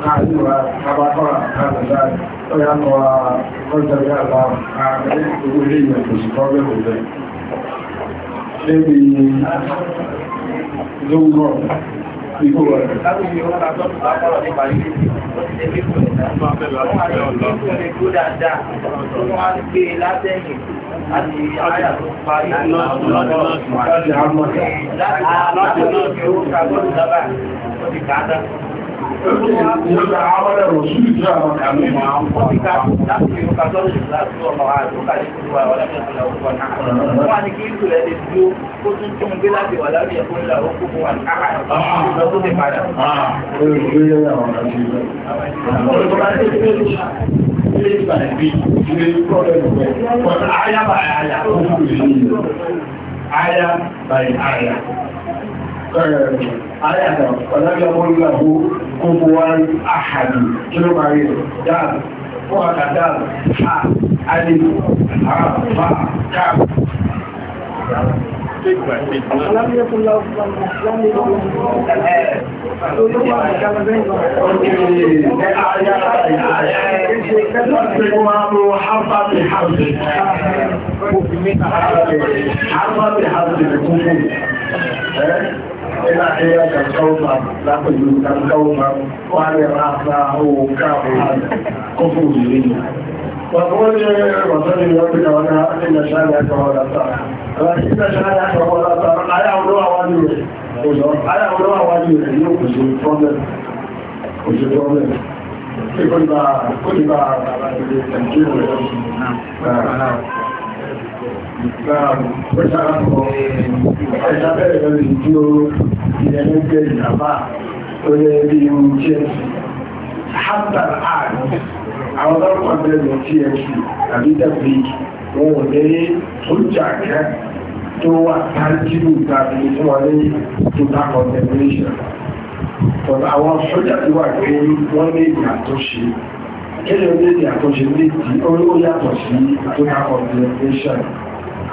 Níbi lóòrò ìgbò rẹ̀. Láti ìwọ́n látọ́ lápọ̀lọ̀ nípa yìí, ó ti ẹgbẹ́ kò ní dáa. Wọ́n máa lọ sí ìpínlẹ̀ tó dáadáa, wọ́n máa ń gbé látẹ́yìn láti àyà tó parí lọ́dún lọ́dún. Láti àmọ́ Ilé ìgbà ìbí, ilé ìpọ́lẹ̀ ìwẹ̀, pọ̀tà ayábà ayà, ó fún ìlú, ayá by ayá. Ẹ̀rẹ̀ aláyàtọ̀ ọ̀lọ́bí ọmọ ìlú àbú kókó wá ní àhàdì kí ló máa rí rẹ̀ dáàbù fún àkà dáàbù ha alẹ́ àbá káàbù. Harfa bi harfi yana iya ka kauma za ku yi ka kauma kware rasa hauka kufu jiri ba kuma ne wasu ne ya fita wani haɗin da shani ya kawo da sa rashi da shani ya kawo da sa a yi aurewa wani ne a yi aurewa wani ne yau ku shi problem ku shi problem sai kun ba kun ba a ba da ke tankiyo da shi Àwọn ọlọ́pàá bẹ̀rẹ̀ tí ẹ ṣù tàbí dàbí wọn ò lè ọjà kẹ́ tó wà tàbílù tàbí fún wọn ní total condemnation. But àwọn sójà tí wà pé wọ́n lè ìyà tó ṣe kéèyàn lè ìyà tó ṣe lè tí ó yàtọ̀ sí total condemnation.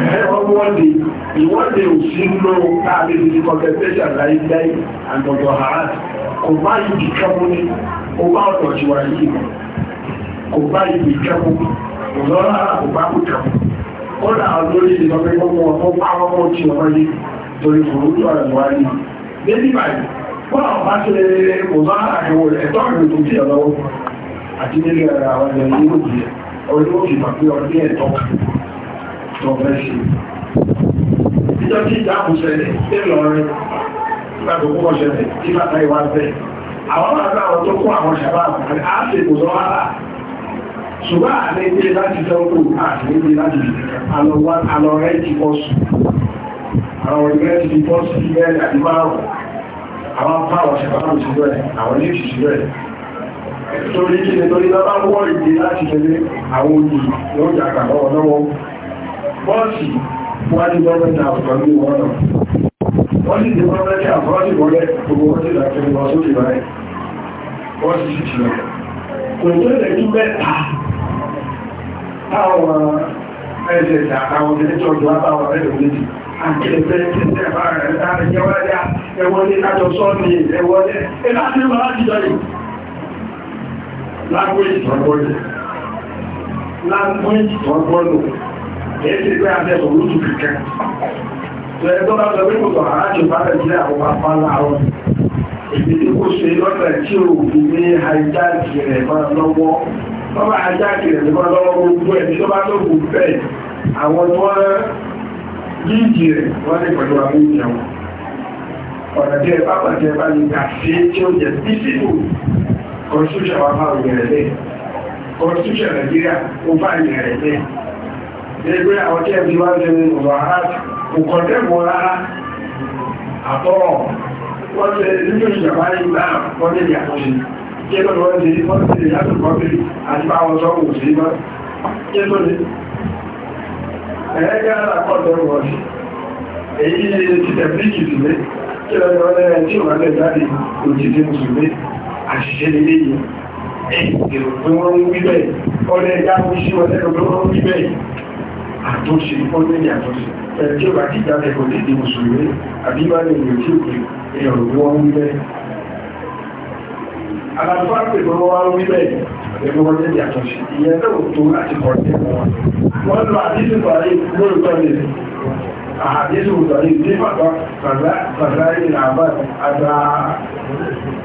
ẹ̀họ́n wọ́de ìwọ́de òṣìlò láàrin ìdí compensation láìláì àgbọ̀dọ̀ haram kò bá ibi kẹ́mú ní ó bá ọ̀dọ̀ tiwa yìí kò bá ibi kẹ́mú lọ́la kò bá kú kẹ́mú ó là á lórí ìdí ọmọ ẹgbẹ́ wọn tó bá wọn mọ́ tí ọmọ yìí torí fòrò tó àgbọ̀ ayé débí báyìí wọ́n àwọn bá ṣe kò bá àyẹ̀wò ẹ̀tọ́ ìrìn tó ti ọ̀lọ́wọ́ àti nílé ara àwọn ẹ̀yẹ́ yóò jẹ́ ọdún òfin pàpẹ́ ọdún ẹ̀tọ́ tọ̀fẹ́ṣe ìjọ tí ìjáàmù ṣẹlẹ̀ tí lọ rẹ̀ ìgbàgbogbo ọ̀ṣẹlẹ̀ tí bàtà ìwà bẹ̀ àwọn àgbàwọ̀ tó kún àwọn ṣàbáàmù àti èkó lọ́wọ́ ṣùgbọ́n àlẹ́ ilé láti tọ́kù àti ilé láti alọ́rẹ́ ti pọ́sù àwọn ìgbẹ́ ti pọ́sù ilẹ̀ àdíbáwọ̀ àwọn pàwọ̀ ṣàbáwọ̀ sílẹ̀ àwọn ilé ìṣìṣẹ́ torí kí ni torí lọ́bá wọ́ ìdí láti tẹ̀lé àwọn olùrọ̀ lọ́jà àgbà lọ́wọ́ bọ́ọ̀sì wọ́n ní gọ́ọ̀mẹ́ntà àfọ́lú wọn náà wọ́n sì ti gọ́ọ̀mẹ́ntà àfọ́lú wọlé gbogbo wọ́n sì láti lọ sókè báyìí wọ́n sì sì lọ kò tó lè ní mẹ́ta táwọn ẹ̀ẹ́dẹ̀ta àwọn ẹ̀ẹ́dẹ̀tọ̀jọ́ àbáwọn ẹ̀ẹ́dẹ̀mẹ́jì àti ẹgbẹ́ ẹgbẹ́ ẹ̀bá èyí sì pé abẹ́ òru tù kìkẹ́ tó ẹ tó bá sọ pé kò sọ aráàlú bá rẹ̀ sílẹ̀ àwọn bàbá láàárọ̀ èdè tí kò ṣe lọ́nà tí ò fi ní àìjáàkì rẹ̀ máa lọ́wọ́ wọ́n bá àìjáàkì rẹ̀ máa lọ́wọ́ gbogbo ẹ̀ tó bá lóògùn bẹ́ẹ̀ àwọn tó wọ́n líìdì rẹ̀ wọ́n lè pẹ̀lú àwọn ènìyàn ẹgbẹ́ àwọn tí ẹbí wá ṣe wàhálà kò tẹ́kù rárá àtọ́rọ̀ wọ́n ṣe nínú ìjọba ìgbà wọ́n lè yàtọ̀ sí kí ẹgbẹ́ wọ́n ṣe wọ́n ṣe yàtọ̀ kọ́bìrì àti bá wọn sọ́kù sí mọ́ kí ẹgbẹ́ ní ẹgbẹ́ àkọ́ tẹ́kù wọ́n sí èyí ni ti tẹ̀bíkì sílé kí ẹgbẹ́ wọ́n lẹ́yìn tí wọ́n lẹ́ jáde òjìdí mùsùlùmí àṣìṣe nílé yìí ẹ̀yìn èrò pé wọ́n ń wí bẹ́ẹ̀ ọlẹ́ ẹ̀yà mú sí wọn lẹ́nu pé wọ́n ń wí bẹ́ẹ̀ àtúnṣe fọ́nmẹ́lì àtúnṣe ẹni tí ó bá dìjà lẹ́kọ̀ọ́ lè di mùsùlùmí àbíbálẹ̀ ìlú tí ó pè èèyàn ló wọ́n wí bẹ́ẹ̀ alàbá pè lọ́wọ́ wá wí bẹ́ẹ̀ ẹgbẹ́ wọ́n tẹ́lẹ̀ àtúnṣe ìyẹn náà tó láti kọ̀ ẹ̀ wọn wọ́n lọ àdísù parí lórí pẹ́lẹ̀ àdísù parí ní bàbá bàbá ìlà àbá àbá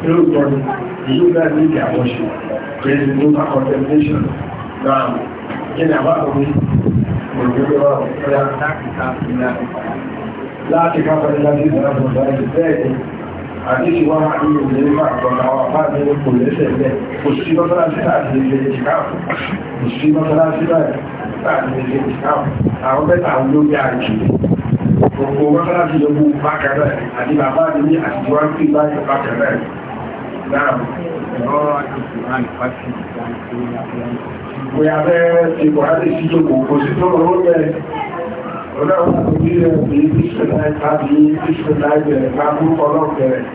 lórí pẹ́lẹ̀ ìlú náà ní ìdí àtúnṣe pẹ̀lú contemplation náà yẹn àbá òun láti kápa ní láti ìdára bọ̀dá ìbẹ́ẹ̀ni àti ìwá máa ní ìlú máa bọ̀dá wà bá ní kò lẹ́sẹ̀ lẹ́ kò sí mọ́sánásí láti lè ṣe ìkáàkù kò sí mọ́sánásí láti lè ṣe ìkáàkù àwọn mẹ́ta olóbi àjì gbogbo mọ́sánásí lógún bákẹ̀rẹ̀ àti bàbá mi ní àtijọ́ ń pè báyìí bákẹ̀rẹ̀ náà ọ̀rọ̀ àti ìwà ìpàṣẹ ìdájọ́ bóyá bẹ́ẹ̀ ti kọ̀ láti sí jòkó kò sí tó rọ́ bẹ́ẹ̀ ọlọ́run àti ìrẹ̀ bí ìṣẹ̀lẹ̀ tàbí ìṣẹ̀lẹ̀ bẹ̀rẹ̀ bá mú ọlọ́bẹ̀rẹ̀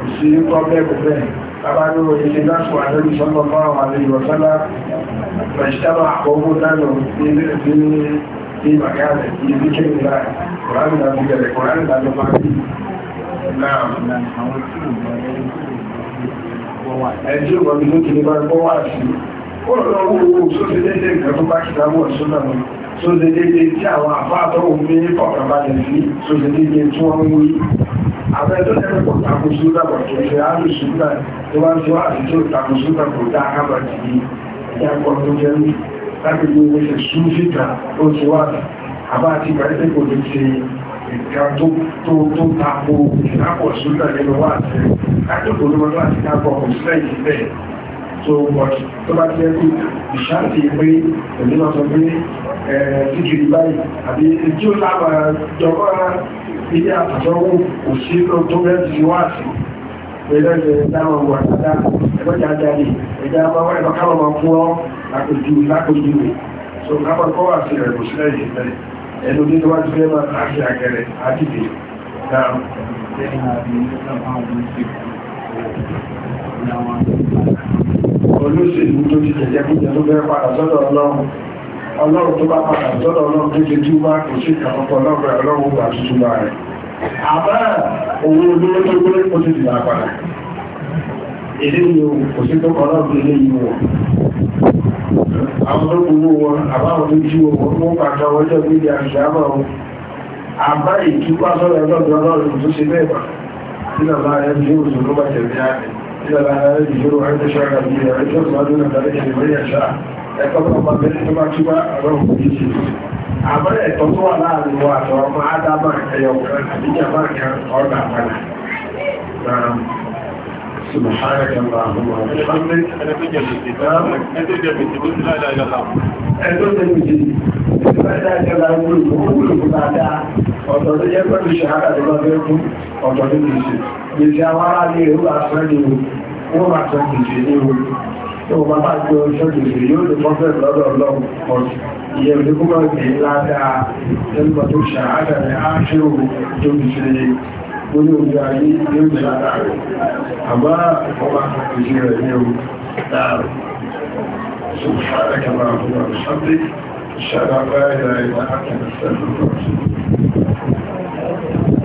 kò sí pọ́bẹ̀kù bẹ́ẹ̀ tàbánú ìṣẹ́ láti wà lórí sọ́nà márùn-ún àti ìrọ̀sọ́lá pẹ̀ṣẹ́lá àkọ́kọ́ dánà ní ìbàkálẹ̀ ibi kéwìlá kòránì láti bẹ̀rẹ̀ kòránì láti máa bí náà ẹjọ́ ìwọ̀n bí ló kìí bá gbọ́wà sí ọ̀rọ̀ tí àwọn àfáàtọ̀ kò takò ṣe áàlù tó bá ti wá nínú wá àti ẹ̀kọ́ tó lọ́wọ́ láti dápọ̀ kò sílẹ̀ so but tó bá jẹ́ pé ìṣáàtì pé èmi náà sọ pé ẹ̀ẹ́dìjì báyìí àbí tí ó lábà jọba ilé àtàtọ́wò kò sí lọ tó bẹ́ẹ̀ ti wá sí ẹlẹ́gbẹ̀ẹ́ dáwọn wà dáadáa ẹgbẹ́jà jáde ẹ̀dá máa ẹ̀bá káwọn máa fún ọ́ lápòjú lápòjú rẹ̀ so káwọn kọ́ wà sí rẹ̀ kò sílẹ̀ yìí bẹ́ẹ̀ ẹnu ní tó wá ti olóṣèlú tó ti tẹ̀jẹ́ kújẹ tó bẹ́ẹ̀ padà sọ́dọ̀ ọlọ́run ọlọ́run tó bá padà sọ́dọ̀ ọlọ́run tó ti túbá kò sí ìkàkọ́kọ́ ọlọ́run ọlọ́run gbà tuntun bá rẹ̀ àbá òun olówó tó gbé ó ti dìbà padà èdè ni o kò sí tó kọ́ ọlọ́run ilé yìí wọ̀ àwọn tó gbowó wọn àbáwọn tó jí wọn wọn pàtó ọjọ́ gbígbé àṣìṣe àbá wọn àbá ìtúpá sọ́dọ̀ ọlọ́run ọlọ́run tó ṣe bẹ́ẹ̀ bá nígbà bá ẹ إلى العلالات شروع عند شعر أبيه عزة وأدون ذلك لمن يشاء يقضى الله بالإجتماع كما أراه في àmọ́ ẹ̀tọ́ tó wà láàrin wa àtọ́ ọmọ ádámà ẹ̀yọ̀ kan àbíjà máa kan ọ̀dà padà náà سبحانك اللهم وبحمدك أنا بجد أنا بجد أنا بجد mẹ́ta ìjọba gbúrùgbùrù dáadáa ọ̀tọ̀ tó jẹ́ pẹ̀lú ṣàhádà tó lọ́gbẹ́ fún ọ̀tọ̀ tó ti ṣe gbèsè àwọn ará ní èrú àṣọ ní o wọ́n máa sọ gbèsè ní o tó bá bá gbé oṣù gbèsè yóò lè kọ́ fẹ́ lọ́dọ̀ ọlọ́run ọ̀sùn ìyẹn tó kúrò ní ládàá lẹ́nu tó ṣàhádà ní áṣírò tó ti ṣe lórí ojú ayé ní ojú ládàá rẹ̀ àmọ́ ọba ìṣe rẹ̀ ní o dáa سبحانك اللهم
وبحمدك إن شاء الله لا إله